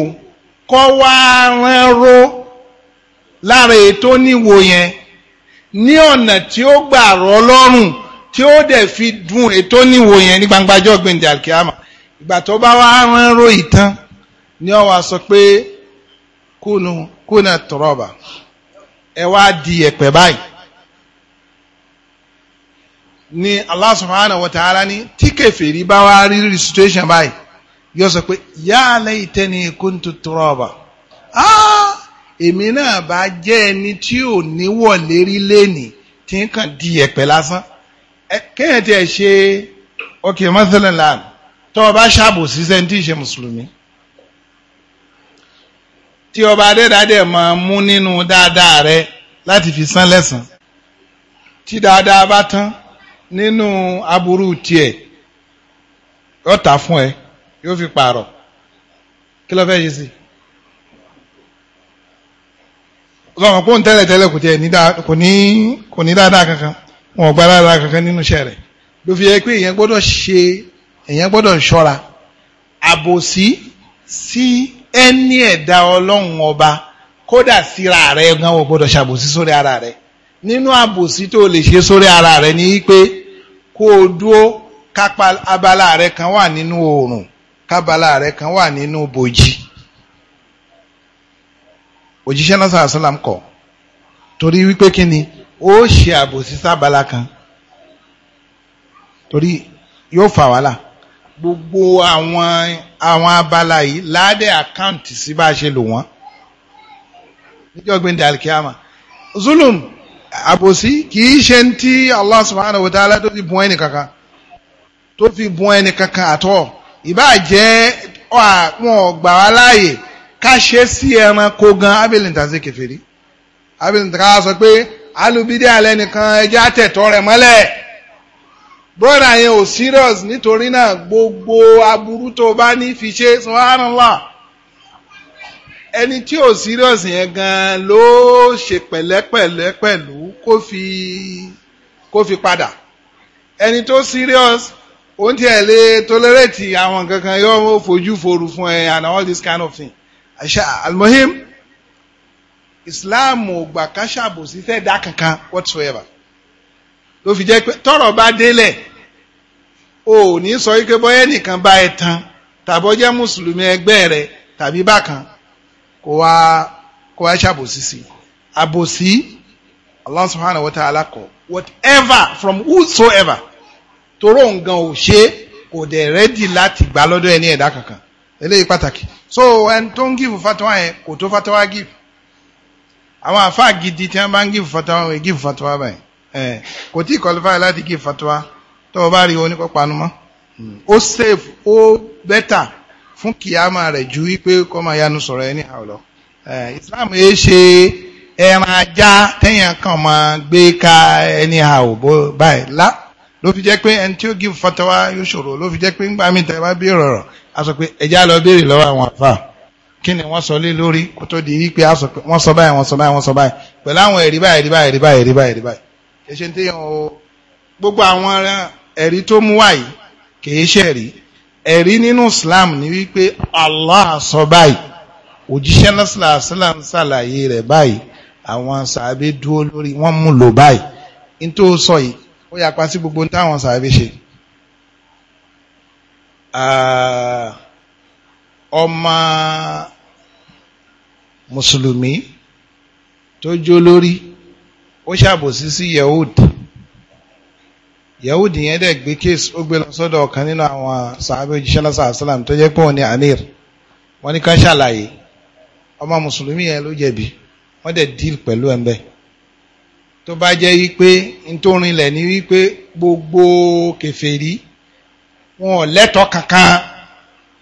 kọ́ wá rán ró lára ètò oníwo yẹn ní ọ̀nà tí ó gbà rọ̀ lọ́rùn tí ó dẹ̀ fi dùn ètò níwò yẹn ní gbangbajọ́ gbẹ̀ndẹ̀ alkiyama ìgbà tó bá wá rán ró ìtàn ni ó wá sọ pé kúnu kúnà tọrọba ẹ wá di ẹ̀pẹ̀ báyìí ni Allah subhanahu wa ta'ala ni tí kèfèrí bá wá rí rí situation báyìí yóò sọ pé ya laytani kuntu tọrọba ah èmi náà bá jẹ́ ẹni tí ò níwọ̀ lérí lénì tí ń kàn di ẹ̀pẹ̀ lásán kéèyàn tiẹ̀ ṣe ok mọ́sálẹ̀ láàmù tó o bá ṣàbò síṣẹ́ ní tí ì ṣe mùsùlùmí tí ọba adédàdé máa mú nínú dáadáa rẹ láti fi san lẹ́san tí dáadáa bá tán nínú aburú tiẹ̀ yóò ta fún ẹ yóò fi pààrọ̀ kí ló fẹ́ yìí sí ọlọ́run pọ́n tẹ́lẹ̀ tẹ́lẹ̀ kò tiẹ̀ kò ní dáadáa kankan wọn ò gba dáadáa kankan nínú iṣẹ́ rẹ̀ ló fi yẹ pé èèyàn gbọ́dọ̀ ṣe èèyàn gbọ́dọ̀ ṣọ́ra àbòsí sí ẹni ẹ̀dá ọlọ́run ọba kódà síra rẹ̀ gan ò gbọ́dọ̀ ṣàbòsí sórí ara rẹ̀ nínú àbòsí tó lè ṣe sórí ara rẹ̀ ni pé kó o dúó kápá abala rẹ̀ kan wà nínú oòrùn kábala rẹ̀ kan wà nínú bòjì òjíṣẹ́ náà sàrà sálàm kọ̀ torí wípé kí ni ó ṣe àbòsí sábàlá kan torí yóò fà wàhálà gbogbo àwọn àwọn abala yìí ládẹ́ àkáǹtì sí bá a ṣe lò wọ́n níjọ́ gbẹ̀ndẹ̀ alikiyama zulum àbòsí kìí ṣe ń tí Allah subhanahu wa ta'ala tó fi bùn ẹnì kankan tó fi bùn ẹnì kankan àtọ́ ìbá jẹ́ wọn gbà wá láàyè ká ṣe sí ẹranko gan abẹ́lẹ̀ níta ṣe kẹfẹ́rí abẹ́lẹ̀ níta sọ pé alubídé alẹ́ nìkan ẹjẹ́ àtẹ̀tọ́ rẹ̀ mọ́lẹ̀ broda yẹn ò serious nítorí náà gbogbo aburú tó bá ní fi ṣe subhanallah ẹni tí ò serious yẹn gan ló ṣe pẹ̀lẹ́pẹ̀lẹ́ pẹ̀lú kó fi kó fi padà ẹni tó serious òun tiẹ̀ lè tolerate àwọn kankan yóò fojú foru fún ẹ and all this kind of thing almuhim islam ò gbà ká ṣàbòsí fẹ́ dá kankan whatsoever ló fi jẹ́ pé tọ́rọ̀ bá délẹ̀ o ò ní sọ wípé bọ́yẹ́ nìkan bá ẹ tan tàbọ́ jẹ́ mùsùlùmí ẹgbẹ́ rẹ tàbí bákan kó wá kó wá ṣàbòsí sí àbòsí Allah subhanahu wa ta'ala kọ whatever from whosoever toró nǹkan ò ṣe kò dẹ̀ rẹ́dì láti gbà lọ́dọ̀ ẹni ẹ̀dá kankan eléyìí pàtàkì so ẹni tó ń gífù fatawa yẹn kò tó fatawa gífù àwọn àfáà gidi tí wọ́n bá ń gífù fatawa wọ́n gífù fatawa báyìí ẹ̀ kò tí kọlifáì láti gífù fatawa tó o bá rí oníkọ́ panumọ́ ó save ó bẹ́tà fún kìámà rẹ̀ ju wípé kọ́ máa yanu sọ̀rọ̀ ẹni àwòlọ́ Islam yé e ṣe ẹran ajá téèyàn kàn máa gbé ka ẹni àwò báyìí lá ló fi jẹ́ pé ẹni tí ó give fatawa yóò ṣòro ló fi jẹ́ pé ńgbà mi tẹ́ bá bí rọ̀rọ̀ a sọ pé ẹja lọ béèrè lọ́wọ́ àwọn àfà kí ni wọ́n sọ lé lórí kó tó di wípé a sọ pé wọ́n sọ báyìí wọ́n sọ báyìí wọ́n sọ báyìí pẹ̀lú àwọn ẹ̀rí báyìí ẹ̀rí báyìí ẹ̀rí báyìí ẹ̀rí ẹ̀rí nínú Islam ni wípé Allah sọ báyìí òjíṣẹ́ náà sílám ṣàlàyé rẹ̀ báyìí àwọn sàábé dúró lórí wọ́n mú lò báyìí ní sọ yìí ó yapa sí gbogbo táwọn sàábé ṣe ọmọ mùsùlùmí tó jó lórí ó ṣàbòsí sí yehudi yahudi yẹn dẹ̀ gbé kéésì ó gbé lọ sọ́dọ̀ ọ̀kan nínú àwọn sàábé òjíṣẹ́ lọ́sà àṣàlám tó jẹ́ pé òun ni anir. wọ́n ní ká ṣàlàyé ọmọ mùsùlùmí yẹn ló jẹ̀bi wọ́n dẹ̀ díl pẹ̀lú ẹ̀ ń tó bá jẹ́ wípé ntórinlẹ̀ ní wípé gbogbo kèfèrí wọn ò lẹ́tọ̀ọ́ kankan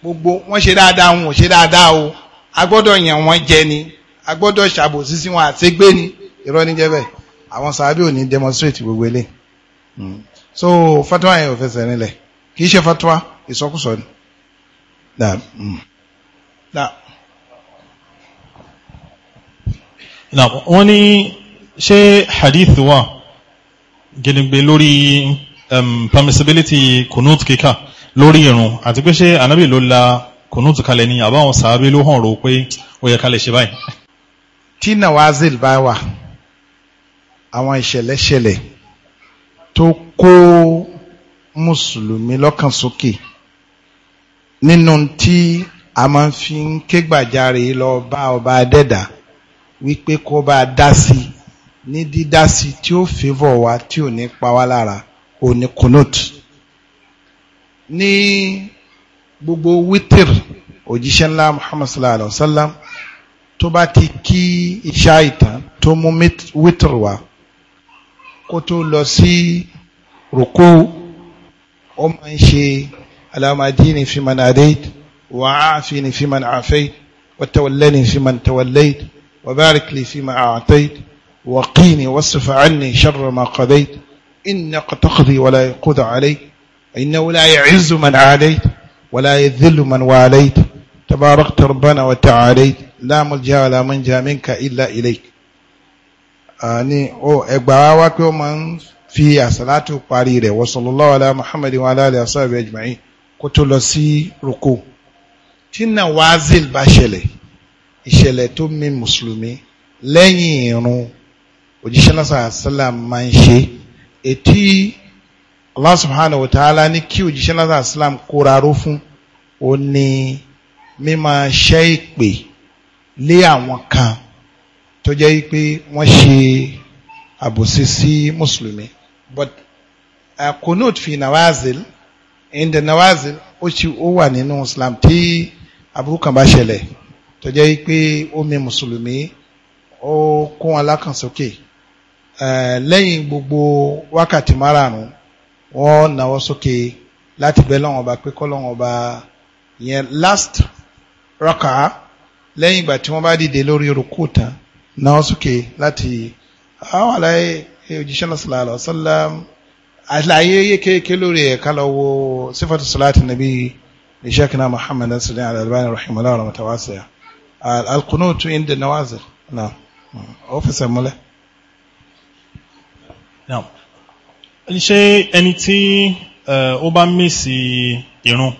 gbogbo wọn ṣe dáadáa wọn ò ṣe dáadáa o a gbọ́dọ̀ yàn wọ́n jẹ ni a gbọ́dọ̀ ṣàbòsí sí wọn àtẹ́gbé ni irọ́ ní jẹ́ bẹ́ẹ̀ àwọn sàábì ò ní demonstrate gbogbo ilé hmm. so fatwa yẹn ò fẹsẹ̀ nílẹ̀ kì í ṣe fatwa ìsọkúsọ ni. Hmm. wọ́n ní ṣé hadith wà gẹlẹgbẹ lórí um, permissibility kunut kíkà lórí irun àti pé ṣé anabi ló la kunut kalẹ̀ ní àbáwọn sàábé ló hàn rò pé ó yẹ kalẹ̀ ṣe báyìí. tí nawazil bá wà àwọn ìṣẹ̀lẹ̀ ṣẹlẹ̀ tó kó mùsùlùmí lọ́kàn sókè nínú tí a máa fi ń ké lọ bá ọba adẹ́dà wípé kó bá dá sí i ní dídásí tí ó fẹ́vọ̀ wa tí ò ní pa wá lára ò ní kunut ní gbogbo wítìr òjíṣẹ́ ńlá muhammad sallallahu alaihi wa sallam tó bá ti kí iṣẹ́ ìtàn tó mú wítìr wá kó tó lọ sí rúkú ó máa ń ṣe alamadini fi man adait wa aafini fi man afait wa tawallani fi man tawallait wa barik li fi ma a'tait وقيني واصرف عني شر ما قضيت إنك تقضي ولا يقضى عليك إنه لا يعز من عاديت ولا يذل من واليت تباركت ربنا وتعاليت لا ملجا ولا منجا منك إلا إليك ani o ẹgbàá wá pé ó máa ń fi àsàlátù parí rẹ̀ wa sallallahu ala Muhammad wa ala alihi ashabi ajma'in kó tó lọ sí roko tí nawazil bá ṣẹlẹ̀ ìṣẹ̀lẹ̀ tó mi mùsùlùmí lẹ́yìn irun òjíṣẹ́ lásán àṣàlá máa ń ṣe ètí Allah subhanahu ta'ala ní kí òjíṣẹ́ lásán àṣàlá kóra ró fún ó ní mímọ ṣẹ́ ìpè lé àwọn kan tó jẹ́ pé wọ́n ṣe àbòsí sí mùsùlùmí but kunut uh, fi nawazil inda nawazil ó ti ó wà nínú Islam tí aburú kan bá ṣẹlẹ̀ tó jẹ́ pé ó mi mùsùlùmí ó kó wọn lákàn sókè. Okay lẹ́yìn gbogbo wákàtí márààrún wọ́n náwó sókè láti bẹ́ lọ́wọ́n ọba pé kọ́lọ́wọ́n ọba yẹn last raka lẹ́yìn ìgbà tí wọ́n bá dìde lórí rúkú tán náwó sókè láti àwọn àlàyé òjíṣẹ́ náà sallallahu alaihi wasallam àlàyé yékéyéké lórí ẹ̀ka lọ wo sífàtú salati nàbí ìṣẹ́kìnà Muhammad sallallahu alaihi Al-Albani rahimahullah rahmatawasiya al-qunutu inda nawazil náà ó fẹsẹ̀ now ṣé ẹni tí eh, ó bá mèsì ìrun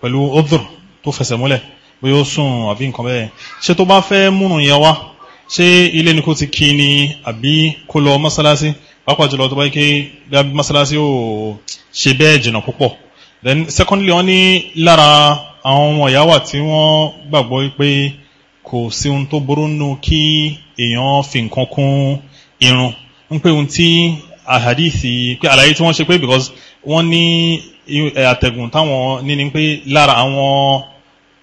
pẹ̀lú odr tó fẹsẹ̀ múlẹ̀ bóyá ó sùn àbí nǹkan bẹ́ẹ̀ ṣé tó bá fẹ́ múrùn yẹn wá ṣé ilé ni kò ti kí ni àbí kó lọ mọ́sálásí pàápàá jùlọ tó bá yẹ kí mọ́sálásí ò ṣe bẹ́ẹ̀ jìnnà púpọ̀ then secondly wọ́n ní lára àwọn ọmọ ìyá wà tí wọ́n gbàgbọ́ pé kò sí ohun tó burú nù kí èèyàn fi nǹkan kún irun ń pé ohun tí àhàdìsì pé àlàyé tí wọ́n ṣe pé because wọ́n ní àtẹ̀gùn táwọn níní pé lára àwọn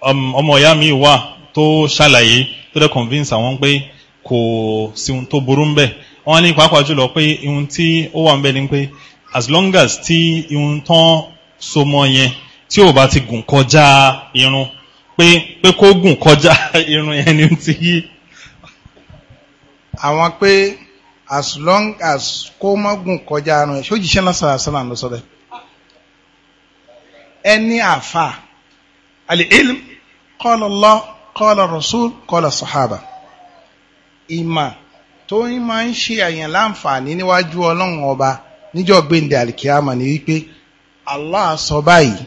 um, ọmọ ìyá mi wà tó ṣàlàyé tó dẹ̀ convince àwọn pé kò sí ohun tó burú ń bẹ̀ wọ́n ní pàápàá jùlọ pé ohun tí ó wà ń bẹ̀ ni pé as long as tí ohun tán so mọ́ yẹn tí ò bá ti gùn kọjá irun pé pé kó gùn kọjá irun yẹn ni ti yí. àwọn pé as long as kó má gùn kọjá àrùn ẹ̀ ṣójíṣẹ́ náà sọ̀rọ̀ sọ̀rọ̀ àná sọ̀rọ̀ ẹni àfà al-ilm qala Allah qala rasul qala sahaba ìmà tó ń máa ń ṣe àyàn láǹfààní níwájú ọlọ́run ọba níjọ́ gbéǹde àlìkíyàmà ni wípé Allah sọ báyìí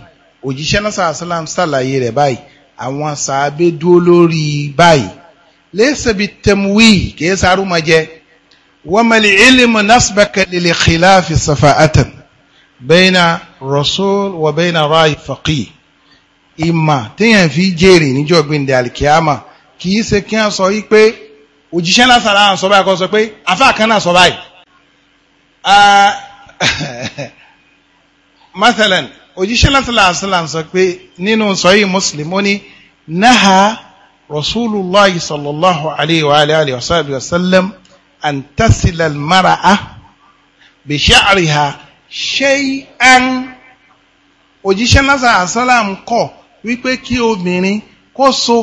òjíṣẹ́ náà sọ̀rọ̀ sàlàyé rẹ̀ báyìí àwọn sàábé dúró lórí báyìí lẹ́sẹ̀ bíi tẹ̀mùwì kìí sárúmọ jẹ́ وما العلم نسبك للخلاف صفاءة بين رسول وبين راي فقيه ìmà téèyàn fi jèrè níjọ́ gbìndẹ̀ alikiyama kì í ṣe kí wọ́n sọ yí pé òjíṣẹ́ lásàrà àwọn sọ báyìí kan sọ pé afá kan náà sọ báyìí. mathalan òjíṣẹ́ lásàrà àṣàlàn sọ pé nínú sọ́yì muslim ó ní náà rasulullah sallallahu alayhi wa alihi wa sallam an tasila al-mar'a bi sha'riha shay'an òjíṣẹ́ lásà àsálàm kọ̀ wípé kí obìnrin kó so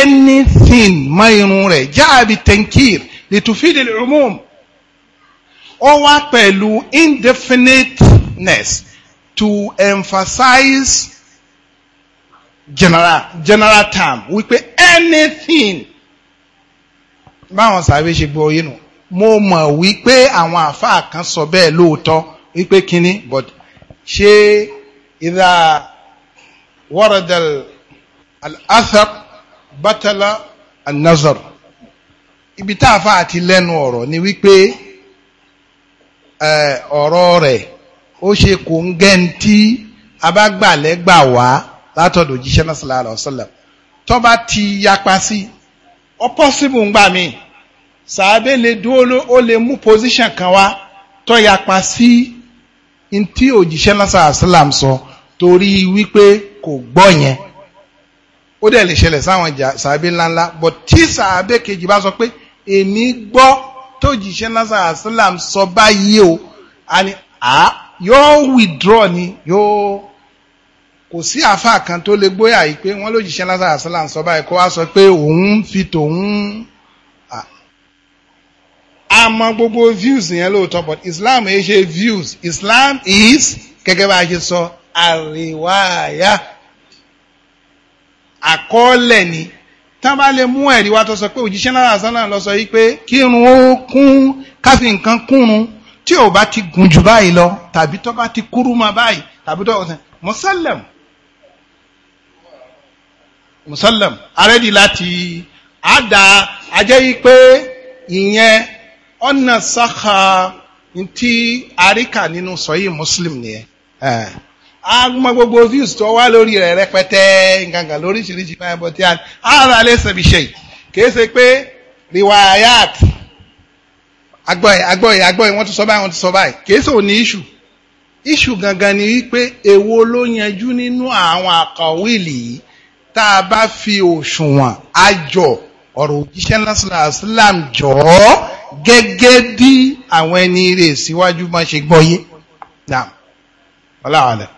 anything mọ́ irun rẹ̀ jáàbí tankir litufidi al-umum ó wá indefiniteness to emphasize general general term wípé anything báwọn sàbẹ̀ ṣe gbọ́ yìí nù mo mọ̀ wípé àwọn àfáà kan sọ bẹ́ẹ̀ lóòótọ́ wípé kíní but ṣé ìdá wọ́rọ̀dẹ̀l al-athar batala al-nazar ibi tá àfáà ti lẹ́nu ọ̀rọ̀ ni wípé eh, ọ̀rọ̀ rẹ̀ ó ṣe kò ń gẹ́n tí abágbàlẹ́gbà wá látọ̀dọ̀ jíṣẹ́ náà sallallahu alaihi wasallam tó bá ti yapa sí ọ pọ́sibù ń gbà míì sàábé lè dúró ó lè mú position kan wá tó yapa sí ntí òjíṣẹ́ lásà àṣìlám sọ torí wípé kò gbọ́ yẹn ó dẹ̀ lè ṣẹlẹ̀ sáwọn sàábé ńláńlá but tí sàábé kejì bá sọ pé èmi gbọ́ tó jíṣẹ́ lásà àṣìlám sọ báyìí o àní à yóò withdraw ni yóò kò sí àáfàá kan tó lè gbóyà yìí pé wọ́n lójíṣẹ́ lásà àṣìlám sọ báyìí kó wá sọ pé òun fi tòun a mọ gbogbo views yẹn lóòótọ́ but Islam ẹ ṣe views Islam is gẹ́gẹ́ bá a ṣe sọ àríwáyà àkọọ́lẹ̀ ni tá bá lè mú ẹ̀rí wá tó sọ pé òjíṣẹ́ náà sánà lọ sọ yìí pé kírun ó kún káfí nǹkan kúrun tí ò bá ti gùn jù báyìí lọ tàbí tó bá ti kúrú ma báyìí tàbí tó ọ̀sẹ̀ mùsálẹ̀m mùsálẹ̀m arẹ́dì láti àdá ajẹ́ yìí pé ìyẹn ọ̀nà sáà tí àríkà nínú sọ̀yí muslim nìyẹn a mọ gbogbo views tó wá lórí rẹ̀ rẹpẹtẹ nǹkankan lóríṣiríṣi náà bọ́ tí a ara lè sẹ̀bi ṣe kìí pé riwayat agbọ́yè agbọ́yè agbọ́yè wọ́n ti sọ báyìí wọ́n ti sọ báyìí kìí ṣe òní iṣu iṣu gangan ni wípé èwo ló yanjú nínú àwọn àkọ̀wìlì yìí tá a bá fi òṣùwọ̀n àjọ ọ̀rọ̀ òjíṣẹ́ lásìlá islam jọ ọ́ gẹ́gẹ́ bí àwọn ẹni rẹ̀ síwájú máa ṣe gbọ́yé náà ọláwàlẹ̀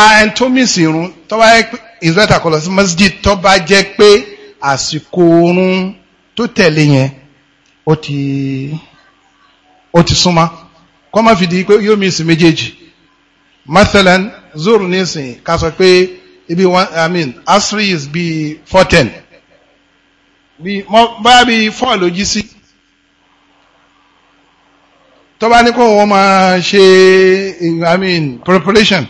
ààrùn tó mì sí irun tó bá yẹ pé israel kọlọ sí masjid tó bá jẹ́ pé àsìkò oorun tó tẹ̀lé yẹn ó ti ó ti súnmọ́ kọ́ má fi di pé yóò mì sí méjèèjì mathalan zoro nísìnyí ká sọ pé ibi one i mean asri is bi four ten bí bá bí fọ́ lójí sí tó bá ní kó wọ́n máa ṣe i mean preparation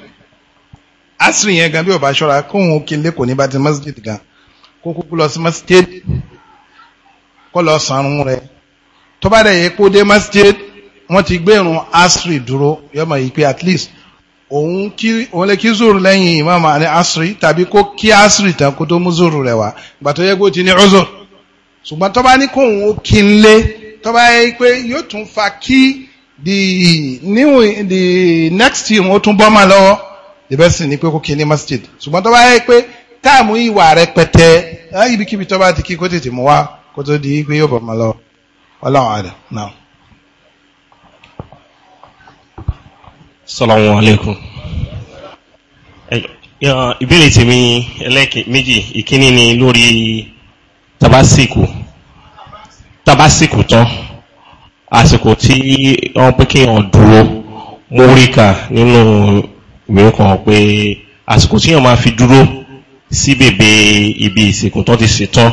asiri yẹn gan bí ọba ṣọ́ra kó wọn kí lé kò ní bá ti masjid gan kó kúkú lọ sí masjid kó lọ sànrun rẹ tó bá dẹ̀ yẹ kó dé masjid wọ́n ti gbé asiri dúró yọmọ yìí pé at least òun kí òun lè kí zoro lẹ́yìn imam ní asiri tàbí kó kí asiri tán kó tó mú zoro rẹ wá gbàtọ́ yẹ kó ti ní ọzọ ṣùgbọ́n tó bá ní kóun ó kí n lé tó yẹ pé yóò tún fa kí the new the next year ó tún bọ́mà lọ́wọ́ the best thing ni pé kó kí ní masjid ṣùgbọ́n tó bá yẹ pé táàmù ìwà rẹpẹtẹ ibikíbi tó bá ti kí kó tètè mú wá kó tó di pé yóò bọ́mà lọ́wọ́ ọlọ́run àdà náà. Salamu alaikum. Ìbéèrè tèmi ẹlẹ́kẹ̀ẹ́ méjì ìkíní ni lórí tàbá sìkù tàbá sìkù tán àsìkò tí wọ́n pé kí wọ́n dúró mú rí kà nínú ìwé kan pé àsìkò tí wọ́n máa fi dúró sí bèbè ibi ìsìnkú tó ti ṣetán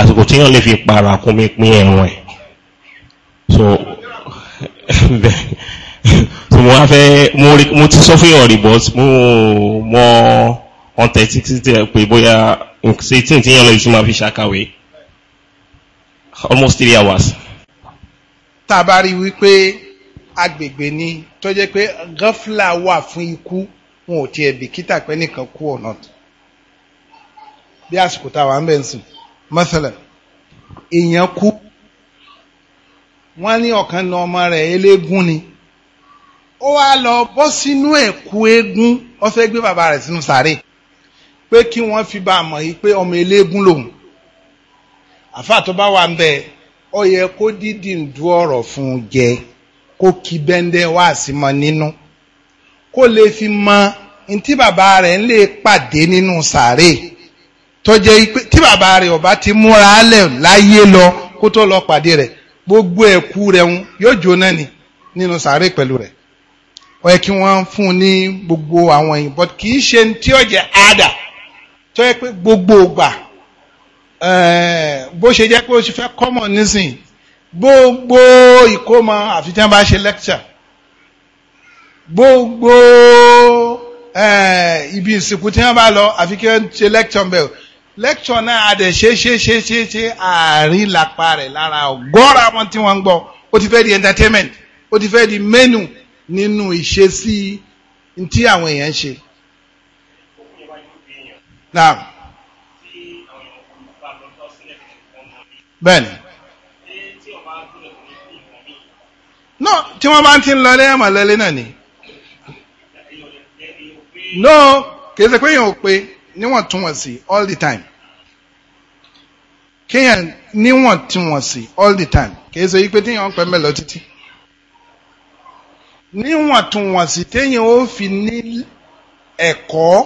àsìkò tí wọ́n lè fi para kún mi pín ẹ̀wọ̀n ẹ̀ so so mo wá fẹ́ mo ti sọ fún yàn rí but mo mọ ọ̀n tẹ̀ títí tẹ̀ pé bóyá sixteen tí yẹn lọ ìtumọ̀ fi ṣàkàwé almost three hours. tá a bá rí i wípé agbègbè ni tó jẹ́ pé gafla wà fún ikú wọn ò tiẹ̀ bìkítà pé nìkan kú ọ̀nà bí àsìkò táwa ń bẹ̀ ń sìn mọ́sálẹ̀ èèyàn kú wọ́n ní ọ̀kan na ọmọ rẹ̀ eléégún ni ó wá lọ bọ́ sínú ẹ̀kú eégún ó fẹ́ gbé bàbá rẹ̀ sínú sàárè pé kí wọ́n fi bá a mọ̀ yìí pé ọmọ eléégún lòun àfáà tó bá wà ń bẹ ọ yẹ kó dídì ń du ọ̀rọ̀ fún un jẹ kó kí bẹ́ńdẹ́ wá sí mọ nínú kó lè fi mọ ntí bàbá rẹ̀ ń lè pàdé nínú sàárè tó jẹ́ pé tí bàbá rẹ̀ ọba ti múra lẹ̀ láyé lọ kó tó lọ pàdé rẹ̀ gbogbo ẹ̀kú rẹ̀ ń yóò jóná ni nínú sàárè pẹ̀lú rẹ̀ ọ yẹ kí wọ́n fún un ní gbogbo àwọn yìí but kì í ṣe tí ó jẹ́ tó yẹ pé gbogbo ògbà eh, bó ṣe jẹ́ pé ó ṣe fẹ́ kọ́mọ̀ nísìn gbogbo ìkómọ àfi tí wọ́n bá ṣe lecture gbogbo eh, ibi ìsìnkú tí wọ́n bá lọ àfi kí wọ́n ṣe lecture bẹ́ẹ̀ lecture náà a dẹ̀ ṣe ṣe ṣe ṣe ṣe àárín lápá rẹ̀ lára ọ̀gọ́ra wọn tí wọ́n ń gbọ́ ó ti fẹ́ di entertainment ó ti fẹ́ di menu nínú ìṣesí tí àwọn èèyàn ń ṣe naam bẹ́ẹ̀ni no tí wọ́n bá ti ń lọlé ẹ̀mọ̀ lọlé náà ni no kìí ṣe pé èèyàn ò pé níwọ̀ntúnwọ̀nsì all the time kéèyàn níwọ̀ntúnwọ̀nsì all the time kìí ṣe yí pé téèyàn ń pẹ́ mẹ́lọ títí níwọ̀ntúnwọ̀nsì téèyàn ó fi ní ẹ̀kọ́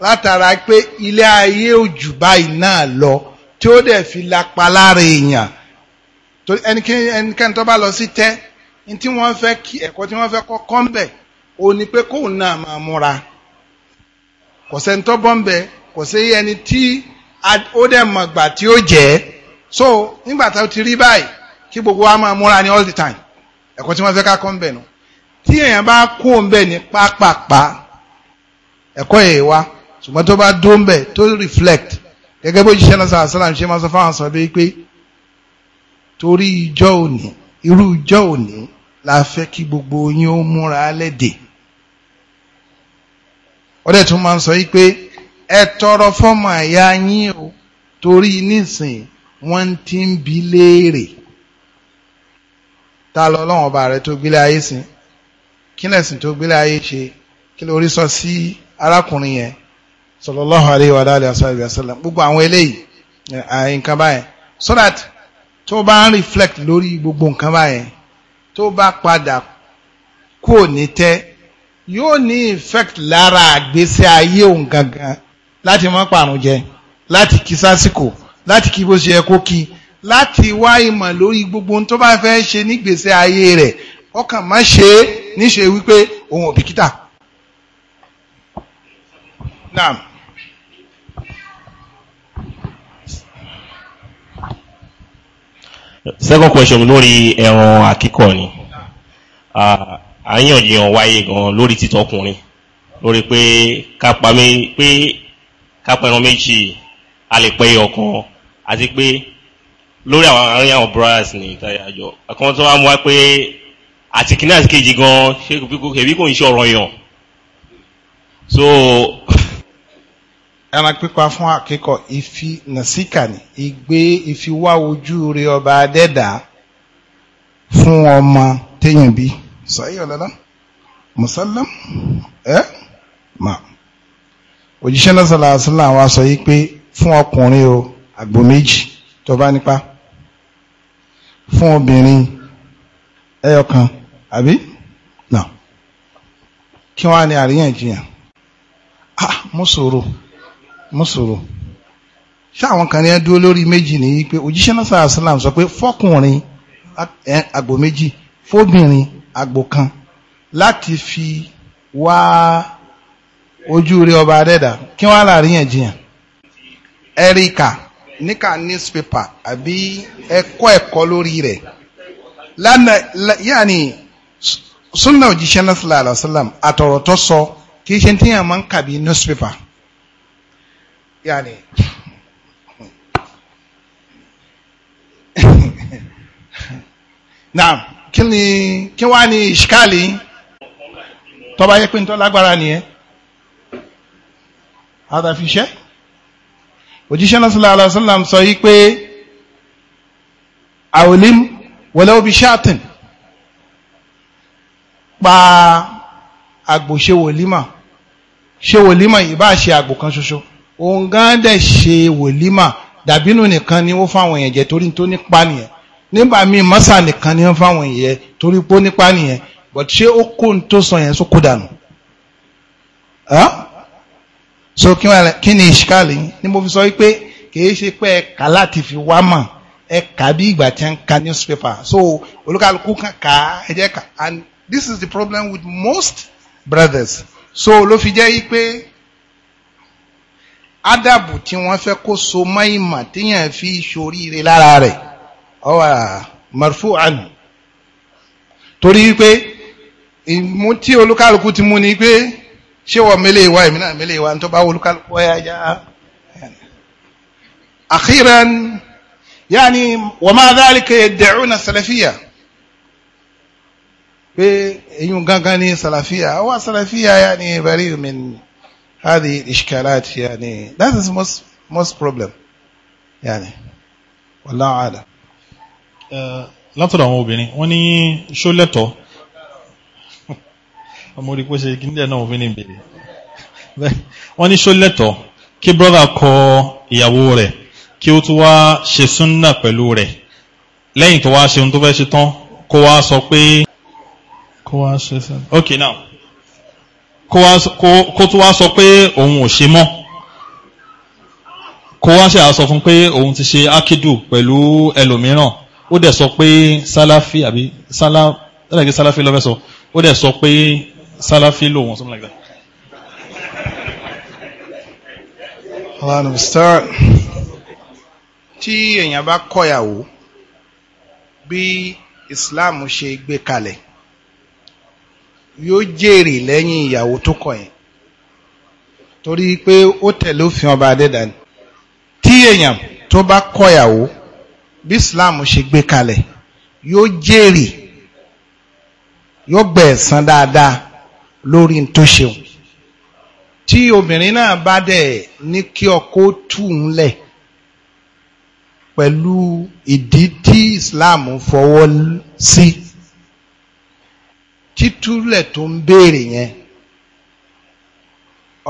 látara pé ilé ayé òjù báyìí náà lọ tí ó dẹ̀ fi lapa lára èèyàn ẹnikẹ́ni tó bá lọ sí tẹ́ tí wọ́n fẹ́ kí ẹ̀kọ́ tí wọ́n fẹ́ kọ́ kọ́ ń bẹ̀ ó ní pé kóun náà máa múra kò tó bọ́ ń bẹ̀ kò ẹni tí ó dẹ̀ mọ̀ gbà tí ó jẹ́ so nígbà tó ti rí báyìí kí gbogbo wa máa múra ní all the time ẹ̀kọ́ tí wọ́n fẹ́ ká kọ́ ń bẹ̀ nù tí èèyàn bá kó ń bẹ̀ ní pápápá ẹ̀kọ́ yẹn wá ṣùgbọ́n tó bá dó ń bẹ̀ tó reflect gẹ́gẹ́ bó jíṣẹ́ náà sàásàlà ń ṣe máa sọ fáwọn sọ bí pé torí ìjọ òní irú ìjọ òní la fẹ́ kí gbogbo yín ó múra lẹ́dẹ̀ ọdẹ tún máa ń sọ pé ẹ tọrọ fọmọ àyà yín o torí nísìn wọ́n ti ń bi léèrè ta lọ lọ́wọ́n ọba rẹ tó gbélé ayé sìn kí lẹ̀sìn tó gbélé ayé ṣe kí lórí sọ sí arákùnrin yẹn sallallahu alayhi wa alayhi wa gbogbo àwọn eléyìí eh, nǹkan báyẹn so that tó bá ń reflect lórí gbogbo nǹkan báyẹn tó bá padà kò ní tẹ́ yóò ní effect lára àgbésí ayé òun gangan láti má pàrùn jẹ láti kí sásìkò láti kí bó ṣe yẹ kó kí láti wá ìmọ̀ lórí gbogbo tó bá fẹ́ ṣe nígbésí ayé rẹ̀ ọkàn má ṣe é níṣe wípé òun ò Naam. Second question lórí ẹran àkíkọ̀ ni. Àyànjiyàn wáyé gan lórí títọkùnrin lórí pé kápá mi pé kápá ẹran méjì a lè pẹ́ ọkàn àti pé lórí àwọn àárín àwọn brothers ní ìtajà àjọ. Àkọ́kọ́ tó wá mú wá pé àti kìnnìkan kejì gan ṣé kò fi kò kẹ̀bí kò ń ṣe ọ̀rọ̀ yàn. So ẹran pípa fún àkíkọ ifi nasikani ní ifi ìfiwá ojú rẹ ọba adẹ́dà fún ọmọ téyàn bí sọ́yìn ọ̀lọ́lá musallam ẹ́ ma òjíṣẹ́ náà sọ̀rọ̀ àṣìlá àwọn aṣọ yìí pé fún ọkùnrin o àgbò méjì tó bá nípa fún obìnrin ẹyọkan àbí náà kí wọ́n á ní àríyànjiyàn ah mo sọ̀rọ̀ mùsùlù ṣé àwọn kan ní ẹ dúró lórí méjì ní pé òjíṣẹ́ náà sàrà sàlám sọ pé fọkùnrin àgbò méjì fóbìnrin àgbò kan láti fi wá ojú rí ọba adẹ́dà kí wọ́n láàrin jiyàn erika níka newspaper àbí ẹ̀kọ́ ẹ̀kọ́ lórí rẹ̀ lánàá yáàni sunna òjíṣẹ́ náà sàlám àtọ̀rọ̀ tó sọ kì í ṣe tí yàn máa ń kà newspaper. يعني naam kí ni kí wá ní ìṣkáàlì tó bá yẹ pé nítorí lágbára nìyẹn àdàfiṣẹ́ òjíṣẹ́ náà sallallahu alaihi wasallam sọ yí pé àwòlím walau bi shatin pa àgbò ṣe wòlímà ṣe wòlímà yìí bá ṣe òun gan dẹ̀ ṣe wòlímà dàbínú nìkan ni ó fáwọn èèyàn jẹ torí tó nípa nìyẹn nígbà míì mọ́sà nìkan ni ó fáwọn èèyàn torí pó nípa nìyẹn but ṣé ó kó n tó sọ yẹn só kó dànù so kí ni ìṣkàlì ni mo fi sọ wípé kìí ṣe pé ẹ̀ka láti fi wá mọ̀ ẹ̀ka bí ìgbà tí ń ka newspaper so olúkàlùkù kan kà á ẹ̀jẹ̀ kà and this is the problem with most brothers so ló fi jẹ́ wípé ádàbù tí wọ́n fẹ́ kó so mọ́ ìmọ̀ téèyàn fi ṣoríire lára rẹ̀ ọwà marfu àná torí pé ìmú tí olúkálùkù ti mú ni pé ṣé wọ́n mélé ìwà èmi náà mélé ìwà tó bá olúkálùkù ọ̀yà ajá akhiran yaani wa ma dhalika yad'una salafiyya pé eyín gangan ní salafiyya wà salafiyya yaani bari min. هذه الإشكالات يعني that is most most problem يعني والله أعلم látọ̀dọ̀ àwọn obìnrin wọ́n ní ṣólẹ́tọ̀ ọmọ orí pèsè kí nílẹ̀ náà obìnrin bèèrè wọ́n ní ṣólẹ́tọ̀ kí brọ́dà kọ ìyàwó rẹ̀ kí ó tún wá ṣe súnnà pẹ̀lú rẹ̀ lẹ́yìn tó wá ṣe ohun tó fẹ́ ṣe tán kó wá sọ pé kó wá ṣe sẹ́n ok now kó tó wá sọ pé òun ò ṣe mọ́ kó wá ṣe àsọ fún pé òun ti ṣe akidu pẹ̀lú ẹlòmíràn ó dẹ̀ sọ pé sálàfí àbí sálàfí sálàfí lọ́fẹ́ sọ ó dẹ̀ sọ pé sálàfí lòun something like that. tí èèyàn bá kọ̀yàwó bí Islam ṣe gbé kalẹ̀ yóò jèrè lẹ́yìn ìyàwó tó kọ̀ yẹn torí pé ó tẹ̀lé òfin ọba adẹ́dà ni tí èèyàn tó bá kọ̀yàwó bí Islam ṣe gbé kalẹ̀ yóò jèrè yóò gbẹ̀ ẹ̀san dáadáa lórí n tó ṣeun tí obìnrin náà bá dẹ̀ ní kí ọkọ tù ú lẹ̀ pẹ̀lú ìdí tí Islam fọwọ́ sí. Si títúlẹ̀ tó ń béèrè yẹn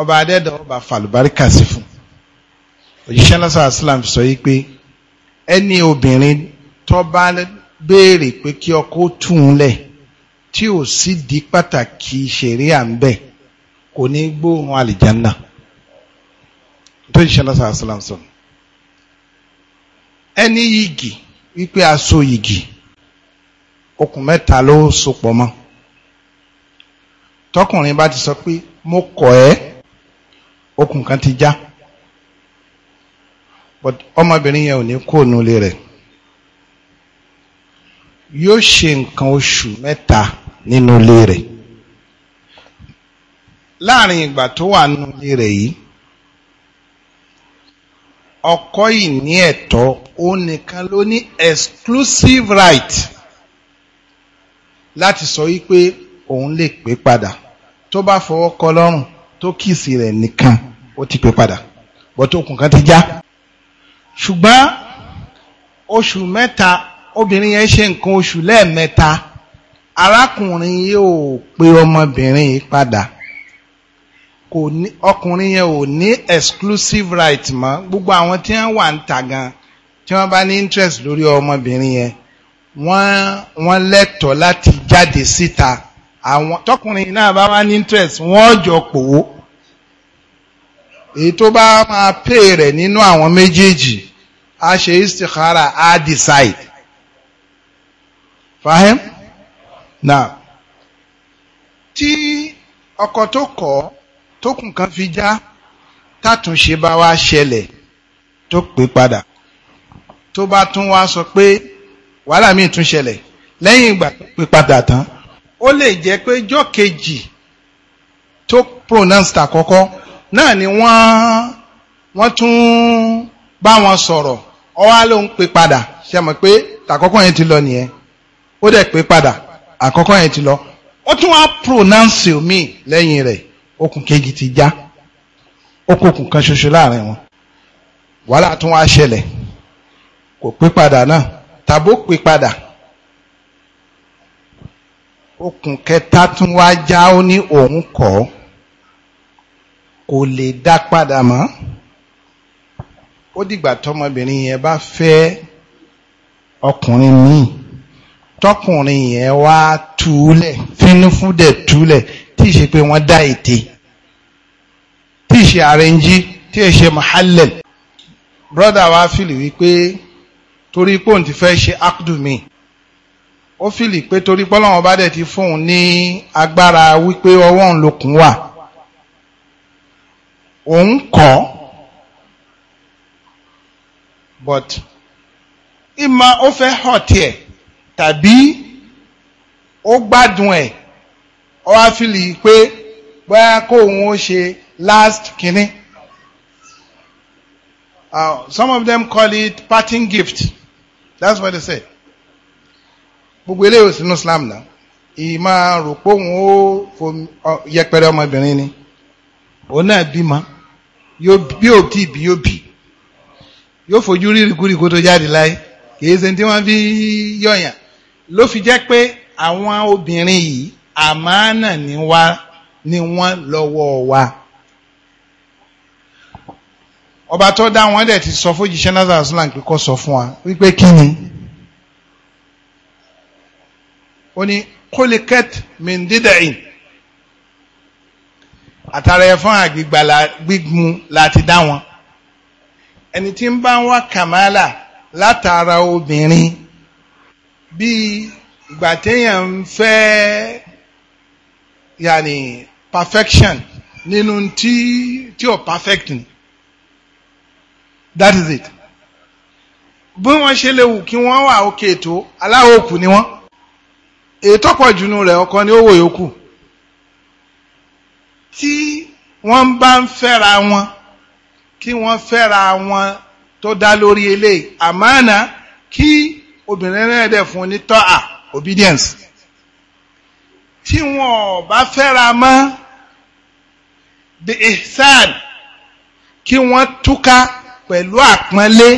ọba adẹ́dàá ọba fàlùbáríkà sí fún òjíṣẹ́ lọ́sọ̀ aslam sọ yìí pé ẹni obìnrin tó bá béèrè pé kí ọkọ tún un lẹ̀ tí ò sì di pàtàkì ṣẹ̀ríà ń bẹ̀ kò ní gbóhùn àlìjánà tó òjíṣẹ́ lọ́sọ̀ aslam sọ ẹni yìgì wípé aṣọ yìgì okùn mẹ́ta ló so mọ́ tọkùnrin bá ti sọ pé mo kọ̀ ẹ́ okùn kan ti já but ọmọbìnrin yẹn ò ní kó nulẹ rẹ̀ yóò ṣe nǹkan oṣù mẹ́ta nínú ilé rẹ̀ láàrin ìgbà tó wà nínú ilé rẹ̀ yìí ọkọ yìí ní ẹ̀tọ́ ó nìkan ló ní exclusive right láti sọ wípé òun lè pè padà tó bá fọwọ́ kọ lọ́rùn tó kìsì rẹ̀ nìkan ó ti pè padà bọ́tò okùn kan ti já ṣùgbọ́n oṣù mẹ́ta obìnrin yẹn ṣe nǹkan oṣù lẹ́ẹ̀mẹ́ta arákùnrin yóò pe ọmọbìnrin padà ọkùnrin yẹn ò ní exclusive right mọ́ gbogbo àwọn tí wọ́n wà ń ta gan tí wọ́n bá ní interest lórí ọmọbìnrin yẹn wọ́n wọ́n lẹ́tọ̀ọ́ láti jáde síta. Si àwọn tọkùnrin náà bá wá ní interest wọ́n jọ pòwó èyí tó bá máa pè rẹ̀ nínú àwọn méjèèjì a ṣe istikhara a decide fahim na tí ọkọ̀ tó kọ̀ tó kùn kan fi já tátúnṣe bá wá ṣẹlẹ̀ tó pè padà tó bá tún wá sọ pé wàhálà míì tún ṣẹlẹ̀ lẹ́yìn ìgbà tó pè padà tán ó lè jẹ́ pé jọ́ kejì tó pronounce tàkọ́kọ́ náà ni wọ́n wọ́n tún bá wọn sọ̀rọ̀ ọwá ló ń pè padà ṣe mọ̀ pé tàkọ́kọ́ yẹn ti lọ nìyẹn ó dẹ̀ pè padà àkọ́kọ́ yẹn ti lọ ó tún wá pronounce mi lẹ́yìn rẹ̀ okùn kejì ti já okùnkùn kan ṣoṣo láàrin wọn wàhálà tún wá ṣẹlẹ̀ kò pè padà náà tàbó pè padà okùn kẹta tún wá já ó ní òun kọ̀ kò lè dá padà mọ́ ó dìgbà tọmọbìnrin yẹn bá fẹ́ ọkùnrin míì tọkùnrin yẹn wá túlẹ̀ fínúfúndẹ̀ túlẹ̀ tí ì ṣe pé wọ́n dá ète tí ì ṣe àrẹ́njí tí ì ṣe mahallel brother wa fìlì wípé torí pé òun ti fẹ́ ṣe akdu ó fìlì pé torí pọ́lọ́wọ́n bá dẹ̀ ti fún un ní agbára wípé ọwọ́ òun lòkùn wà òun kọ́ but ìmọ̀ ó fẹ́ hàn tiẹ̀ tàbí ó gbádùn ẹ̀ ó wá fìlì pé bóyá kóun ó ṣe last kínní. Uh, some of them call it parting gift. That's what they say gbogbo eléyìí sínú Islam náà ìmọ̀ rò pé òun ó yẹpẹrẹ ọmọbìnrin ni òun náà bímọ bí ò tí bí yóò bì yóò fojú rí rìkúrì kó tó jáde láyé kìí ṣe tí wọ́n fi yọ̀yàn ló fi jẹ́ pé àwọn obìnrin yìí àmánà ni wá ni wọ́n lọ́wọ́ wa ọba tó dá wọn dẹ̀ ti sọ fún jíṣẹ́ náà sàlám pé kó sọ fún wa wípé kí ni ó ní kólíkẹ́t mìndídẹ̀ẹ́n àtàrà ẹ̀fọn àgbègbà gbígbù láti dá wọn ẹni tí ń bá ń wá kàmálà látara obìnrin bíi ìgbà téèyàn ń perfection nínú tí tí ò perfect ni that is it bí wọ́n ṣe lè wù kí wọ́n wà òkè tó aláwọ̀ òkú ni wọ́n ètò pọ̀ jùnú rẹ̀ ọkọ ni ó wò yòókù tí wọ́n bá ń fẹ́ra wọn kí wọ́n fẹ́ra wọn tó dá lórí eléyìí àmánà kí obìnrin náà dẹ̀ fún ní tọ́à obedience tí wọn bá fẹ́ra mọ́ bi ihsan kí wọ́n túká pẹ̀lú àpọ́nlé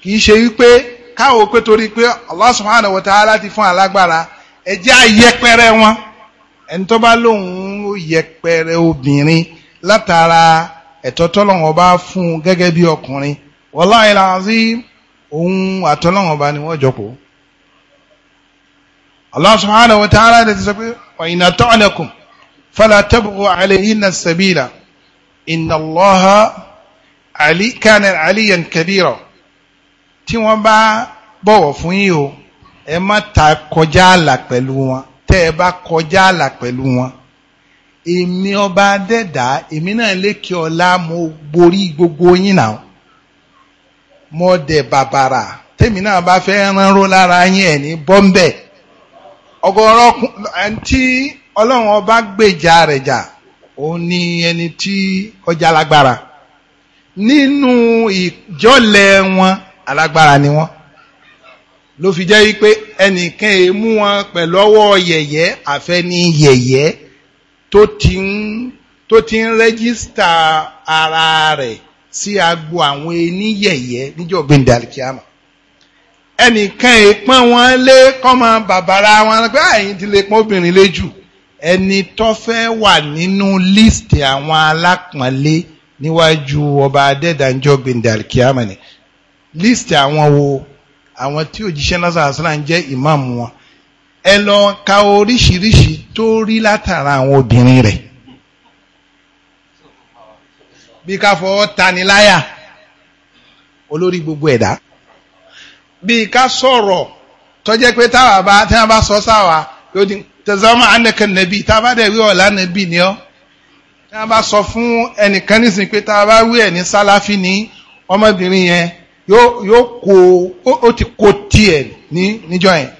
kì í ṣe wípé káwọ́ pé torí pé Allah subhanahu wa ta'ala ti fún alágbára ẹ jẹ́ àyẹpẹrẹ wọn ẹni tó bá lóun yẹpẹrẹ obìnrin látara ẹ̀tọ́ tọ́lọ́run ọba fún un gẹ́gẹ́ bí ọkùnrin wallahi alazim òun àtọ́lọ́run ọba ni wọ́n jọpọ̀ Allah subhanahu wa sọ pé wa in ata'nakum fala tabghu alayhinna sabila inna Allaha ali kana tí wọ́n bá bọ̀wọ̀ fún yín o ẹ má ta kọjá àlà pẹ̀lú wọn tẹ́ ẹ bá kọjá àlà pẹ̀lú wọn èmi ọba dẹ́dà èmi náà lékè ọlá mo borí gbogbo yín náà mo dẹ̀ bàbàrà tèmi náà bá fẹ́ ránró lára yín ẹ̀ ní bọ́m̀bẹ̀ ọgọ́rọ́ tí ọlọ́run ọba gbèjà rẹ̀ jà ó ní ẹni tí ọjà lágbára nínú ìjọ́lẹ̀ wọn alágbára ni wọ́n ló fi jẹ́ wípé ẹnìkan è mú wọn pẹ̀lú ọwọ́ yẹ̀yẹ́ àfẹ́ni yẹ̀yẹ́ tó ti ń tó ti ń rẹ́gísítà ara rẹ̀ sí agbo àwọn eníyẹ̀yẹ́ níjọ̀gbìn dàlkíámà ẹnìkan è pọ́n wọn lé kọ́mọ bàbára wọn pé àyìn ti lè pọ́n obìnrin lé jù ẹni tó fẹ́ wà nínú líìsìtì àwọn alápọ̀nlé níwájú ọba adẹ́dàjọ́gbìn dàlkíámà nìkan list àwọn wo àwọn tí òjíṣẹ́ náà sàásìlà ń jẹ́ ìmáàmù wọn ẹ lọ ka oríṣiríṣi tó rí látara àwọn obìnrin rẹ̀ bí ká fọwọ́ tani láyà olórí gbogbo ẹ̀dá bí ká sọ̀rọ̀ tọ́jẹ́ pé táwa bá tí wọ́n bá sọ sáwa yóò di tẹ̀sánmọ́ anẹ́kẹ́ nẹ́bí tá a bá dẹ̀ wí ọ̀la nẹ́bí ni ọ́ tí wọ́n bá sọ fún ẹnìkan nísìnyí pé tá bá wí ẹ̀ ní sálàfí ní ọmọbìnrin yẹn yóò kó ó ti kó tiẹ̀ ní níjọ́ yẹn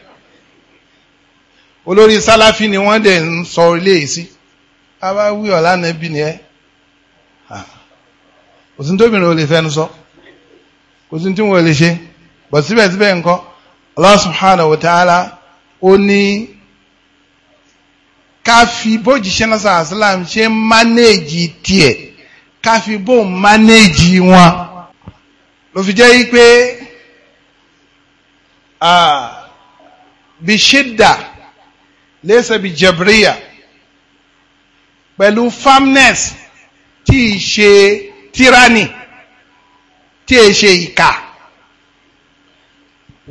olórí sálàfí ni wọ́n dẹ̀ ń sọ ilé yìí sí abá wí ọ̀la nàbí ni ẹ́ òsín tóbi ni o lè fẹ́nu sọ òsín tí wọ́n lè ṣe bọ̀ síbẹ̀síbẹ̀ nǹkan Allah subhanahu wa ta'ala ó ní ká fi bójìṣẹ́ náà sàásìlám ṣe mánéèjì tiẹ̀ ká fi bó mánéèjì wọn ló fi jẹ́ yí pé bí ṣídà lẹ́sẹ̀ bí jẹ̀bíríyà pẹ̀lú firmness tí ì ṣe tyranny tí ì ṣe ìkà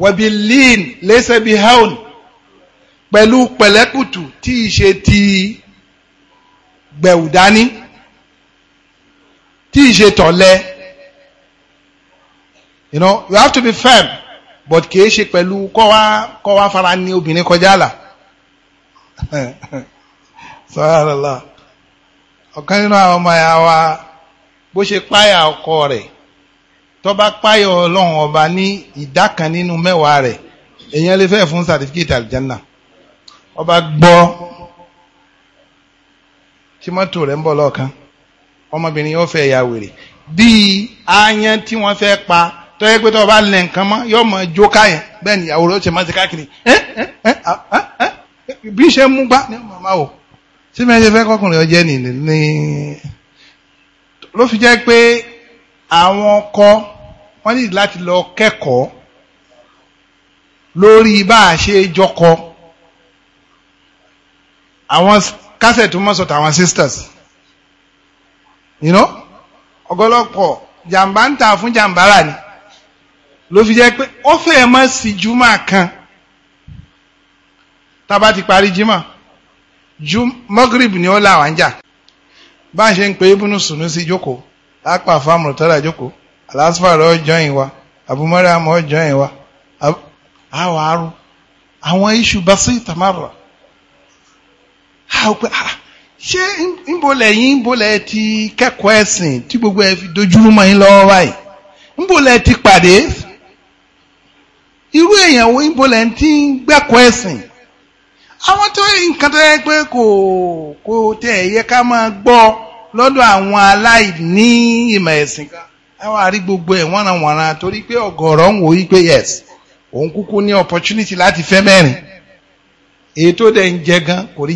wẹ̀bí lean lẹ́sẹ̀ bí haun pẹ̀lú pẹ̀lẹ́kùtù tí ì ṣe ti gbẹ̀wùdání tí ì ṣe tọ̀lẹ́ you know you have to be firm but kì í ṣe pẹ̀lú kọ́ wá kọ́ wá fara ní obìnrin kọjá là sọ́yàrá ọ̀kan nínú àwọn ọmọ ẹ̀yà wa bó ṣe páyà ọkọ rẹ̀ tó bá páyà ọlọ́run ọba ní ìdá kan nínú mẹ́wàá rẹ̀ èèyàn lè fẹ́ fún sàtífíkẹ́tì àlìjánà ọba gbọ́ tí mọ́tò rẹ̀ ń bọ̀ lọ́ọ̀kan ọmọbìnrin yóò fẹ́ ya wèrè bíi aáyán tí wọ́n fẹ́ pa tó yẹ pé tó o bá lẹ̀ nǹkan mọ́ yóò mọ jó káyẹ̀ bẹ́ẹ̀ ni ìyàwó rẹ̀ ó ṣe máa ṣe káàkiri bí ṣe mú gbá ní ọmọ máa wò sí mi ẹ ṣe fẹ́ kọkùnrin ọjẹ́ nì ní ló fi jẹ́ pé àwọn ọkọ wọ́n ní láti lọ kẹ́kọ̀ọ́ lórí bá a ṣe jọkọ àwọn kásẹ̀ tó mọ̀ sọ̀tọ̀ àwọn sisters you know ọgọlọpọ̀ jàǹbá ń ta fún jàǹbára ni ló fi jẹ́ pé ó fẹ́ mọ́ sí juma kan tá a bá ti parí jima mọ́gírìbì ni ó là wá ń jà bá a ṣe ń pe ibùnú sùnú sí jókòó lápá fáàmù tọ́lá jókòó aláṣfààrọ̀ ọjọ́ yìí wa àmọ́ ọjọ́ yìí wa arú àwọn iṣu basí tamara àwọn pé ah, ṣé ńbọlẹ̀ yín ńbọlẹ̀ ti kẹ́kọ̀ọ́ ẹ̀sìn tí gbogbo ẹ̀ fi dojúrú mọ́ yín lọ́wọ́ báyìí ńbọlẹ̀ ti pàdé irú èèyàn wo ibo tí ń gbẹ́kọ̀ọ́ ẹ̀sìn àwọn tó nǹkan tó yẹ pé kò kò tẹ̀ yẹ ká máa gbọ́ lọ́dọ̀ àwọn aláìní ìmọ̀ ẹ̀sìn gbogbo ẹ̀ wọ́n ran wọ̀nra torí pé ọ̀gọ̀rọ̀ ń wò pé yes òun kúkú ní opportunity láti fẹ́ mẹ́rin èyí tó dẹ̀ ń jẹ gan kò rí